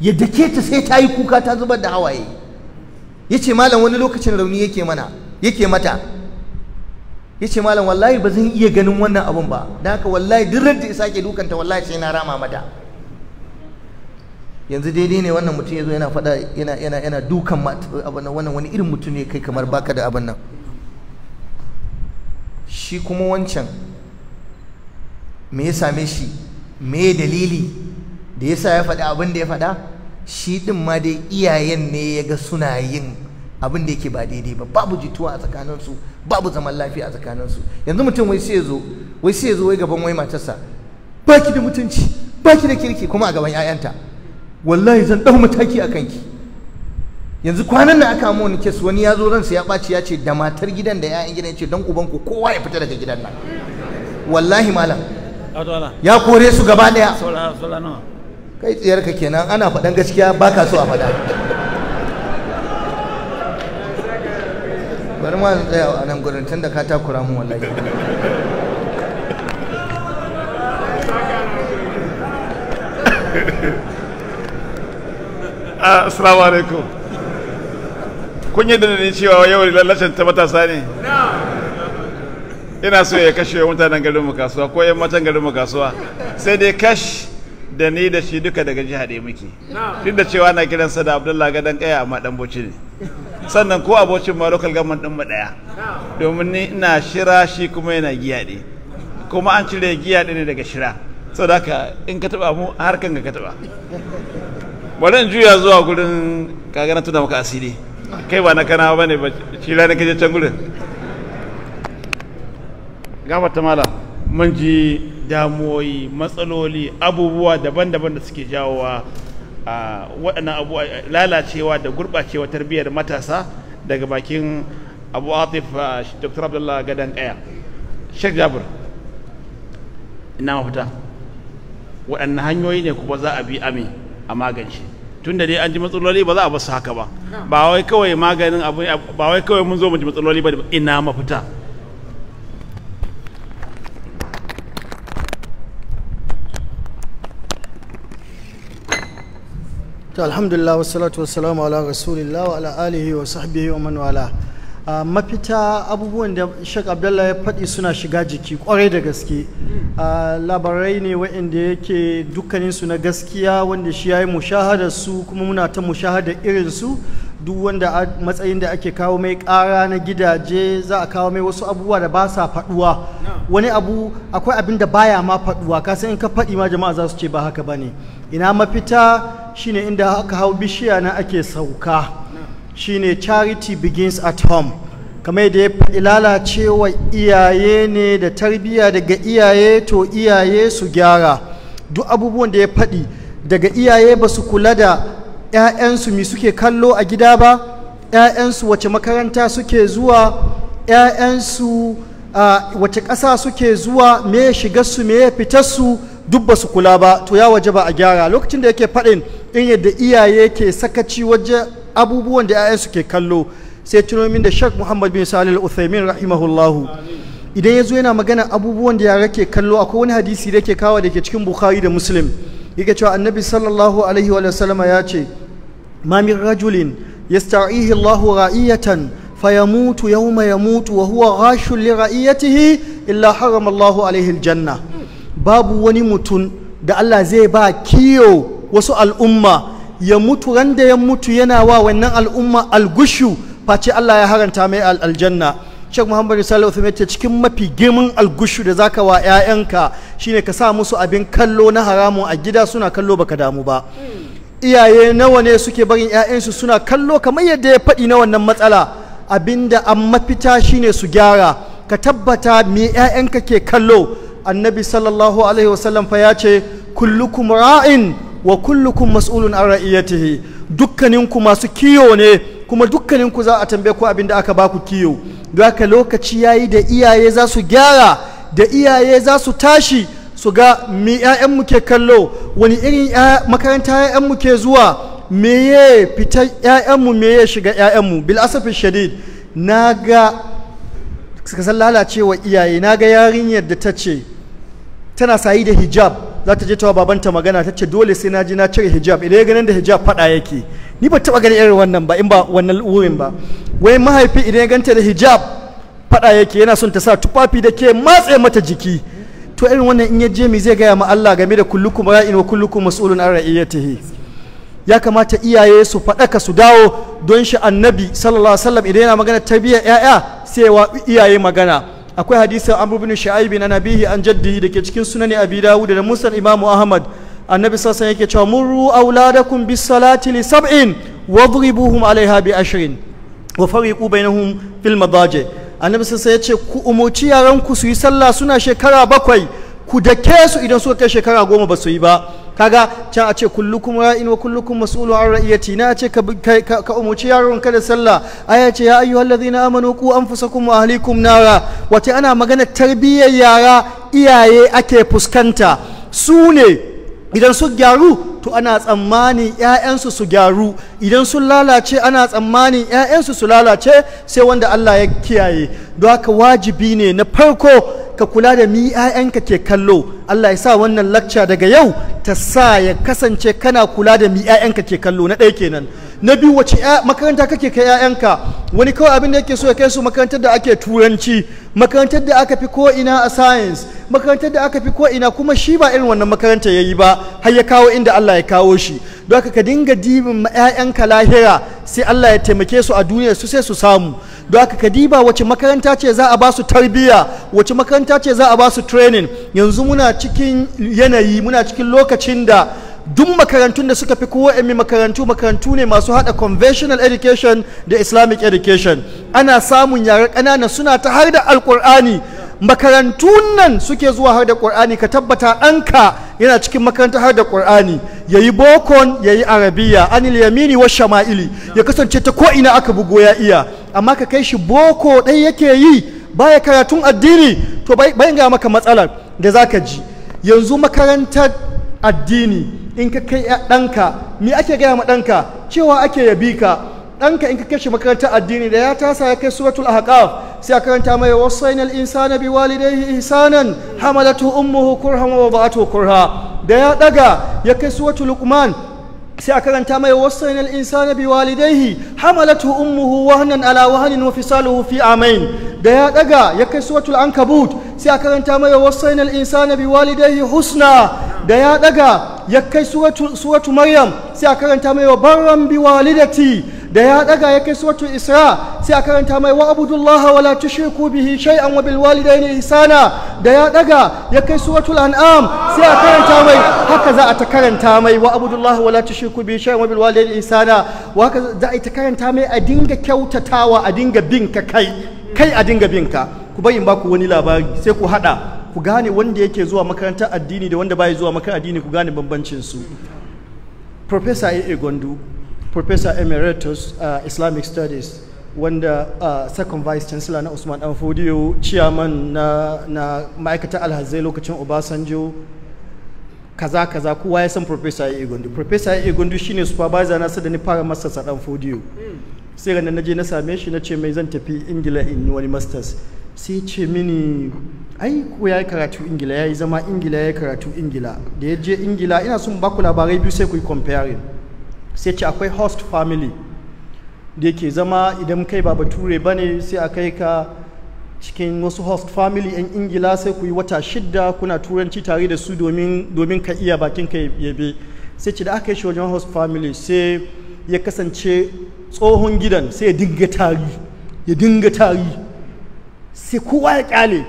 ya dake ta sai ta yi kuka ta zubar da hawaye ya ce malam wani lokacin rauni yake mana yake mata ya ce malam wallahi ba zan iya ganin wannan abun ba da haka wallahi duk da ya sake dukanta wallahi sai na rama mata yanzu daidai ne wannan mutum ya zo yana fada yana yana yana dukan abin wannan wani irin mutum ne kai kamar baka da abin nan shi kuma wancan me ya same shi me dalili da yasa ya faɗi abin da ya faɗa shi ɗin ma dai iyayen ne ya ga suna yin abin da yake ba daidai ba babu jituwa a tsakaninsu babu zaman lafiya a tsakaninsu yanzu mutum wai sai ya zo wai sai ya zo wai gaban wai matarsa baki da mutunci baki da kirki kuma a gaban 'ya'yanta wallahi zan ɗau mataki a kanki yanzu kwanan nan aka wani kes wani ya zo ransa ya ɓaci ya ce da matar gidan da 'ya'yan gidan ya ce don ku kowa ya fita daga gidan nan wallahi malam ya kore su gaba daya kai ka kenan ana faɗan gaskiya ba ka so a faɗa bari ma tsaya a nan gurin tun da ka takura mu wallahi ah, assalamu alaikum kun yi da cewa yau lalacin ta matasa ne ina so ya kashe mutanen garin mu kasuwa ko yan matan garin mu kasuwa sai dai kash da ni da shi duka daga jiha ɗaya muke duk da cewa ana kiran sa da abdullahi gadan kaya amma dan boci ne sannan ko abocin ma local government din mu daya domin ni ina shira shi kuma yana giya ɗe kuma an cire giya ɗe ne daga shira saboda ka in ka taba mu harkan ka taba bari in juya zuwa gurin kaga na tuna maka asiri kai ba na kana ba ne ba shi ranar kaje can gurin gafata mala mun ji damuwoyi matsaloli abubuwa daban-daban da suke jawowa a waɗannan abu lalacewa da gurɓacewa tarbiyyar matasa daga bakin abu atif dr abdullah gadan kaya sheikh jabir ina mafita waɗanne hanyoyi ne kuma za a bi ame a magance tun da dai an ji matsaloli ba za a basu haka ba ba wai kawai maganin abu ba wai kawai mun zo mu ji matsaloli ba ina mafita to alhamdulillah wassalatu ala rasulillah wa ala alihi wa sahbihi wa man wala ah, mafita abubuwan da Sheikh Abdullahi ya faɗi suna shiga jiki kwarai da gaske ah, labarai ne waɗanda yake dukkaninsu na gaskiya wanda shi ya yi su kuma muna ta mushahada irin su duk wanda matsayin da ake kawo mai ƙara na gidaje za a kawo mai wasu abubuwa da ba sa faɗuwa wani abu akwai abin da baya ma faɗuwa kasan in ka faɗi ma jama'a za su ce ba haka ba ne ina mafita shine inda aka hau bishiya na ake sauka shine charity begins at home kamar da ya faɗi lalacewa iyaye ne da tarbiyya daga iyaye to iyaye su gyara duk abubuwan da ya faɗi daga iyaye ba su kula da 'ya'yansu mi suke kallo a gida ba 'ya'yansu wace makaranta suke zuwa 'ya'yansu wace ƙasa suke zuwa me shiga su me fitar su duk ba su kula ba to ya waje ba a gyara lokacin da yake faɗin in yadda iyaye ke sakaci waje abubuwan da su ke kallo sai tuno da shak Muhammad bin Salih uthaimin rahimahullahu idan ya zo yana magana abubuwan da yara ke kallo akwai wani hadisi da ke kawo da ke cikin Bukhari da Muslim yake cewa Annabi sallallahu alaihi wa sallam ya ce ma min rajulin yasta'ihi Allahu ra'iyatan fayamutu yawma yamutu wa huwa ghashul li ra'iyatihi illa harama Allahu alaihi aljanna babu wani mutum da Allah zai ba kiyo wasu al'umma ya mutu randa ya mutu yana wa wannan al'umma algushu face Allah ya haranta mai aljanna Sheikh Muhammad Sallallahu Alaihi ce cikin mafi girman algushu da zaka wa ƴaƴanka shine ka sa musu abin kallo na haramu a gida suna kallo baka damu ba iyaye nawa ne suke barin ƴaƴansu suna kallo kamar yadda ya faɗi na wannan matsala abinda an mafita shine su gyara ka tabbata me ƴaƴanka ke kallo annabi sallallahu alaihi wasallam fa ya ce kullukum ra'in wa kullukum mas'ulun an ra'iyatihi dukkaninku masu kiyo ne kuma dukkaninku za a tambaye ku abin da aka baku kiyo don haka lokaci yayi da iyaye za su gyara da iyaye za su tashi su ga me mu ke kallo wani irin makaranta mu ke zuwa meye mu me meye shiga 'ya'yanmu bil asafin shadid na ga suka san lalacewa iyaye naga yarinyar da ta ce tana sayi da hijab za ta je ta babanta magana ta ce dole sai na ji na cire hijab idan ya ganin da hijab fada yake ni ba taba ganin irin wannan ba in ba wannan wurin ba wai mahaifi idan ya ganta da hijab fada yake yana son ta sa tufafi da ke matse mata jiki to irin wannan in ya je mi zai gaya ma Allah game da kullukum ra'in wa kullukum mas'ulun an ra'iyatihi ya kamata iyaye su faɗaka su dawo don shi annabi sallallahu alaihi wasallam idan yana magana tarbiyyar 'ya'ya sai wa iyaye magana akwai hadisin amr bin shu'aib na nabihi an jaddihi dake cikin sunani abi dawud da musnad imam ahmad annabi sallallahu yake cewa murru auladakum bis salati li sab'in wadribuhum alaiha bi ashrin wa fariqu bainahum fil madaji annabi sallallahu ya ce ku umuci yaran ku su yi sallah suna shekara bakwai ku da ke su idan suka kai shekara goma ba su yi ba kaga can a ce kullukum ra'in wa kullukum mas'ulun an ra'iyati na ce ka ka umuci yaron ka da sallah aya ce ya ayyuhal ladzina amanu qu anfusakum wa ahlikum nara wace ana magana tarbiyyar yara iyaye ake fuskanta su ne idan su gyaru to ana tsammanin 'ya'yansu su gyaru idan sun lalace ana tsammanin 'ya'yansu su lalace sai wanda Allah ya kiyaye don haka wajibi ne na farko ka kula da mi 'ya'yanka ke kallo Allah ya sa wannan lacca daga yau ta sa ya kasance kana kula da mi 'ya'yanka ke kallo na ɗaya kenan na biyu wace makaranta kake kai 'ya'yanka wani kawai abin da yake so ya kai su makarantar da ake turanci makarantar da aka fi ko ina a science makarantar da aka fi ko ina kuma shi ba irin wannan makaranta ya yi ba har ya kawo inda Allah ya kawo shi don haka ka dinga dibin 'ya'yanka lahira sai Allah ya taimake su a duniya su sai su samu don haka ka diba wace makaranta ce za a ba su tarbiyya wace makaranta ce za a ba su training yanzu muna cikin yanayi muna cikin lokacin da duk makarantun da suka fi kowa makarantu makarantu ne masu hada conventional education da islamic education ana samun yare ƙanana suna ta har da alƙur'ani makarantun nan suke zuwa har da ƙur'ani ka tabbata ɗanka yana cikin makaranta har da ƙur'ani ya yi bokon ya yi arabiya anil yamini wa shama'ili ya kasance ta ko ina aka bugo ya iya amma ka kai shi boko ɗai yake yi baya karatun addini to bayan ga maka matsalar da za ka ji yanzu makarantar addini in ka kai ɗanka me ake gaya ma ɗanka cewa ake yabi ka ɗanka in ka kai shi makarantar addini da ya tasa ya kai suratul ahqaf sai a karanta mai wasainal insana bi walidayhi ihsanan hamalatu ummuhu kurhan wa wada'atuhu kurha da ya daga ya kai suratul luqman sai a karanta mai wasain al'insana bi walidaihi hamalatu ummuhu wahnan ala wahnin wa fisaluhu fi amain da ya daga ya kai suratul ankabut sai a karanta mai wasain al'insana bi walidaihi husna da ya daga ya kai suratu maryam sai a karanta mai wa barran bi walidati da ya daga ya kai suratul isra sai a karanta mai wa abudullaha wala tushriku bihi shay'an wa bil walidayni ihsana da ya daga ya kai suratul an'am sai a karanta mai haka za a ta karanta mai wa abudullaha wala tushriku bihi shay'an wa bil walidayni ihsana wa haka za a ta karanta mai a dinga kyautatawa a dinga bin ka kai kai a dinga bin ka ku bayin in baku wani labari sai ku hada ku gane wanda yake zuwa makarantar addini da wanda bai zuwa makarantar addini ku gane bambancin su Professor A.A. gondu professor emeritus uh, islamic studies wanda uh, second vice chancellor na usman dan chairman na, na ma'aikatar alhazai lokacin obasanjo kaza kaza kowa ya san professor ya igundu professor shi igundu shine supervisor na da fara masters a danfodiyo sai ranar na je na same shi na ce mai zan tafi ingila in wani masters sai ce mini ai ko ya yi karatu ingila ya yi zama ingila ya yi karatu ingila da ya je ingila ina son baku labarai biyu sai ku yi comparing sai ce akwai host family da yake zama idan kai ba bature ba ne sai a kai ka cikin wasu host family 'yan ingila sai ku yi wata shidda kuna turanci tare da su domin ka iya bakin ka yabe sai ce da aka yi shi host family sai ya kasance tsohon gidan sai ya dinga tari ya dinga tari sai kowa ya kyale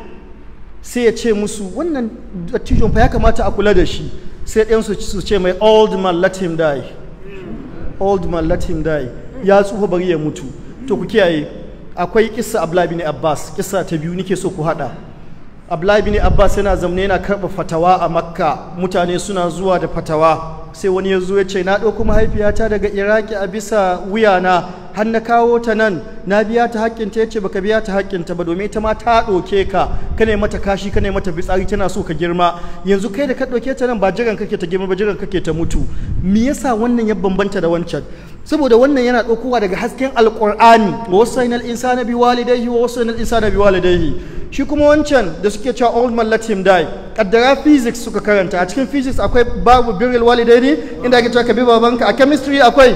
sai ya ce musu wannan dattijon fa ya kamata a kula da shi sai ɗansu su ce mai old man let him die old man let him die ya tsufa bari ya mutu to ku kiyaye akwai kissa abdullahi bin abbas kissa ta biyu nike so ku hada abdullahi bin abbas yana zamne yana karba fatawa a makka mutane suna zuwa da fatawa sai wani ya zo ya ce na ɗauko mahaifiyata daga iraki a bisa wuyana har na kawo ta nan na biya ta haƙƙinta ya ce baka biya ta haƙƙinta ba domin ita ma ta ɗauke ka ne mata kashi ne mata fitsari tana so ka girma yanzu kai da ka ɗauke ta nan ba jiran kake ta girma ba jiran kake ta mutu me yasa wannan ya bambanta da wancan saboda wannan yana ɗaukowa daga hasken alƙur'ani wa wasainal insana bi walidayhi wa wasainal insana bi walidayhi shi kuma wancan da suke cewa old man let him die kaddara physics suka karanta a cikin physics akwai babu walidai walidayni inda ake cewa ka bi babanka a chemistry akwai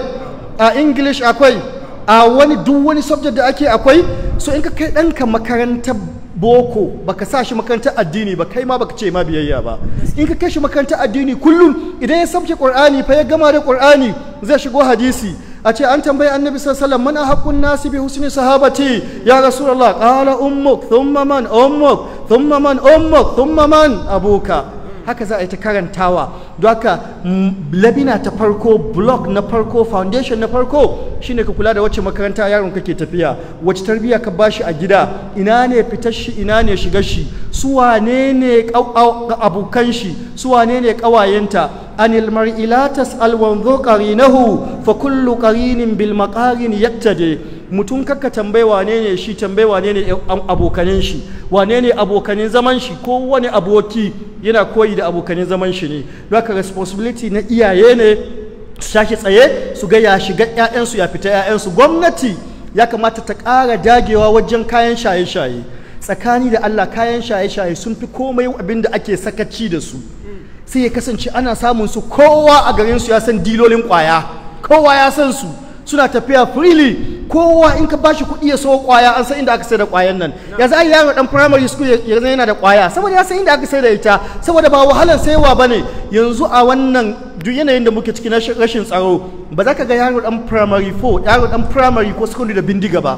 a english akwai a wani duk wani subject da ake akwai so in ka kai ɗanka makarantar boko baka sa shi makarantar addini ba kai ma baka ce ma biyayya ba in ka kai shi makarantar addini kullum idan ya sauke qur'ani fa ya gama da qur'ani zai shigo hadisi a ce an tambayi annabi sallallahu alaihi wasallam man haqqun nasi bi husni sahabati ya rasulullah qala ummuk thumma man ummuk thumma man ummuk thumma man abuka haka za a yi ta karantawa don haka mm, labina ta farko block na farko foundation na farko shine ka kula da wacce makaranta yaron kake tafiya wacce tarbiyya ka bashi a gida ina ne fitar shi ina ne shigar shi su wane ne abokan shi su wane ne kawayenta anil mar'ilatas alwanzo qarinahu fa kullu qarinin bil maqarin yaktadi mutum kakka tambayi wane ne shi tambayi wane ne abokanin shi wane ne abokanin zaman shi ko wani aboki yana koyi da abokanin zaman shi ne ka responsibility na iyaye ne su tsaye su ga ya shiga 'ya'yansu ya fita 'ya'yansu gwamnati ya kamata ta kara dagewa wajen kayan shaye-shaye tsakani da Allah kayan shaye-shaye sun fi komai abin da ake sakaci da su sai ya kasance ana samun su kowa a garin su ya san dilolin kwaya kowa ya san su suna tafiya freely kowa in ka bashi kuɗi ya sayo kwaya an san inda aka sai da kwayan nan ya za yaro dan primary school ya zai yana da kwaya saboda ya san inda aka sai da ita saboda ba wahalar saiwa ne yanzu a wannan duk yanayin da muke ciki na rashin tsaro ba za ka ga yaro dan primary 4 yaro dan primary ko secondary da bindiga ba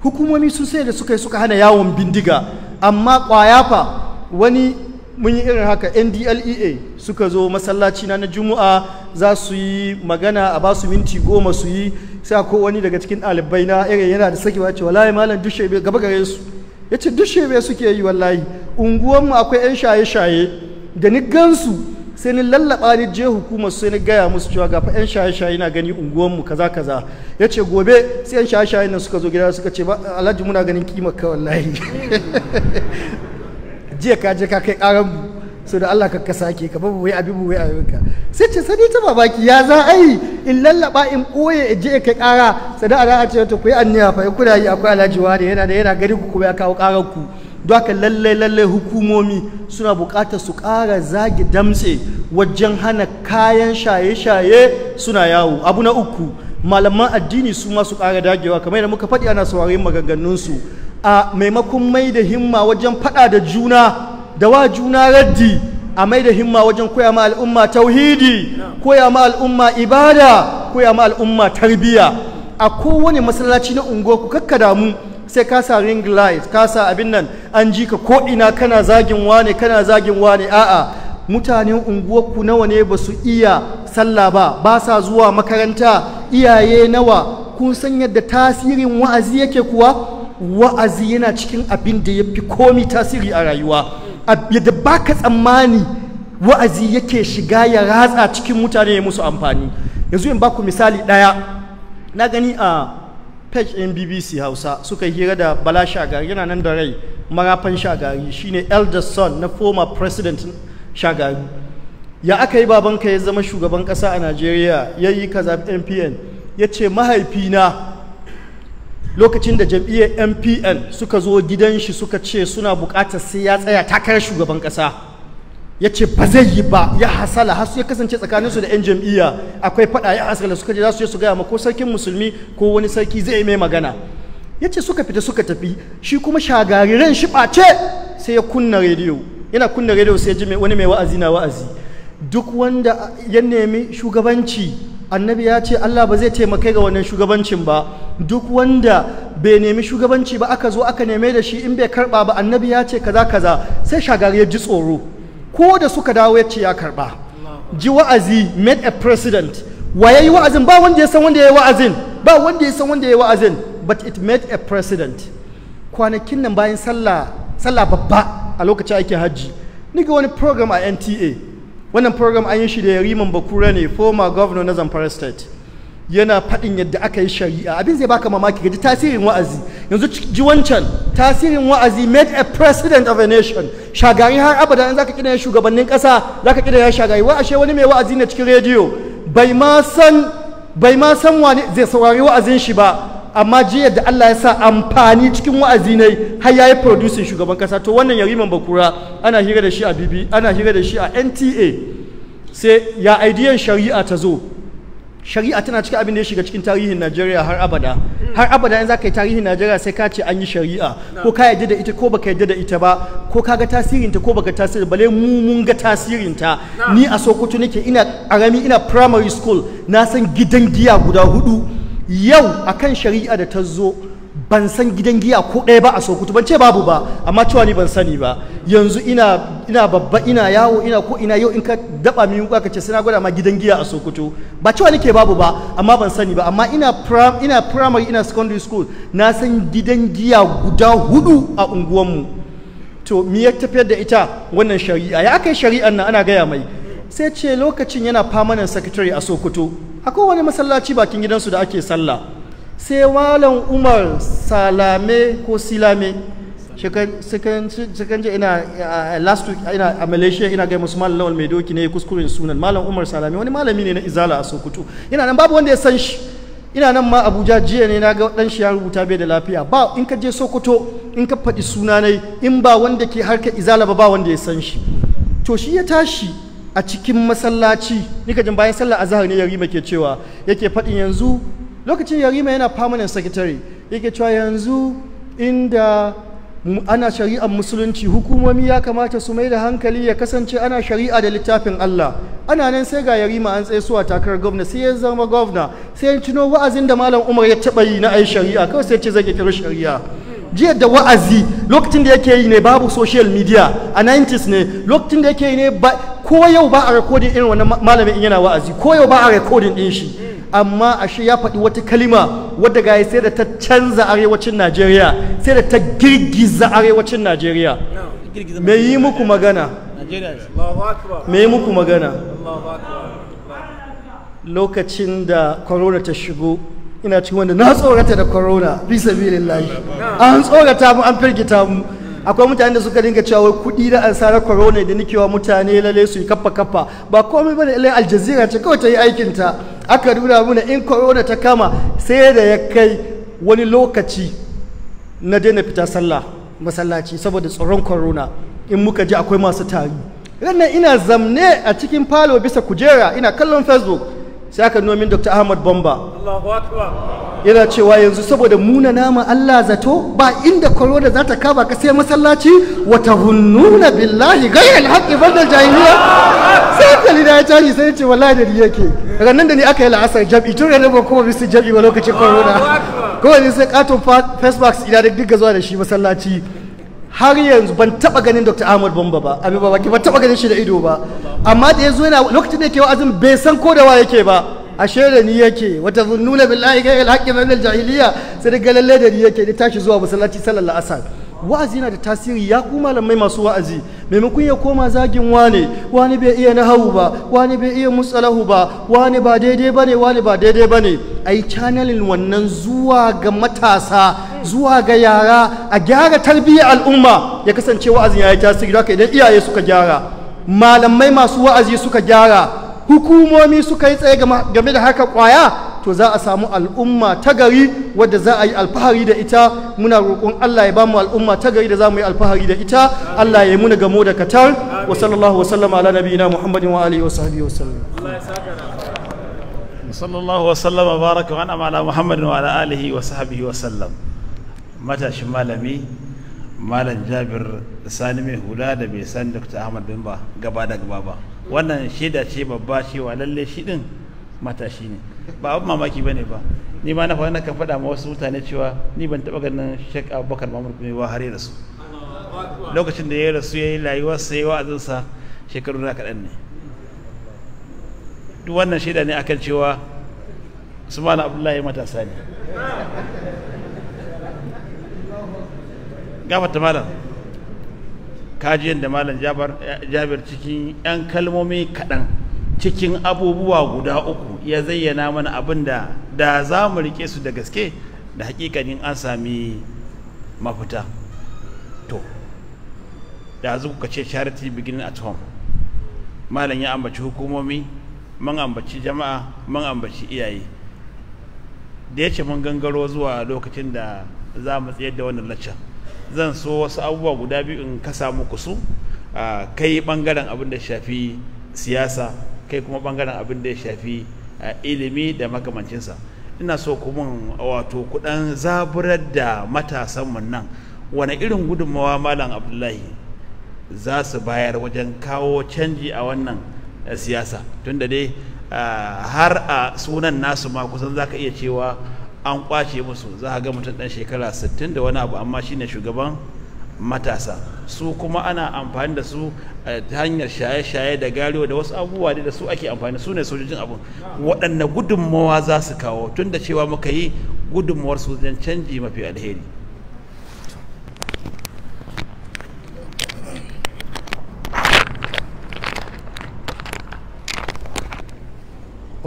hukumomi sun sai da suka yi suka hana yawon bindiga amma kwaya fa wani mun yi irin haka ndlea suka zo masallaci na juma'a za su yi magana a ba su minti goma su yi sai ko wani daga cikin ɗalibai na irin eh, yana da sakewa wace wallahi malam dushe bai gaba gare su ya ce dushe bai suke yi wallahi unguwanmu akwai 'yan shaye-shaye da ni gansu sai ni lallaba ni je hukumar sai ni gaya musu cewa gafa yan shaye-shaye na gani unguwanmu kaza kaza ya ce gobe sai yan shaye-shaye nan suka zo gida suka ce alhaji muna ganin kimar ka wallahi jiya ka je ka kai karan mu so da Allah ka sake ka babu wai abin wai abin ka sai ce sani ta babaki ya za a yi in lallaba in boye in je kai kara sai da a ce to ku yi anniya fa kuna yi akwai alhaji wani yana da yana gari ku kuma ya kawo karan ku don haka lallai lallai hukumomi suna buƙatar su ƙara zagi damtse wajen hana kayan shaye-shaye suna yawo abu na uku malaman addini su ma su ƙara dagewa kamar yadda muka faɗi ana saurayin maganganunsu a maimakon mai da himma wajen faɗa da juna da wa juna raddi a mai da himma wajen koya ma al'umma tauhidi koya ma al'umma ibada koya ma al'umma tarbiya a kowane masallaci na unguwa ku kakka damu sai ka sa ring light ka abin nan an ji ka ko'ina kana zagin wane kana zagin wane a'a mutanen unguwarku nawa ne ba su iya sallah ba ba sa zuwa makaranta iyaye nawa kun san yadda tasirin wa'azi yake kuwa wa'azi yana cikin abin da ya fi komi tasiri a rayuwa yadda ba ka tsammani wa'azi yake shiga ya ratsa cikin mutane ya musu amfani yanzu in baku misali ɗaya na gani a page in bbc hausa suka hira da bala shagari yana nan da rai marafan shagari shine elder son na former president shagari ya aka yi babanka ya zama shugaban ƙasa a najeriya ya yi kaza npn ya ce mahaifina lokacin da jam'iyyar mpn suka zo gidan shi suka ce suna bukatar sai ya tsaya takarar shugaban kasa ya ce ba zai yi ba ya hasala har ya kasance tsakanin su da 'yan jam'iyya akwai fada ya hasala suka je za su je su gaya ma ko sarkin musulmi ko wani sarki zai mai magana ya ce suka fita suka tafi shi kuma shagariren shi ɓace sai ya kunna rediyo yana kunna rediyo sai ya ji wani mai wa'azi na wa'azi duk wanda ya nemi shugabanci annabi ya ce Allah ba zai taimakai ga wannan shugabancin ba duk wanda bai nemi shugabanci ba aka zo aka neme da shi in bai karba ba annabi ya ce kaza kaza sai shagari ya ji tsoro ko da suka dawo ya ce ya karba ji wa'azi made a president wa yayi wa'azin ba wanda ya san wanda yayi wa'azin ba wanda ya san wanda yayi wa'azin but it made a president kwanakin nan bayan sallah sallah babba a lokacin aikin hajji ni ga wani program a NTA wannan program an yi shi da yariman bakura ne former governor na zamfara state yana faɗin yadda aka yi shari'a abin zai baka mamaki gaji tasirin wa'azi yanzu ji wancan tasirin wa'azi made a president of a nation shagari har abada in zaka kira shugabannin ƙasa zaka kira ya shagari wa ashe wani mai wa'azi ne cikin rediyo bai ma san bai ma san wani zai saurari wa'azin shi ba amma jiya da Allah ya sa amfani cikin wa'azi ne har yayi producing shugaban kasa to wannan yariman bakura ana hira da shi a BB ana hira da shi a NTA sai ya aidiyan shari'a ta zo shari'a tana cikin abin da ya shiga cikin tarihin Najeriya har abada har abada in za yi tarihin Najeriya sai ka ce an yi shari'a ko ka yadda da ita ko baka yadda da ita ba ko ka ga tasirinta ko baka tasiri bale mu mun ga tasirin ta ni a Sokoto nake ina arami ina primary school na san gidan giya guda hudu yau akan shari'a da ta zo ban san gidan giya ko ɗaya ba a sokoto ban ce babu ba amma cewa ni ban sani ba yanzu ina babba ina yawo ina ko ina yau in ka daba min wuka ka ce sai na gwada ma gidan giya a sokoto ba cewa nake babu ba amma ban sani ba amma ina ina primary ina secondary school na san gidan giya guda hudu a unguwanmu to me ya tafiyar da ita wannan shari'a ya aka yi shari'an nan ana gaya mai sai ce lokacin yana permanent secretary a sokoto akwai wani masallaci bakin gidansu da ake sallah sai walan umar salame ko silame shekanje ina eh, last week ina a malaysia ina gai musu lawal mai doki ne kuskuren sunan malam umar salame wani malami ne na izala a sokoto ina nan babu wanda ya san shi ina nan ma abuja jiya ne na ga dan shi ya rubuta bai da lafiya ba in ka je sokoto in ka faɗi suna in ba wanda ke harka izala ba ba wanda ya san shi to shi ya tashi a cikin masallaci nika jin bayan sallar azhar ne yarima ke cewa yake faɗin yanzu lokacin yarima yana permanent secretary yake cewa yanzu inda ana shari'ar musulunci hukumomi ya kamata su mai da hankali ya kasance ana shari'a da littafin Allah ana nan sai ga yarima an tsaye suwa takarar gwamna sai ya zama gwamna sai ya tuno wa'azin da malam umar ya taba yi na ai shari'a kawai sai ce zai kira shari'a jiya da wa'azi lokacin da yake yi ne babu social media a 90s ne lokacin da yake yi ne ko yau ba a rekodin irin wannan malamin in yana wa'azi ko yau ba a rekodin din shi amma ashe ya faɗi wata kalima wadda gaya sai da ta canza arewacin Najeriya sai da ta girgiza arewacin Najeriya me yi muku magana me yi muku magana lokacin da corona ta shigo ina cikin wanda na tsorata da corona bisa sabilillahi an tsorata mu an firgita mu akwai mutane da suka dinga cewa kuɗi da ansarar corona da nikewa mutane lalle su yi kaffa kaffa ba komai bane lalle aljazira ce kawai ta yi aikin ta aka nuna mana in corona ta kama sai da ya kai wani lokaci na daina fita sallah masallaci saboda tsoron corona in muka ji akwai masu tari ranar ina zamne a cikin falo bisa kujera ina kallon facebook sai aka nomin dr ahmad bamba yana cewa yanzu saboda muna nama allah zato ba inda korona za ta kaba ka sai masallaci wata hununa billahi gairar haƙƙi banda jahiliya sai hankali na ya caji sai ce wallahi da yake daga nan da ni aka yi la'asar jam'i tun ranar ba kuma bisu jam'i ba lokacin korona kowane sai katon face mask ina da duk zuwa da shi masallaci har yanzu ban taba ganin Dr. Ahmad Bamba ba abin ba ban taba ganin shi da ido ba amma da yazo yana lokacin da yake wa'azin bai san ko da wa yake ba ashe da ni yake wata zunnuna billahi ghayr al min jahiliya sai da galalle da ni yake da tashi zuwa masallaci sallallahu alaihi wa'azi na da tasiri ya ku malamai masu wa'azi maimakon ya koma zagin wane wani bai iya nahawu ba wani bai iya mutsalahu ba wani ba daidai bane wani ba daidai bane ai channeling wannan zuwa ga matasa zuwa ga yara a gyara tarbiyyar al'umma ya kasance wa'azin ya yi tasiri haka idan iyaye suka gyara malamai masu wa'azi suka gyara hukumomi suka yi tsaye game da haka kwaya to za a samu al'umma ta gari wadda za a yi alfahari da ita muna roƙon Allah ya bamu al'umma ta gari da za mu yi alfahari da ita Allah ya yi muna gamo da katar wa sallallahu wa sallama ala nabiyina Muhammadin wa alihi wa sahbihi wa sallam sallallahu wa sallama baraka wa ala Muhammadin wa ala alihi wa sahbihi wa sallam matashin malami malam jabir sani mai hula da mai san dr ahmad bin ba gaba da gaba ba wannan shaida ce babba cewa lalle shi din matashi ne ba abin mamaki ba ne ba ni ma na faɗa na kan faɗa ma wasu mutane cewa ni ban taɓa ganin shek abubakar mamur kuma ba har ya rasu lokacin da ya rasu ya yi layuwa sai wa'azinsa shekaru na kaɗan ne duk wannan shaida ne akan cewa su abdullahi matasa ne gafata malam kajiyan da malam jabir cikin 'yan kalmomi kaɗan cikin abubuwa guda uku ya zayyana mana abin da da za mu rike su da gaske da hakikanin an sami mafita to da zuku kuka ce charity beginning at home malam ya ambaci hukumomi man ambaci jama'a man ambaci iyaye da ya ce mun gangaro zuwa lokacin da za mu tsayar da wannan laccan zan so wasu abubuwa guda biyu in kasa muku su kai bangaren abin da shafi siyasa kai kuma bangaren abin da ya shafi ilimi da makamancinsa ina so kuma wato kudan zaburar da matasanmu nan wani irin gudunmawa malam abdullahi za su bayar wajen kawo canji a wannan siyasa tunda dai har a sunan nasu ma kusan za ka iya cewa an kwace musu za a ga mutum ɗan shekara 60 da wani abu amma shine shugaban matasa su kuma ana amfani da su eh, ta hanyar shaye-shaye da gariwa da wasu abubuwa da su ake amfani su ne sojojin abu waɗanne gudunmawa za su kawo tun da cewa muka yi gudunmawar su canji mafi alheri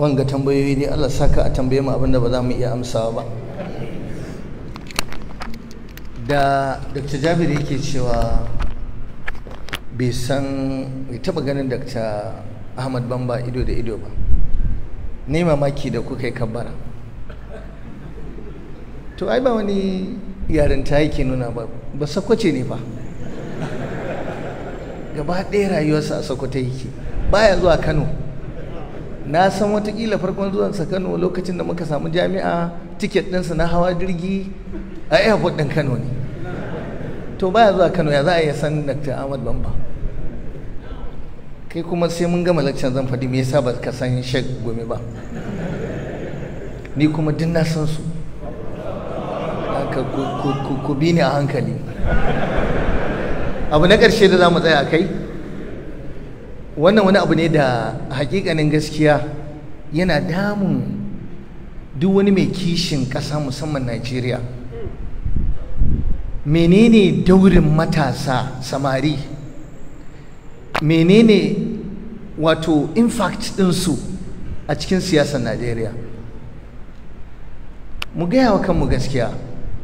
wanga tambayoyi ne Allah saka a tambaye mu abinda ba za mu iya amsawa ba da Dr. Jabir yake cewa bai san bai taba ganin Dr. Ahmad Bamba ido da ido ba ne mamaki da kuka yi kabbara to ai ba wani yarinta yake nuna ba ba sakwace ne ba gaba ɗaya rayuwarsa a sakwata yake baya zuwa Kano na san watakila farkon zuwan sa Kano lokacin da muka samu jami'a tiket ɗinsa na hawa jirgi a airport ɗin Kano ne to baya zuwa Kano ya za a iya san Dr. Ahmad Bamba kai kuma sai mun gama lakcin zan faɗi me yasa ba ka san Sheikh Gome ba ni kuma duk na san su ku bi ni a hankali abu na ƙarshe da za mu tsaya a kai wannan wani abu ne da hakikanin gaskiya yana damun duk wani mai kishin ƙasa musamman najeriya menene daurin matasa samari menene wato infact ɗinsu a cikin siyasar najeriya mu gaya wa kanmu gaskiya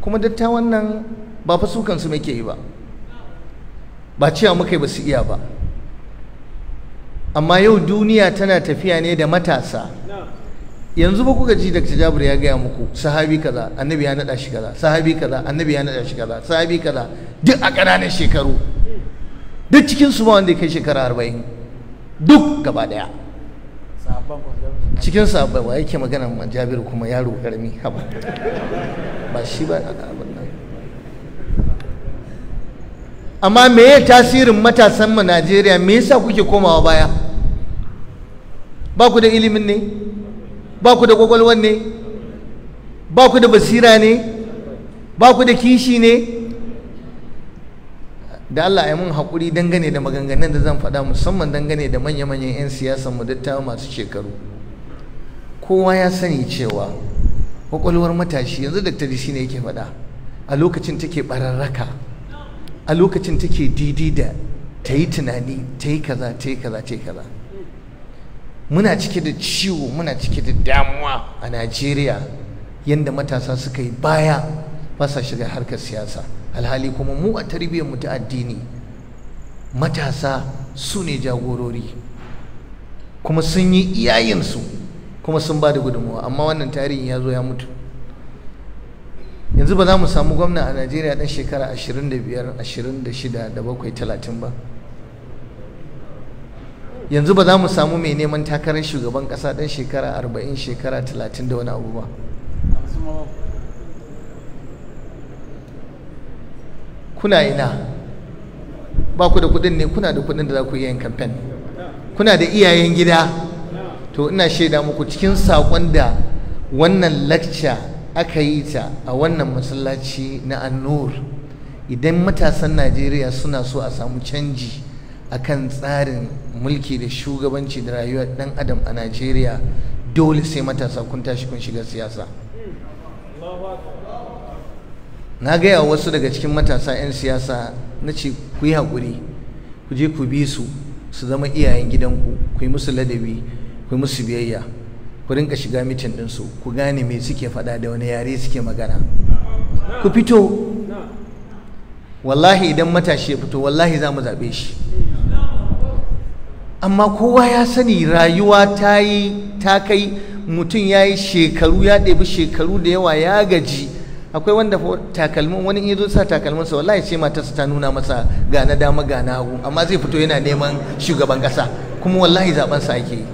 kuma dattawan nan ba fa su kansu muke yi ba ba cewa muka yi ba su iya ba amma yau duniya tana tafiya ne da matasa yanzu ba kuka ji daga Jabir ya gaya muku sahabi kaza annabi ya nada shi kaza sahabi kaza annabi ya nada shi kaza sahabi kaza duk a ƙananan shekaru duk cikin su ba wanda ya kai shekara arba'in duk gaba daya cikin sahabbai wa yake magana ma Jabir kuma yaro karami haba ba shi ba abin nan amma me ya tasirin matasan mu Najeriya me yasa kuke komawa baya ba ku da ilimin ne ba ku da kwakwalwan ne ba ku da basira ne ba ku da kishi ne da Allah ya mun hakuri dangane da maganganun da zan faɗa musamman dangane da manya-manyan 'yan siyasa mu dattawa masu shekaru kowa ya sani cewa kwakwalwar matashi yanzu da shi ne yake faɗa a lokacin take bararraka a lokacin take didi da ta yi tunani ta yi kaza ta yi kaza ta yi kaza muna cike da ciwo muna cike da damuwa a najeriya yadda matasa suka yi baya ba sa shiga harkar siyasa alhali kuma mu a tarbiyyar mu ta addini matasa su ne jagorori kuma sun yi iyayensu kuma sun ba da gudunmawa amma wannan tarihin ya zo ya mutu yanzu ba za mu samu gwamna a najeriya dan shekara 25 26 da 7 30 ba yanzu ba za mu samu mai neman takarar shugaban kasa dan shekara arba'in shekara talatin da wani abu ba kuna ina ba ku da kudin ne kuna da kudin da za ku yi yin kamfen kuna da iyayen gida to ina shaida muku cikin saƙon da wannan lacca aka yi ta a wannan masallaci na annur idan matasan najeriya suna so a samu canji akan tsarin mulki da shugabanci da rayuwar dan adam a Najeriya dole sai matasa kun tashi kun shiga siyasa na gaya wasu daga cikin matasa 'yan siyasa na ce ku yi haƙuri ku je ku bi su su zama iyayen gidanku ku yi musu ladabi ku yi musu biyayya ku rinka shiga mitin ɗinsu ku gane me suke faɗa da wani yare suke magana ku fito wallahi idan matashi ya fito wallahi za mu zaɓe shi amma kowa ya sani rayuwa ta yi ta kai mutum ya yi shekaru ya ɗebi shekaru da yawa ya gaji akwai wanda takalmin wani in zo sa takalminsa wallahi ce matarsa ta nuna masa ga dama ga na hagu amma zai fito yana neman shugaban ƙasa kuma wallahi zaben sa ake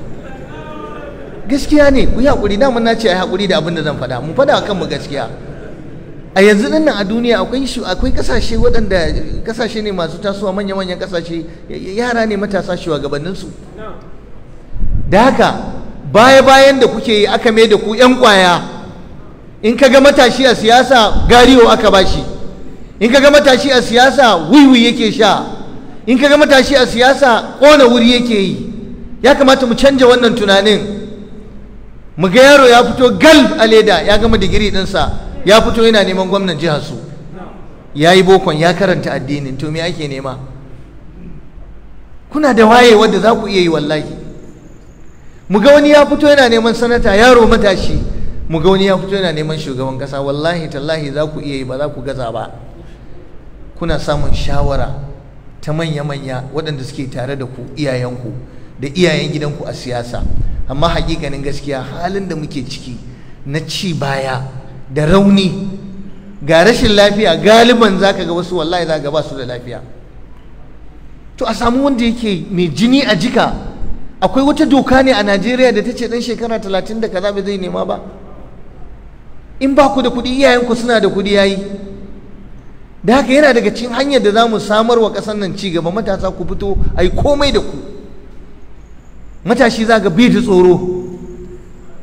gaskiya ne ku yi haƙuri da mun na ce yi haƙuri da abin da zan faɗa mu faɗa kan mu gaskiya a yanzu nan a duniya akwai akwai kasashe waɗanda kasashe ne masu tasowa manya-manyan kasashe yara ne matasa su da haka baya-bayan da kuke yi aka mai da ku 'yan kwaya in ka ga matashi a siyasa gariyo aka bashi in ka ga matashi a siyasa wiwi yake sha in ka ga matashi a siyasa ƙona wuri yake yi ya kamata mu canja wannan tunanin mu ga yaro ya fito gal a leda ya gama digiri ɗinsa ya fito yana neman gwamnan jihar su ya yi bokon ya karanta addinin to me ake nema kuna da waye wadda za ku iya yi wallahi mu ga wani ya fito yana neman sanata yaro matashi mu ga wani ya fito yana neman shugaban kasa wallahi tallahi za ku iya yi ba za ku gaza ba kuna samun shawara ta manya-manya waɗanda suke tare da ku iyayenku da iyayen gidanku a siyasa amma hakikanin gaskiya halin da muke ciki na ci baya da rauni ga rashin lafiya galiban za ka ga wasu wallahi za ka ba su da lafiya to a samu wanda yake mai jini a jika akwai wata doka ne a najeriya da ta ce dan shekara talatin da kaza bai zai nema ba in ba ku da kuɗi iyayenku suna da kuɗi yayi da haka yana daga cikin hanyar da za mu samar wa ƙasar nan ci gaba matasa ku fito a yi komai da ku matashi za ga bi da tsoro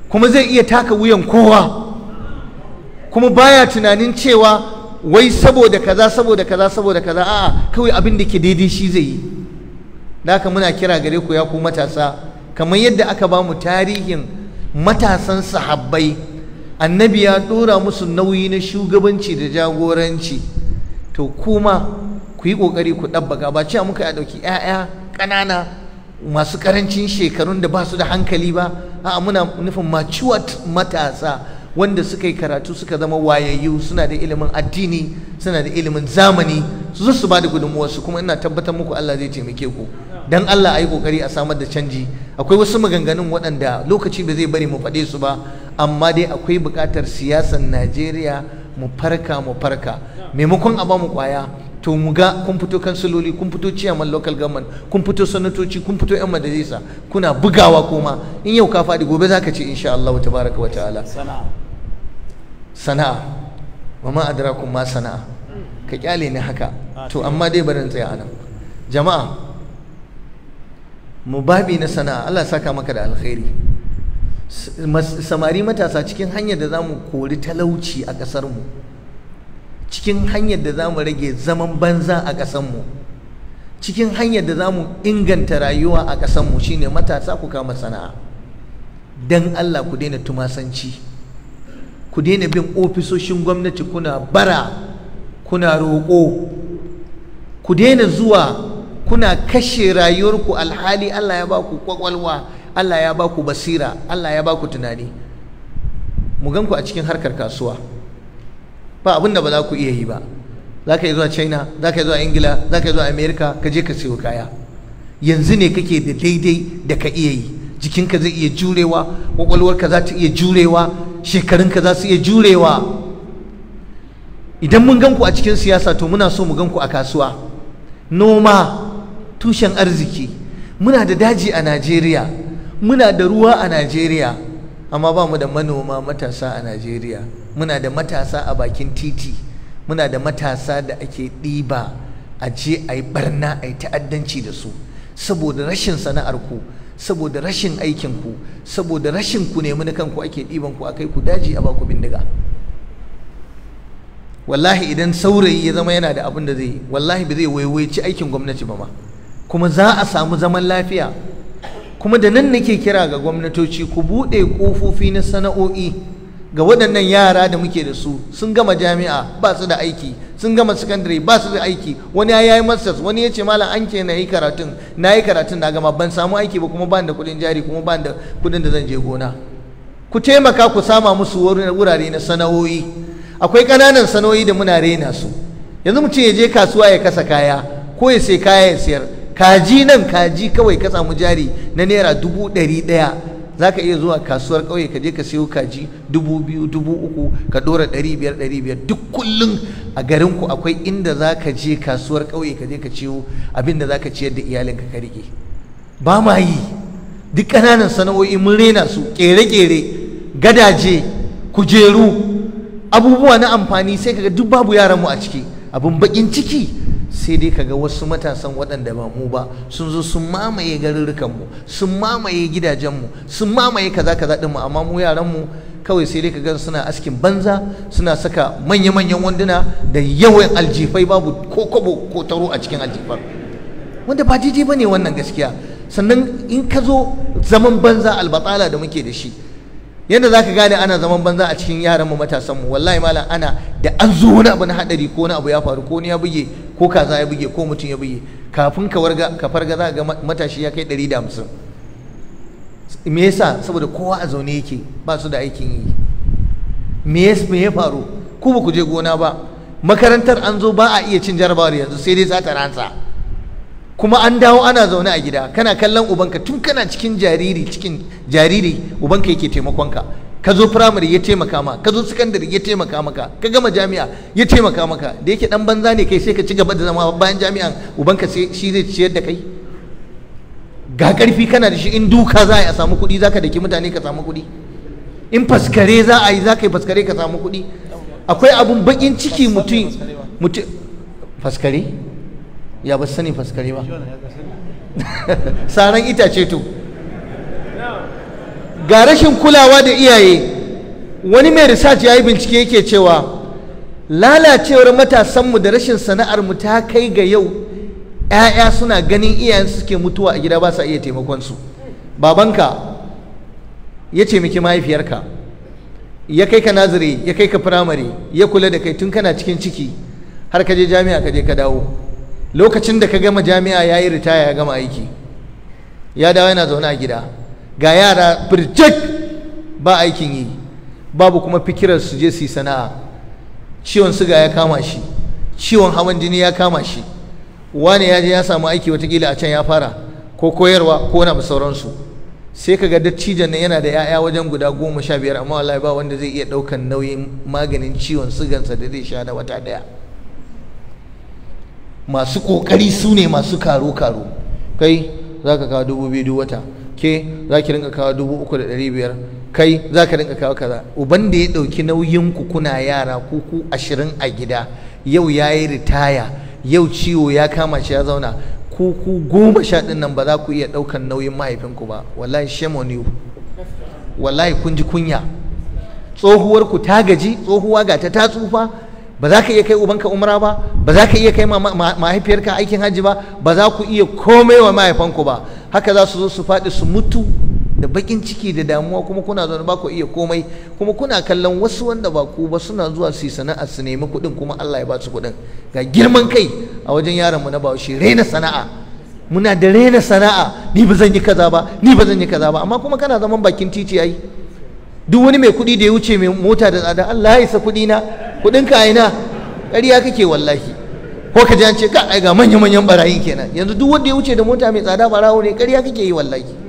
kuma zai iya taka wuyan kowa kuma baya tunanin cewa wai saboda kaza saboda kaza saboda kaza a'a kawai abin da ke daidai shi zai yi da haka muna kira gare ku ya ku matasa kamar yadda aka ba mu tarihin matasan sahabbai annabi ya dora musu nauyi na shugabanci da jagoranci to kuma ku yi kokari ku ɗabbaka. ba cewa muka ya ɗauki 'ya'ya ƙanana masu ƙarancin shekarun da ba su da hankali ba a'a muna nufin mature matasa wanda suka yi karatu suka zama wayayyu suna da ilimin addini suna da ilimin zamani su zo su ba da gudunmuwarsu kuma ina tabbatar muku Allah zai taimake ku dan Allah ayi kokari a samar da canji akwai wasu maganganun waɗanda lokaci ba zai bari mu faɗe su ba amma dai akwai buƙatar siyasar Najeriya mu farka mu farka maimakon a ba mu ƙwaya to mu ga kun fito kansiloli kun fito ciyaman local government kun fito sanatoci kun fito yan majalisa kuna bugawa koma in yau ka faɗi gobe zaka ce insha Allah tabaraka wa ta'ala sana'a sana'a wa ma adrakum ma sana'a ka kyale ni haka ah, to amma dai barin tsaya anan jama'a mu babi na sana'a Allah saka maka da alkhairi samari matasa cikin hanyar da zamu kori talauci a kasar mu cikin hanyar da za mu rage zaman banza a ƙasanmu cikin hanyar da za mu inganta rayuwa a ƙasanmu shine matasa ku kama sana'a don Allah ku daina tumasanci ku daina bin ofisoshin gwamnati kuna bara kuna roƙo ku daina zuwa kuna kashe rayuwarku alhali Allah ya ba ku kwakwalwa Allah ya ba ku basira Allah ya ba ku tunani mu gan ku a cikin harkar kasuwa ba abin da ba za ku iya yi ba za ka yi zuwa china za ka yi zuwa ingila za ka yi zuwa america ka je ka siyo kaya yanzu ne kake da daidai da ka iya yi jikinka zai iya jurewa kwakwalwarka za ta iya jurewa shekarunka za su iya jurewa idan mun gan ku a cikin siyasa to muna so mu gan ku a kasuwa noma tushen arziki muna da daji a najeriya muna da ruwa a najeriya amma ba mu da manoma matasa a najeriya muna da matasa a bakin titi muna da matasa da ake ɗiba a je a yi barna a yi ta'addanci da su saboda rashin sana'ar ku saboda rashin aikin ku saboda rashin ku ne muni kanku ake ɗiban ku akai ku daji a baku bindiga wallahi idan saurayi ya zama yana da abin da zai wallahi ba zai waiwaici aikin gwamnati ba ma kuma za a samu zaman lafiya kuma da nan nake kira ga gwamnatoci ku buɗe ƙofofi na sana'o'i ga waɗannan yara da muke da su sun gama jami'a ba su da aiki sun gama secondary ba su da aiki wani ya yi masters wani ya ce malam an ke na yi karatun na yi karatun na gama ban samu aiki ba kuma ban da kuɗin jari kuma ban da kuɗin da zan je gona ku taimaka ku sama musu wurare na sana'o'i akwai ƙananan sana'o'i da muna rena su yanzu mutum ya je kasuwa ya kasa kaya ko ya sai kaya ya sayar kaji nan kaji kawai ka samu jari na naira dubu ɗari ɗaya za ka iya zuwa kasuwar ƙauye ka je ka siyo kaji dubu biyu dubu uku ka ɗora ɗari biyar ɗari biyar duk kullum a garinku akwai inda za ka je kasuwar ƙauye ka je ka ciyo abin da za ka ciyar da iyalinka ka riƙe ba ma yi duk ƙananan sana'o'i mun rena su ƙere-ƙere gadaje kujeru abubuwa na amfani sai ka ga duk babu yaranmu a ciki abin baƙin ciki sai dai kaga wasu matasan waɗanda ba mu ba sun zo sun mamaye garurrukanmu sun mamaye gidajenmu sun mamaye kaza kaza ɗinmu amma mu yaranmu kawai sai dai kaga suna askin banza suna saka manya-manyan wanduna da yawan aljifai babu ko kobo ko taro a cikin aljifar wanda ba daidai ba ne wannan gaskiya sannan in ka zo zaman banza albatsala da muke da shi yadda za ka gane ana zaman banza a cikin yaranmu matasanmu wallahi malam ana da an zo wani abu na hadari ko wani abu ya faru ko wani ya buge ko kaza ya buge ko mutum ya buge kafin ka warga ka farga za ga matashi ya kai 150 me yasa saboda kowa a zaune yake ba su da aikin yi me ya faru ku ba ku je gona ba makarantar an zo ba a iya cin jarabawar yanzu sai dai zata rantsa kuma an dawo ana zaune a gida kana kallon ubanka tun kana cikin jariri cikin jariri ubanka yake taimakonka ka zo firamare ya taimaka ma ka zo sakandare ya taimaka maka ka gama jami'a ya taimaka maka da yake dan banza ne kai sai ka ci gaba da zama bayan jami'an ubanka sai shi zai ciyar da kai ga karfi kana da shi in duka za a samu kuɗi zaka daki mutane ka samu kuɗi in faskare za a yi ka yi faskare ka samu kuɗi akwai abun bakin ciki mutum mutum faskare ya ba sani faskare ba saran itace to ga rashin kulawa da iyaye wani mai research ya yi bincike yake cewa lalacewar matasanmu da rashin sana'armu ta kai ga yau 'ya'ya suna ganin iyayen suke mutuwa a gida ba sa iya taimakonsu babanka ya ce miki mahaifiyarka ya kai ka naziri ya kai ka firamare ya kula da kai tun kana cikin ciki har ka je jami'a ka je ka dawo lokacin da ka gama jami'a ya yi ritaya ya gama aiki ya dawo yana zaune a gida ga yara birjik ba aikin yi babu kuma fikirar su je su yi sana'a ciwon suga ya kama shi ciwon hawan jini ya kama shi wane ya je ya samu aiki watakila a can ya fara ko koyarwa ko na sauransu sai ka ga dattijan nan yana da 'ya'ya wajen guda goma sha biyar amma wallahi ba wanda zai iya ɗaukan nauyin maganin ciwon sigansa da zai sha na wata ɗaya masu ƙoƙari su ne masu karo-karo kai za ka kawo dubu biyu wata ke za ki rinka kawo dubu uku da ɗari biyar kai za ka rinka kawo kaza uban da ya ɗauki nauyin ku kuna yara ku ku ashirin a gida yau ya yi ritaya yau ciwo ya kama shi ya zauna ku ku goma sha ɗin nan ba za ku iya ɗaukan nauyin mahaifinku ba wallahi shame on you wallahi kun ji kunya tsohuwar ku ta gaji tsohuwa ga ta ta tsufa ba za ka iya kai ubanka umra ba ba za ka iya kai mahaifiyarka aikin hajji ba ba za ku iya komai wa mahaifanku ba haka za su zo su faɗi su mutu da bakin ciki da damuwa kuma kuna zaune ba ku iya komai kuma kuna kallon wasu wanda ba ku ba suna zuwa su yi sana'a su nemi kuɗin kuma Allah ya ba su kuɗin ga girman kai a wajen yaronmu na bahaushe raina sana'a muna da raina sana'a ni ba zan yi kaza ba ni ba zan yi kaza ba amma kuma kana zaman bakin titi ai duk wani mai kuɗi da ya wuce mai mota da tsada Allah ya isa kuɗi na kuɗin ka aina ƙarya kake wallahi ko ka ji an ce ka ga manya manyan barayi kenan yanzu duk wanda ya wuce da mota mai tsada barawo ne ƙarya kake yi wallahi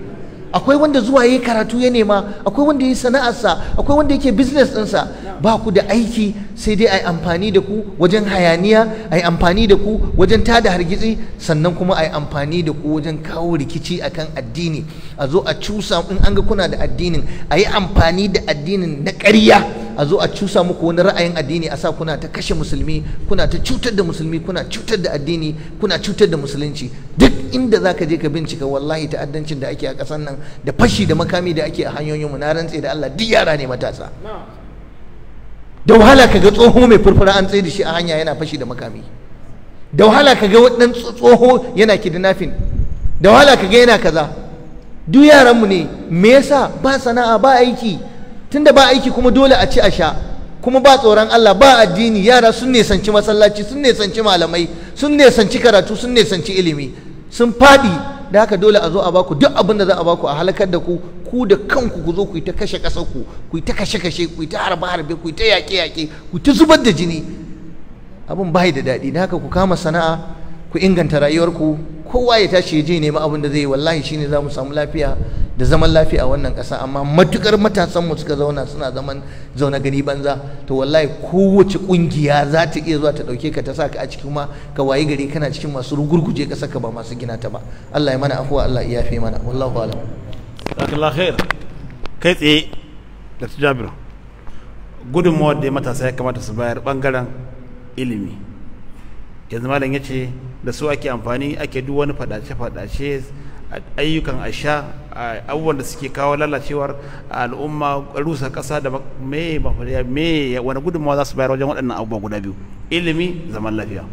akwai wanda zuwa yi karatu ya nema akwai wanda yayi sana'arsa akwai wanda yake business ɗinsa ba ku da aiki sai dai a yi amfani da ku wajen hayaniya a yi amfani da ku wajen tada hargitsi sannan kuma a yi amfani da ku wajen kawo rikici akan addini a zo a cusa in an ga kuna da addinin a yi amfani da addinin na ƙarya a zo a cusa muku wani ra'ayin addini a sa kuna ta kashe musulmi kuna ta cutar da musulmi kuna cutar da addini kuna cutar da musulunci duk inda za ka je ka bincika wallahi ta'addancin da ake a ƙasar nan da fashi da makami da ake a hanyoyinmu na rantse da Allah duk yara ne matasa da wahala ka ga tsoho mai furfura an tsaye da shi a hanya yana fashi da makami da wahala ka ga waɗannan tsoho yana kidnapping da wahala ka ga yana kaza duk yaranmu ne me yasa ba sana'a ba aiki tunda ba aiki kuma dole a ci a sha kuma ba tsoron Allah ba addini yara sun nesanci masallaci sun nesanci malamai sun nesanci karatu sun nesanci ilimi sun faɗi da haka dole a zo a baku duk abin da za a baku a halakar da ku ku da kanku ku zo ku yi ta kashe ƙasar ku ku yi ta kashe kashe ku yi ta harbe harbe ku yi ta yaƙe yaƙe ku ta zubar da jini abin ba da daɗi da haka ku kama sana'a ku inganta rayuwarku kowa ya tashi ya je nema abin da zai yi wallahi shine za mu samu lafiya da zaman lafiya a wannan ƙasa amma matukar matasanmu suka zauna suna zaman zauna gani banza to wallahi kowace ƙungiya za ta iya zuwa ta ɗauke ka ta sa ka a cikin ma ka wayi gari kana cikin masu rugurguje ƙasar ka ba masu gina ta ba Allah ya mana afuwa Allah ya yafe mana wallahu alam barakallahu khair kai tsaye da Jabir gudunmawar da matasa ya kamata su bayar bangaren ilimi yanzu malam ya ce da su ake amfani ake duk wani faɗace-faɗace ayyukan asha abubuwan da suke kawo lalacewar al'umma rusa kasa da me me wani gudunmawa za su bayar wajen waɗannan abubuwa guda biyu ilimi zaman lafiya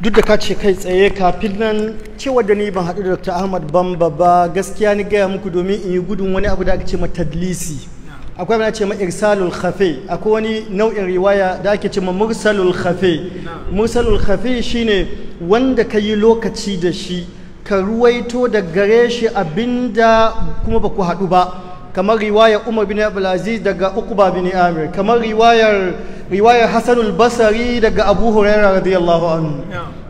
duk da ka ce kai tsaye kafin nan cewa da ni ban haɗu da dr ahmad bamba ba gaskiya ni gaya muku domin in yi gudun wani abu da aka ce ma tadlisi akwai mana ce ma irsalul khafi akwai wani nau'in riwaya da ake ce ma mursalul khafi mursalul khafi shine wanda ka yi lokaci da shi ka ruwaito da gare shi abinda kuma ba ku haɗu ba kamar riwayar umar bin aziz daga uqba bin amir kamar riwayar riwayar hasanul basari daga abu huraira radiyallahu anhu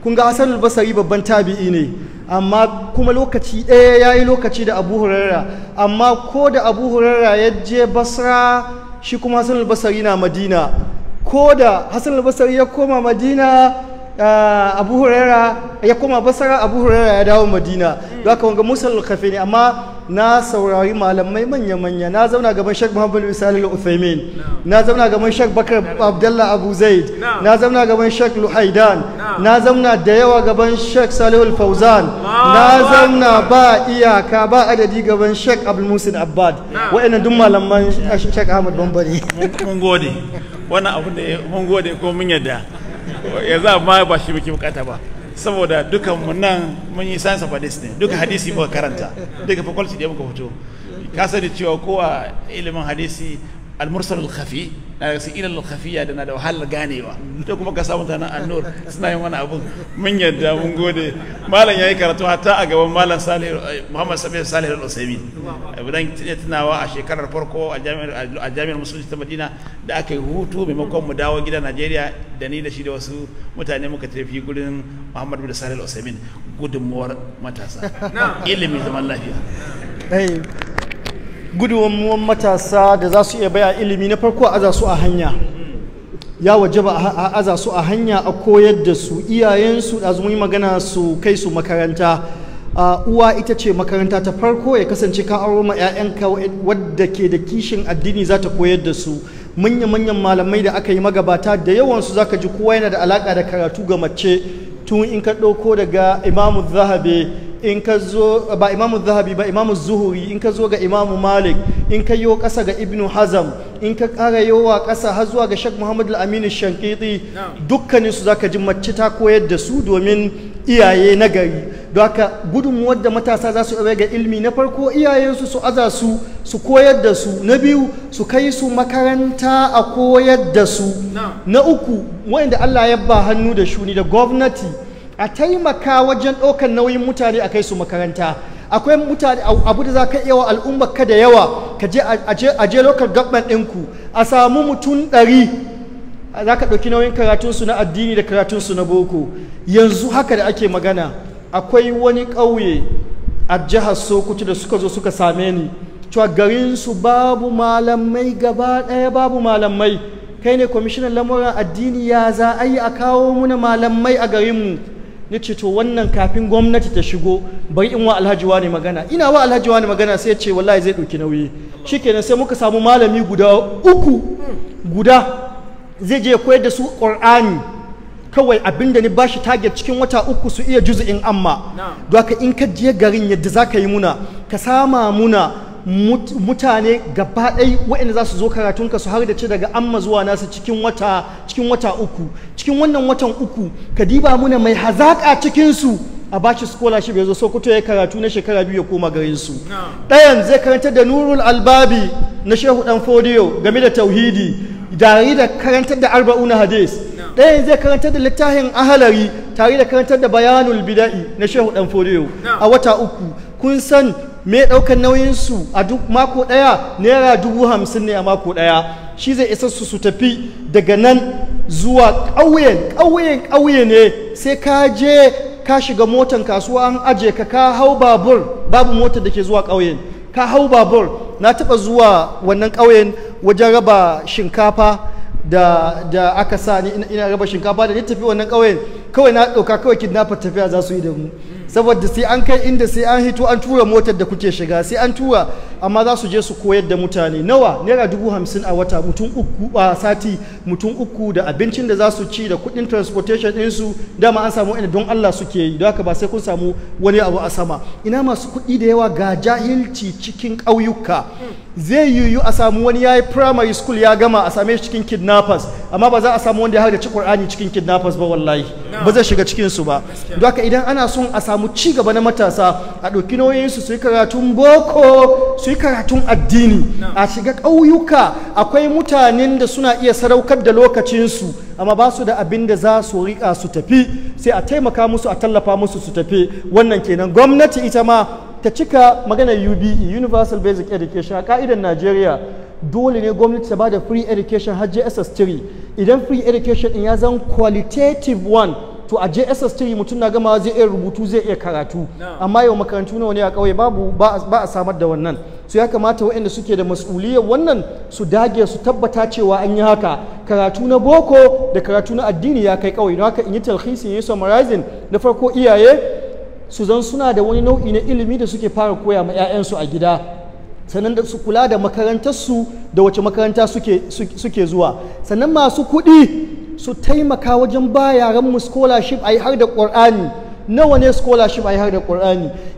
kun ga hasanul basari babban tabi'i ne amma kuma lokaci ɗaya ya yi lokaci da abu hurarra amma ko da abu hurarra ya je basra shi kuma hasan albasari na madina ko da hasan albasari ya koma madina ah, abu hurarra ya koma basra abu hurarra ya dawo madina don haka wanga musul kafe ne amma na saurari malamai manya-manya na zauna gaban shek muhammad misali al na zauna gaban shek bakar abdullah abu zaid na zauna gaban shek luhaidan na zauna da yawa gaban shek salihul fauzan na zauna ba iyaka ba adadi gaban shek abdulmusin abbad wa'annan duk malaman shek ahmad bambari mun gode wannan abu da mun gode ko mun yadda yanzu amma ba shi muke bukata ba saboda dukan mu nan mun yi science of hadith ne duka hadisi muka karanta duka faculty da muka fito ka sani cewa kowa ilimin hadisi المرسل الخفي na sai ilal khafiya da na da wahalar ganewa to kuma ka samu tana annur suna yin wani abu mun yadda mun gode malam yayi karatu hatta a gaban malam salih muhammad sabir salih al-usaymin idan tunawa a shekarar farko a jami'ar a jami'ar musulunci ta madina da aka hutu maimakon mu dawa gida najeriya da ni da shi da wasu mutane muka tafi gurin zaman lafiya gudunmuwan matasa da za su iya baya ilimi na farko a aza su a hanya ya waje ba a aza a hanya a koyar da su iyayensu da yi magana su kai su makaranta uwa ita ce makaranta ta farko ya kasance ka aro ma 'ya'yanka wadda ke da kishin addini za ta koyar da su manya-manyan malamai da aka yi magabata da yawansu za ka ji kowa yana da alaƙa da karatu ga mace tun in ka ɗauko daga imamu zahabe in ka zo ba imamu zahabi ba imamu zuhuri in ka zo ga imamu malik in ka wa ƙasa ga ibnu hazam in ka ƙara wa ƙasa har zuwa ga shak muhammadu al-aminu shankiti dukkanin su zaka ji mace ta koyar da su domin iyaye na gari don haka gudunmuwar da matasa za su ga ilmi na farko iyayensu su aza su su koyar da su na biyu su kai su makaranta a koyar da su na uku wanda allah ya ba hannu da shuni da gwamnati a taimaka wajen ɗaukar nauyin mutane a kai su makaranta akwai mutane abu da za ka iya wa al'ummar ka da yawa ka je a je local government ɗinku a samu mutum ɗari za ka ɗauki nauyin karatun su na addini da karatun su na boko yanzu haka da ake magana akwai wani ƙauye a jihar sokoto da suka zo suka same ni cewa su babu malamai gaba ɗaya babu malamai kai ne kwamishinan lamuran addini ya za a yi a kawo muna malamai a garinmu Ni ce to wannan kafin gwamnati ta shigo bai in wa alhaji wani magana ina wa alhaji wani magana sai ce wallahi zai ɗauki nauyi shi kenan sai muka samu malami guda uku guda zai je koyar da su ƙur'ani kawai abinda ni bashi target cikin wata uku su iya juzu in amma don haka in ka je garin yadda za yi muna ka sama muna mutane gaba ɗai waɗanda za su zo ka su har da ce daga amma zuwa nasu cikin wata cikin wata uku cikin wannan watan uku ka diba muna mai hazaƙa cikinsu a bashi scholarship ya zo kuto ya karatu na shekara biyu ya koma garin su ɗayan zai karantar da nurul albabi na shehu dan fodiyo game da tauhidi dari da karantar da arba'una hadis ɗayan zai karantar da littafin ahalari tare da karantar da bayanul bida'i na shehu ɗan fodiyo a wata uku kun san me nauyin su a duk mako ɗaya naira dubu hamsin ne a mako daya shi zai isa su su tafi daga nan zuwa ƙauyen ƙauye ƙauye ne sai ka je ka shiga motan kasuwa an aje ka ka hau babur babu motar da ke zuwa ƙauyen ka hau babur na taɓa zuwa wannan ƙauyen wajen raba shinkafa da, aka sa ni ina, raba shinkafa da ni tafi wannan ƙauyen kawai na ɗauka kawai kidnapper tafiya za su yi da mu saboda sai an kai inda sai an hito an tura motar da kuke shiga sai an tura amma za su je su koyar da mutane nawa naira dubu hamsin a wata mutum uku a sati mutum uku da abincin da za su ci da kuɗin transportation ɗinsu dama an samu inda don Allah suke yi don haka ba sai kun samu wani abu a sama ina masu kuɗi da yawa ga jahilci cikin ƙauyuka zai yiwu a samu wani ya yi primary school ya gama a same shi cikin kidnappers amma ba za a samu wanda ya harda ci ƙur'ani cikin kidnappers ba wallahi ba zai shiga cikin su ba don haka idan ana son a samu samu ci gaba na matasa a ɗauki nauyinsu su yi karatun boko suyi karatun addini a shiga ƙauyuka akwai mutanen da suna iya sadaukar da lokacinsu amma ba su da abin da za su riƙa su tafi sai a taimaka musu a tallafa musu su tafi wannan kenan gwamnati ita ma ta cika maganar UBE Universal Basic Education a ƙa'idar Najeriya dole ne gwamnati ta ba da free education har JSS 3 idan free education in ya zan qualitative one to a jss yi mutum na gama zai iya rubutu zai iya karatu amma yau makarantu nawa ne a ƙauye babu ba a samar da wannan su ya kamata waɗanda suke da mas'uliyar wannan su dage su tabbata cewa an yi haka karatu na boko da karatu na addini ya kai ƙauye na haka in yi talhisi yi summarizing na farko iyaye su zan suna da wani nau'i na ilimi da suke fara koya ma 'ya'yansu a gida sannan da su kula da makarantarsu da wace makaranta suke zuwa sannan masu kuɗi su taimaka wajen ba yaran mu scholarship a yi har da ƙur'ani nawa ne scholarship a yi har da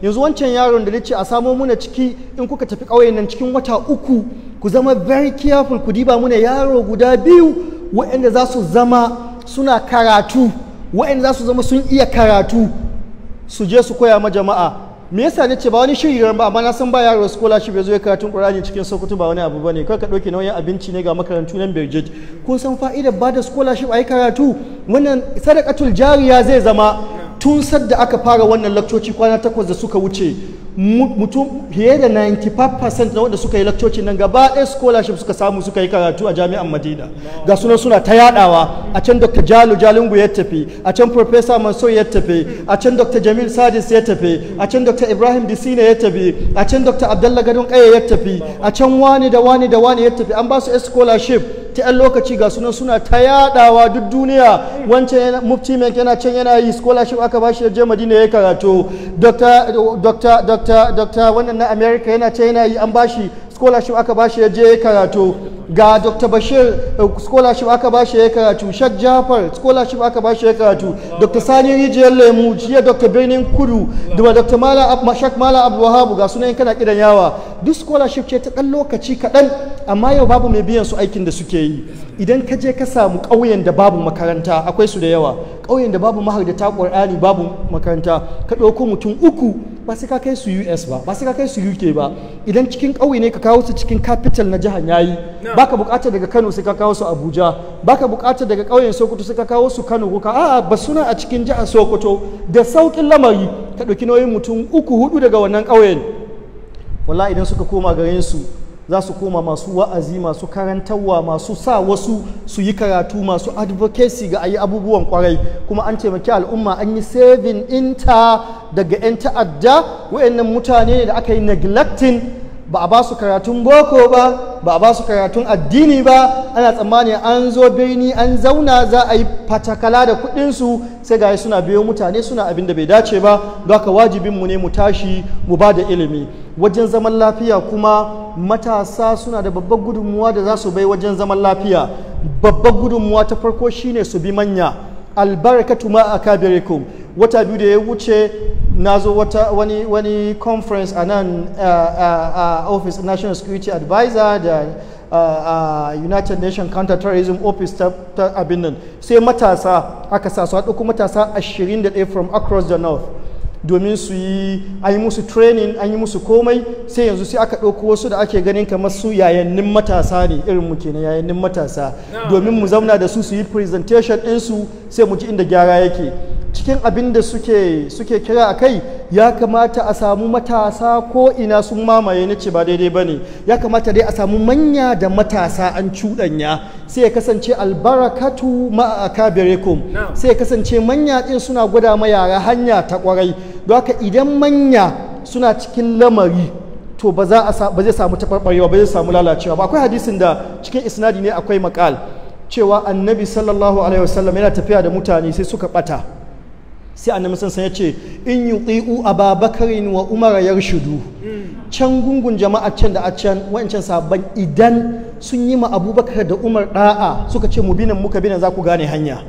yanzu wancan yaron da ce a samo muna ciki in kuka tafi ƙauyen nan cikin wata uku ku zama very careful ku diba muna yaro guda biyu waɗanda za su zama suna karatu waɗanda za su zama sun iya karatu su je su koya ma jama'a me yasa ne ce ba wani shiri ba amma na san ba yaro scholarship ya zo ya karatun Qur'ani cikin Sokoto ba wani abu bane kawai ka dauke nauyin abinci ne ga makarantu nan Birjit ko san fa'idar ba da scholarship yi karatu wannan sadaqatul jariya zai zama tun sadda aka fara wannan lakcoci kwana takwas da suka wuce mutum fiye da 95% na wanda suka yi lakcocin nan gaba ɗaya scholarship suka samu suka yi karatu a jami'an madina ga sunan suna ta yadawa a can dr jalu jalingu ya tafi a can professor mansur ya tafi a can dr jamil sadis ya tafi a can dr ibrahim disina ya tafi a can dr abdallah gadon kaya ya tafi a can wani da wani da wani ya tafi an ba su scholarship ta yan lokaci ga sunan suna ta yadawa duk duniya wancan mufti mai yana can yana yi scholarship aka bashi ya je madina ya karatu dokta wannan na america yana can yana yi an bashi scholarship aka bashi ya je karatu ga dr bashir uh, scholarship aka ba shi ya karatu shak jafar scholarship aka ba shi ya karatu dr sani rijiyar lemu jiya dr birnin kudu da dr shak mala abdulwahabu ga sunan kana kidan yawa duk scholarship ce ta dan lokaci kaɗan amma yau babu mai biyan su aikin da suke yi idan ka je ka samu ƙauyen da babu makaranta akwai su da yawa ƙauyen da babu ta ƙwar'ani babu makaranta ka ɗauko mutum uku ba sai ka kai su US ba ba sai ka kai su UK ba idan cikin ƙauye ne ka kawo su cikin capital na jihar yayi baka buƙatar daga Kano sai ka kawo su Abuja baka buƙatar daga ƙauyen Sokoto sai ka kawo su Kano ko ka a'a ba suna a cikin jihar Sokoto da sauƙin lamari ka ɗauki nauyin mutum uku hudu daga wannan ƙauyen wallahi idan suka koma garin su za su koma masu wa'azi masu karantarwa masu sa wasu su yi karatu masu advocacy ga ayi abubuwan kwarai kuma an taimaki al'umma an yi saving inta daga 'yan ta'adda wa'annan mutane ne da aka yi neglecting ba a ba su karatun boko ba ba a ba su karatun addini ba ana tsammani an zo birni an zauna za a yi fatakala da kuɗinsu sai ga suna biyo mutane suna abin da bai dace ba ka wajibin mu ne mu tashi mu ba da ilimi wajen zaman lafiya kuma matasa suna da babbar gudunmuwa da za su bai wajen zaman lafiya babbar gudunmuwa ta farko shine su bi manya albarkatu ma akabirikum wata biyu da ya wuce na zo wani, wani conference a nan a office national security advisor da united nations counter-terrorism office ta, abin nan sai matasa aka sa su haɗu kuma matasa 21 from across the north domin su yi an yi musu training an yi musu komai sai yanzu sai aka ɗauko wasu da ake ganin kamar su yayannin matasa ne irin mu kenan yayannin matasa domin mu zauna da su su yi presentation ɗinsu sai mu ji inda gyara yake cikin abin da suke kira a kai ya kamata a samu matasa ko ina sun mamaye na ce ba daidai ba ne ya kamata dai a samu manya da matasa an cuɗanya sai ya kasance albarakatu ma'a kabirikum sai ya kasance manya ɗin suna gwada ma yara hanya ta ƙwarai don haka idan manya suna cikin lamari to ba za a samu taɓarɓarewa ba zai samu lalacewa ba akwai hadisin da cikin isnadi ne akwai maƙal cewa annabi sallallahu alaihi wasallam yana tafiya da mutane sai suka ɓata sai annabi sun san ce in yuqiu ababakarin wa umar yarshudu can gungun jama'a can da a can wancan sabon idan sun yi ma abubakar da umar da'a suka ce mu binan muka binan za ku gane hanya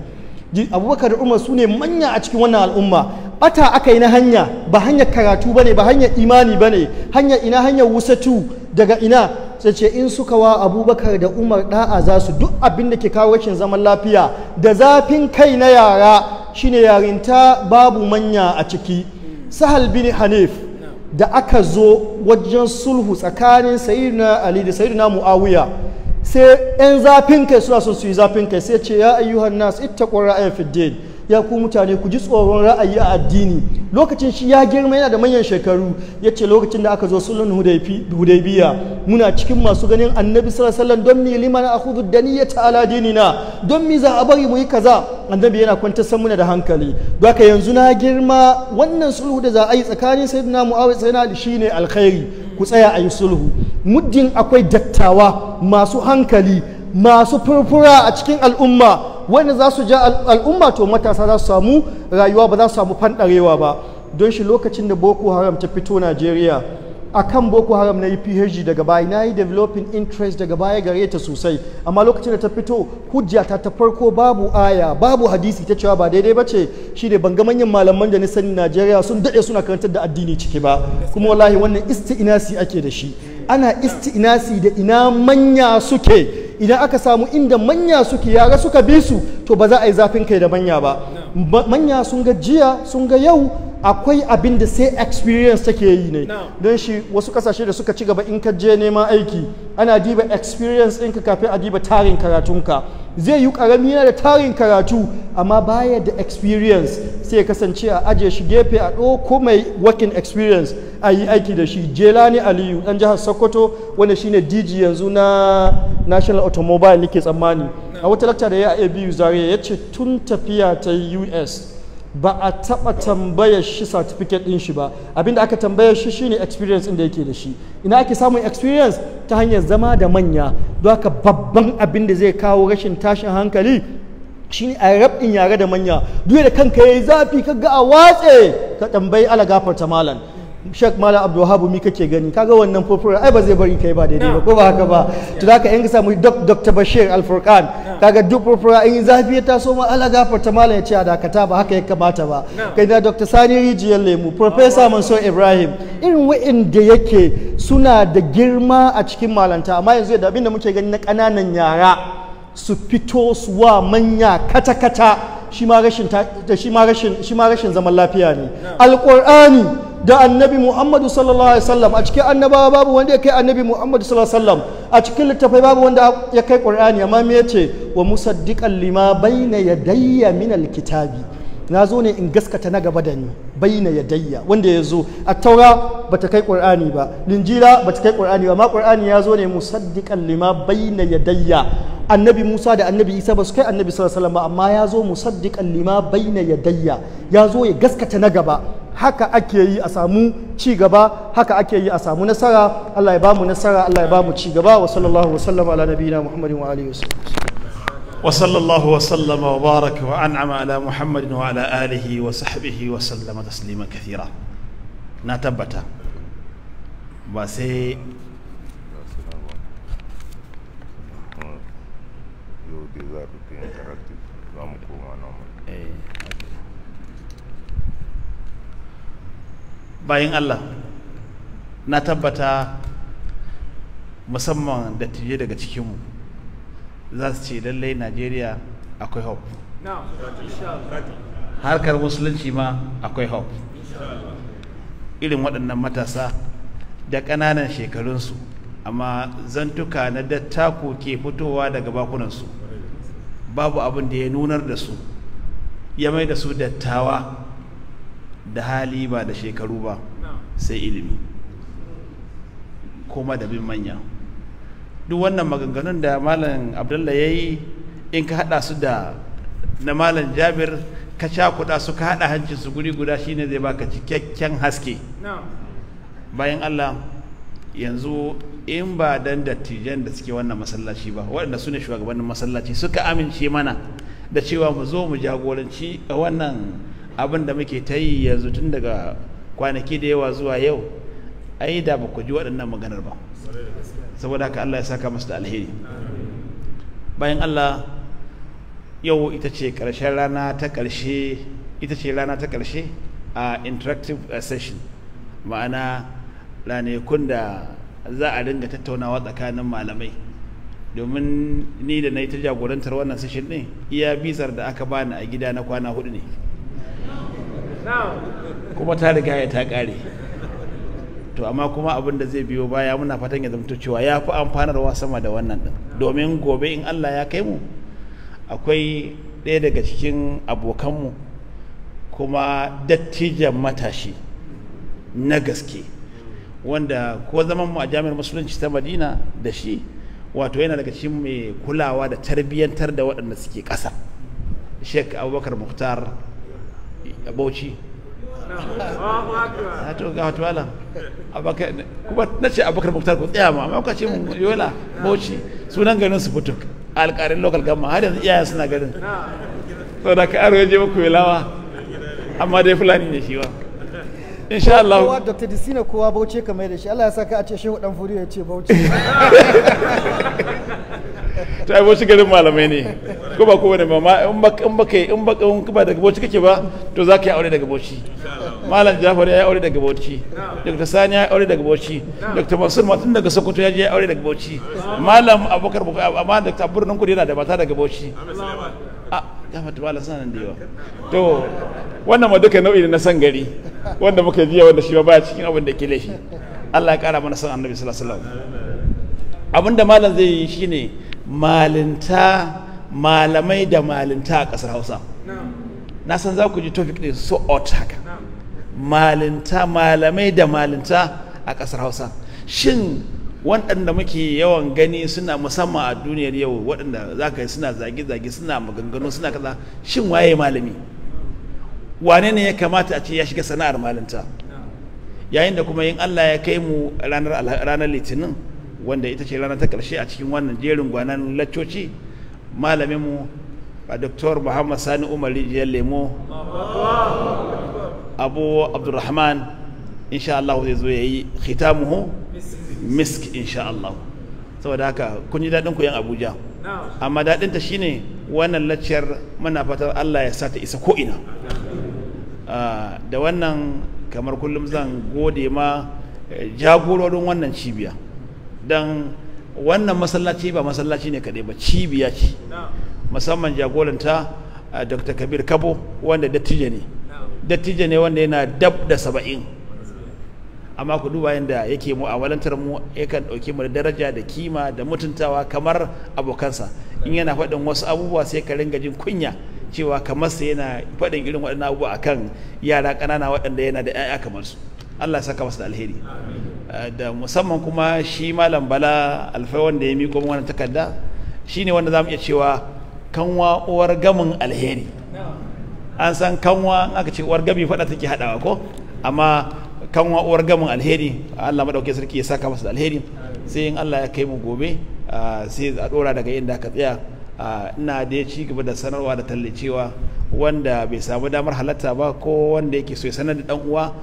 abubakar da umar su ne manya a cikin wannan al'umma bata aka yi na hanya ba hanyar karatu bane ba hanyar imani bane hanya ina hanyar wusatu daga ina sai ce in suka wa abubakar da umar da'a za su duk abin da ke kawo rashin zaman lafiya da zafin kai na yara shine yarinta babu manya a ciki sahal bin hanif da aka zo wajen sulhu tsakanin sayyidina ali da sayyidina muawiya sai 'yan zafin kai suna son su yi zafin kai sai ce ya ayyuhan nas ittaqu ra'ayin fid ya ku mutane ku ji tsoron ra'ayi a addini lokacin shi ya girma yana da manyan shekaru ya ce lokacin da aka zo sulhun hudaybiya muna cikin masu ganin annabi sallallahu alaihi wasallam don mi liman akhudhu daniyata ala dinina don mi za a bari mu yi kaza annabi yana kwanta san muna da hankali haka yanzu na girma wannan sulhu da za a yi tsakanin sayyidina muawiya shi ne alkhairi ku tsaya a yi sulhu muddin akwai dattawa masu hankali masu furfura a cikin al'umma wanda za su ja al'umma to matasa za su samu rayuwa ba za su samu fanɗarewa ba don shi lokacin da boko haram ta fito najeriya a kan boko haram na yi phd daga baya na yi developing interest daga baya gare ta sosai amma lokacin da ta fito hujja ta ta farko babu aya babu hadisi ta cewa ba daidai ba ce shi ne ban ga manyan malaman da ni sani najeriya sun daɗe suna karantar da addini ciki ba kuma wallahi wannan isti'inasi ake da shi ana isti'nasi da ina manya suke idan aka samu inda manya suke yara suka bi su to ba za a yi zafin kai da manya ba manya sun ga jiya sun ga yau akwai abin da sai experience take yi ne don shi wasu kasashe da suka ci gaba in ka je neman aiki ana diba experience ɗinka kafin a diba tarin karatunka zai yi karami na da tarin karatu amma baya da experience sai kasance a aje shi gefe a ɗauko mai working experience a yi aiki da shi jelani aliyu ɗan jihar sokoto wanda shine dg yanzu na national automobile nake tsammani a wata lakta da ya a abu zare ya ce tun tafiya ta us ba a taɓa tambayar shi certificate ɗin shi ba abinda aka tambayar shi shine experience inda yake da shi ina ake samun experience ta hanyar zama da manya don haka babban abin da zai kawo rashin tashin hankali shine a rabin yare da manya duk da kanka yayi zafi ka ga a watse ka tambayi ala gafarta malam shek mala abdu wahabu mi kake gani kaga wannan furfura ai ba zai bari kai ba daidai ba ko ba haka ba to da ka yan gisa mu dr bashir alfurkan kaga duk furfura in zafi ya taso ma ala ta mala ya ce a dakata ba haka ya kamata ba kai da dr sani rijiyar lemu professor mansur ibrahim irin wa'inda yake suna da girma a cikin malanta amma yanzu da abin da muke gani na kananan yara su fito su wa manya kata-kata shi ma rashin zaman lafiya ne alƙur'ani da annabi muhammadu sallallahu alaihi wasallam a cikin annabawa babu wanda ya kai annabi muhammadu sallallahu alaihi wasallam a cikin littafai babu wanda ya kai qur'ani amma me yace wa musaddiqan lima ya yadayya min alkitabi na zo ne in gaskata na gaba da ni ya yadayya wanda ya zo a taura ta kai qur'ani ba linjila ta kai qur'ani ba ma qur'ani ya zo ne musaddiqan lima ya yadayya annabi Musa da annabi Isa ba su kai annabi sallallahu alaihi wasallam ba amma ya zo musaddiqan lima ya yadayya ya zo ya gaskata na gaba haka ake yi a samu ci gaba haka ake yi a samu nasara Allah ya bamu nasara Allah ya bamu ci gaba wa sallallahu wasallam ala nabiyina Muhammadin wa alihi wasallam wa sallallahu wasallam wa baraka wa an'ama ala Muhammadin wa ala alihi wa sahbihi wa sallama tasliman kathira na tabbata ba sai bayan Allah na tabbata musamman da tije daga cikinmu za su ce lallai Najeriya akwai hope harkar musulunci ma akwai hope irin waɗannan matasa da ƙananan shekarunsu amma zantuka na dattako ke fitowa daga bakunansu babu abin da ya nunar da su ya mai da su dattawa da hali ba da shekaru ba sai ilimi kuma da bin manya duk wannan maganganun da malam abdullah ya yi in ka hada su da na malam jabir ka ca su ka hada hancin su guri guda shi shine zai baka cikakken haske bayan allah yanzu in ba dan dattijan da suke wannan masallaci ba waɗanda su ne shugabannin masallaci suka amince mana da cewa mu zo mu jagoranci wannan abin da muke ta yi yanzu tun daga kwanaki da yawa zuwa yau ai da ba ku ji waɗannan maganar ba saboda haka Allah ya saka masu da alheri bayan Allah yau ita ce ƙarshen rana ta ƙarshe ita ce rana ta ƙarshe a interactive session ma'ana ranakun da za a ringa tattaunawa tsakanin malamai domin ni da na yi ta jagorantar wannan session ɗin iya bizar da aka bani a gida na kwana hudu ne kuma ta riga ya ta kare to amma kuma abin da zai biyo baya muna fatan ya zamto cewa ya fi amfanarwa sama da wannan din domin gobe in Allah ya kai mu akwai ɗaya daga cikin abokanmu kuma dattijan matashi na gaske wanda ko zaman mu a jami'ar musulunci ta madina da shi wato yana daga cikin mai kulawa da tarbiyyantar da waɗanda suke ƙasa sheik abubakar muhtar a bauchi to ga wata wala kuma na ce abakar muktar ku tsaya ma amma ce mun yola bauchi sunan garin su fito alƙarin local gamma har yanzu iyayen suna garin saboda ka aro je muku lawa amma dai fulani ne shi wa insha Allah kowa Dr. Disina kowa Bauchi kamar da shi Allah ya saka a ce Shehu Dan Furiyo ya ce Bauchi to ai Bauchi garin malamai ne ko ba kowane ba ma in ba in ba kai in ba in ba daga Bauchi kake ba to za ka yi aure daga Bauchi Malam Jafar ya yi aure daga Bauchi Dr. Sani ya yi aure daga Bauchi Dr. Mansur ma tun daga Sokoto ya je ya aure daga Bauchi Malam Abubakar amma Dr. Abdul kudi yana da mata daga Bauchi a ah, gafa tubala nan da yawa to wannan ma duka nau'i na san gari wanda muka jiya wanda shi ba baya cikin abin da ke laifi Allah ya kara mana san annabi sallallahu abin da malam zai yi shine malinta malamai da malinta a kasar Hausa na san za ku ji topic din so out haka malinta malamai da malinta a kasar Hausa shin waɗanda muke yawan gani suna musamman a duniyar yau waɗanda za ka suna zage-zage suna maganganu suna kaza shin waye malami wane ne ya kamata a ce ya shiga sana'ar malinta yayin da kuma yin allah ya kai mu ranar litinin wanda ita ce ranar ta karshe a cikin wannan jerin gwanan laccoci malaminmu a doktor muhammad sani umar rijiyar lemo abu abdulrahman insha allahu zai zo ya yi khitamuhu misk insha Allah saboda haka kun ji daɗin ku yan Abuja amma daɗin ta shine wannan lacciyar muna fatar Allah ya sa ta isa ko ina ah, da wannan kamar kullum zan gode ma eh, jagororin wannan cibiya don wannan masallaci ba masallaci ne kaɗai ba cibiya ce musamman jagoranta ah, dr kabir kabo wanda dattijo ne dattijo ne wanda yana dab da saba'in amma ku duba yadda yake mu'amalantar mu yakan ɗauke mu da daraja da kima da mutuntawa kamar abokansa in yana faɗin wasu abubuwa sai ka ringa jin kunya cewa kamar sa yana faɗin irin waɗannan abubuwa akan yara ƙanana waɗanda yana da 'ya'ya kamar su Allah saka masa da alheri ah, da musamman kuma shi malam bala alfai wanda ya miko wannan takarda shine wanda zamu iya cewa kanwa uwar gamin alheri an san kanwa aka ce uwar gami faɗa take haɗawa ko amma kan uwar gamin alheri Allah madaukakin sarki ya saka masa alheri sai in Allah ya kai mu gobe sai a dora daga inda ka tsaya ina da ci gaba da sanarwa da tallacewa wanda bai samu damar halatta ba ko wanda yake so ya sanar da dan uwa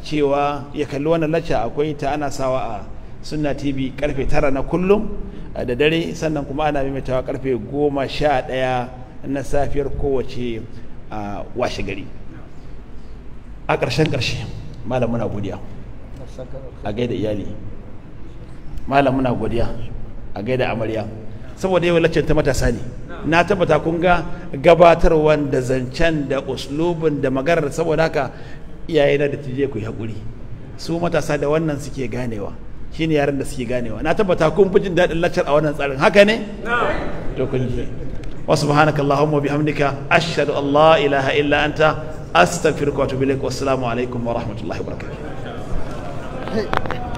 cewa ya kalli wannan lacca akwai ta ana sawa a sunna tv karfe tara na kullum da dare sannan kuma ana maimaitawa karfe goma sha ɗaya na safiyar kowace washe gari a ƙarshen ƙarshe malam muna godiya a gaida iyali malam muna godiya a gaida amarya saboda yau lacce ta matasa ne na tabbata kun ga gabatarwa da zancen da uslubin da magarar saboda haka iyaye na da tije ku yi hakuri su matasa da wannan suke ganewa shine yaran da suke ganewa na tabbata kun fi jin daɗin laccar a wannan tsarin haka ne to kun ji wa subhanakallahumma bihamdika ashhadu an la ilaha illa anta أستغفرك وأتوب إليك والسلام عليكم ورحمة الله وبركاته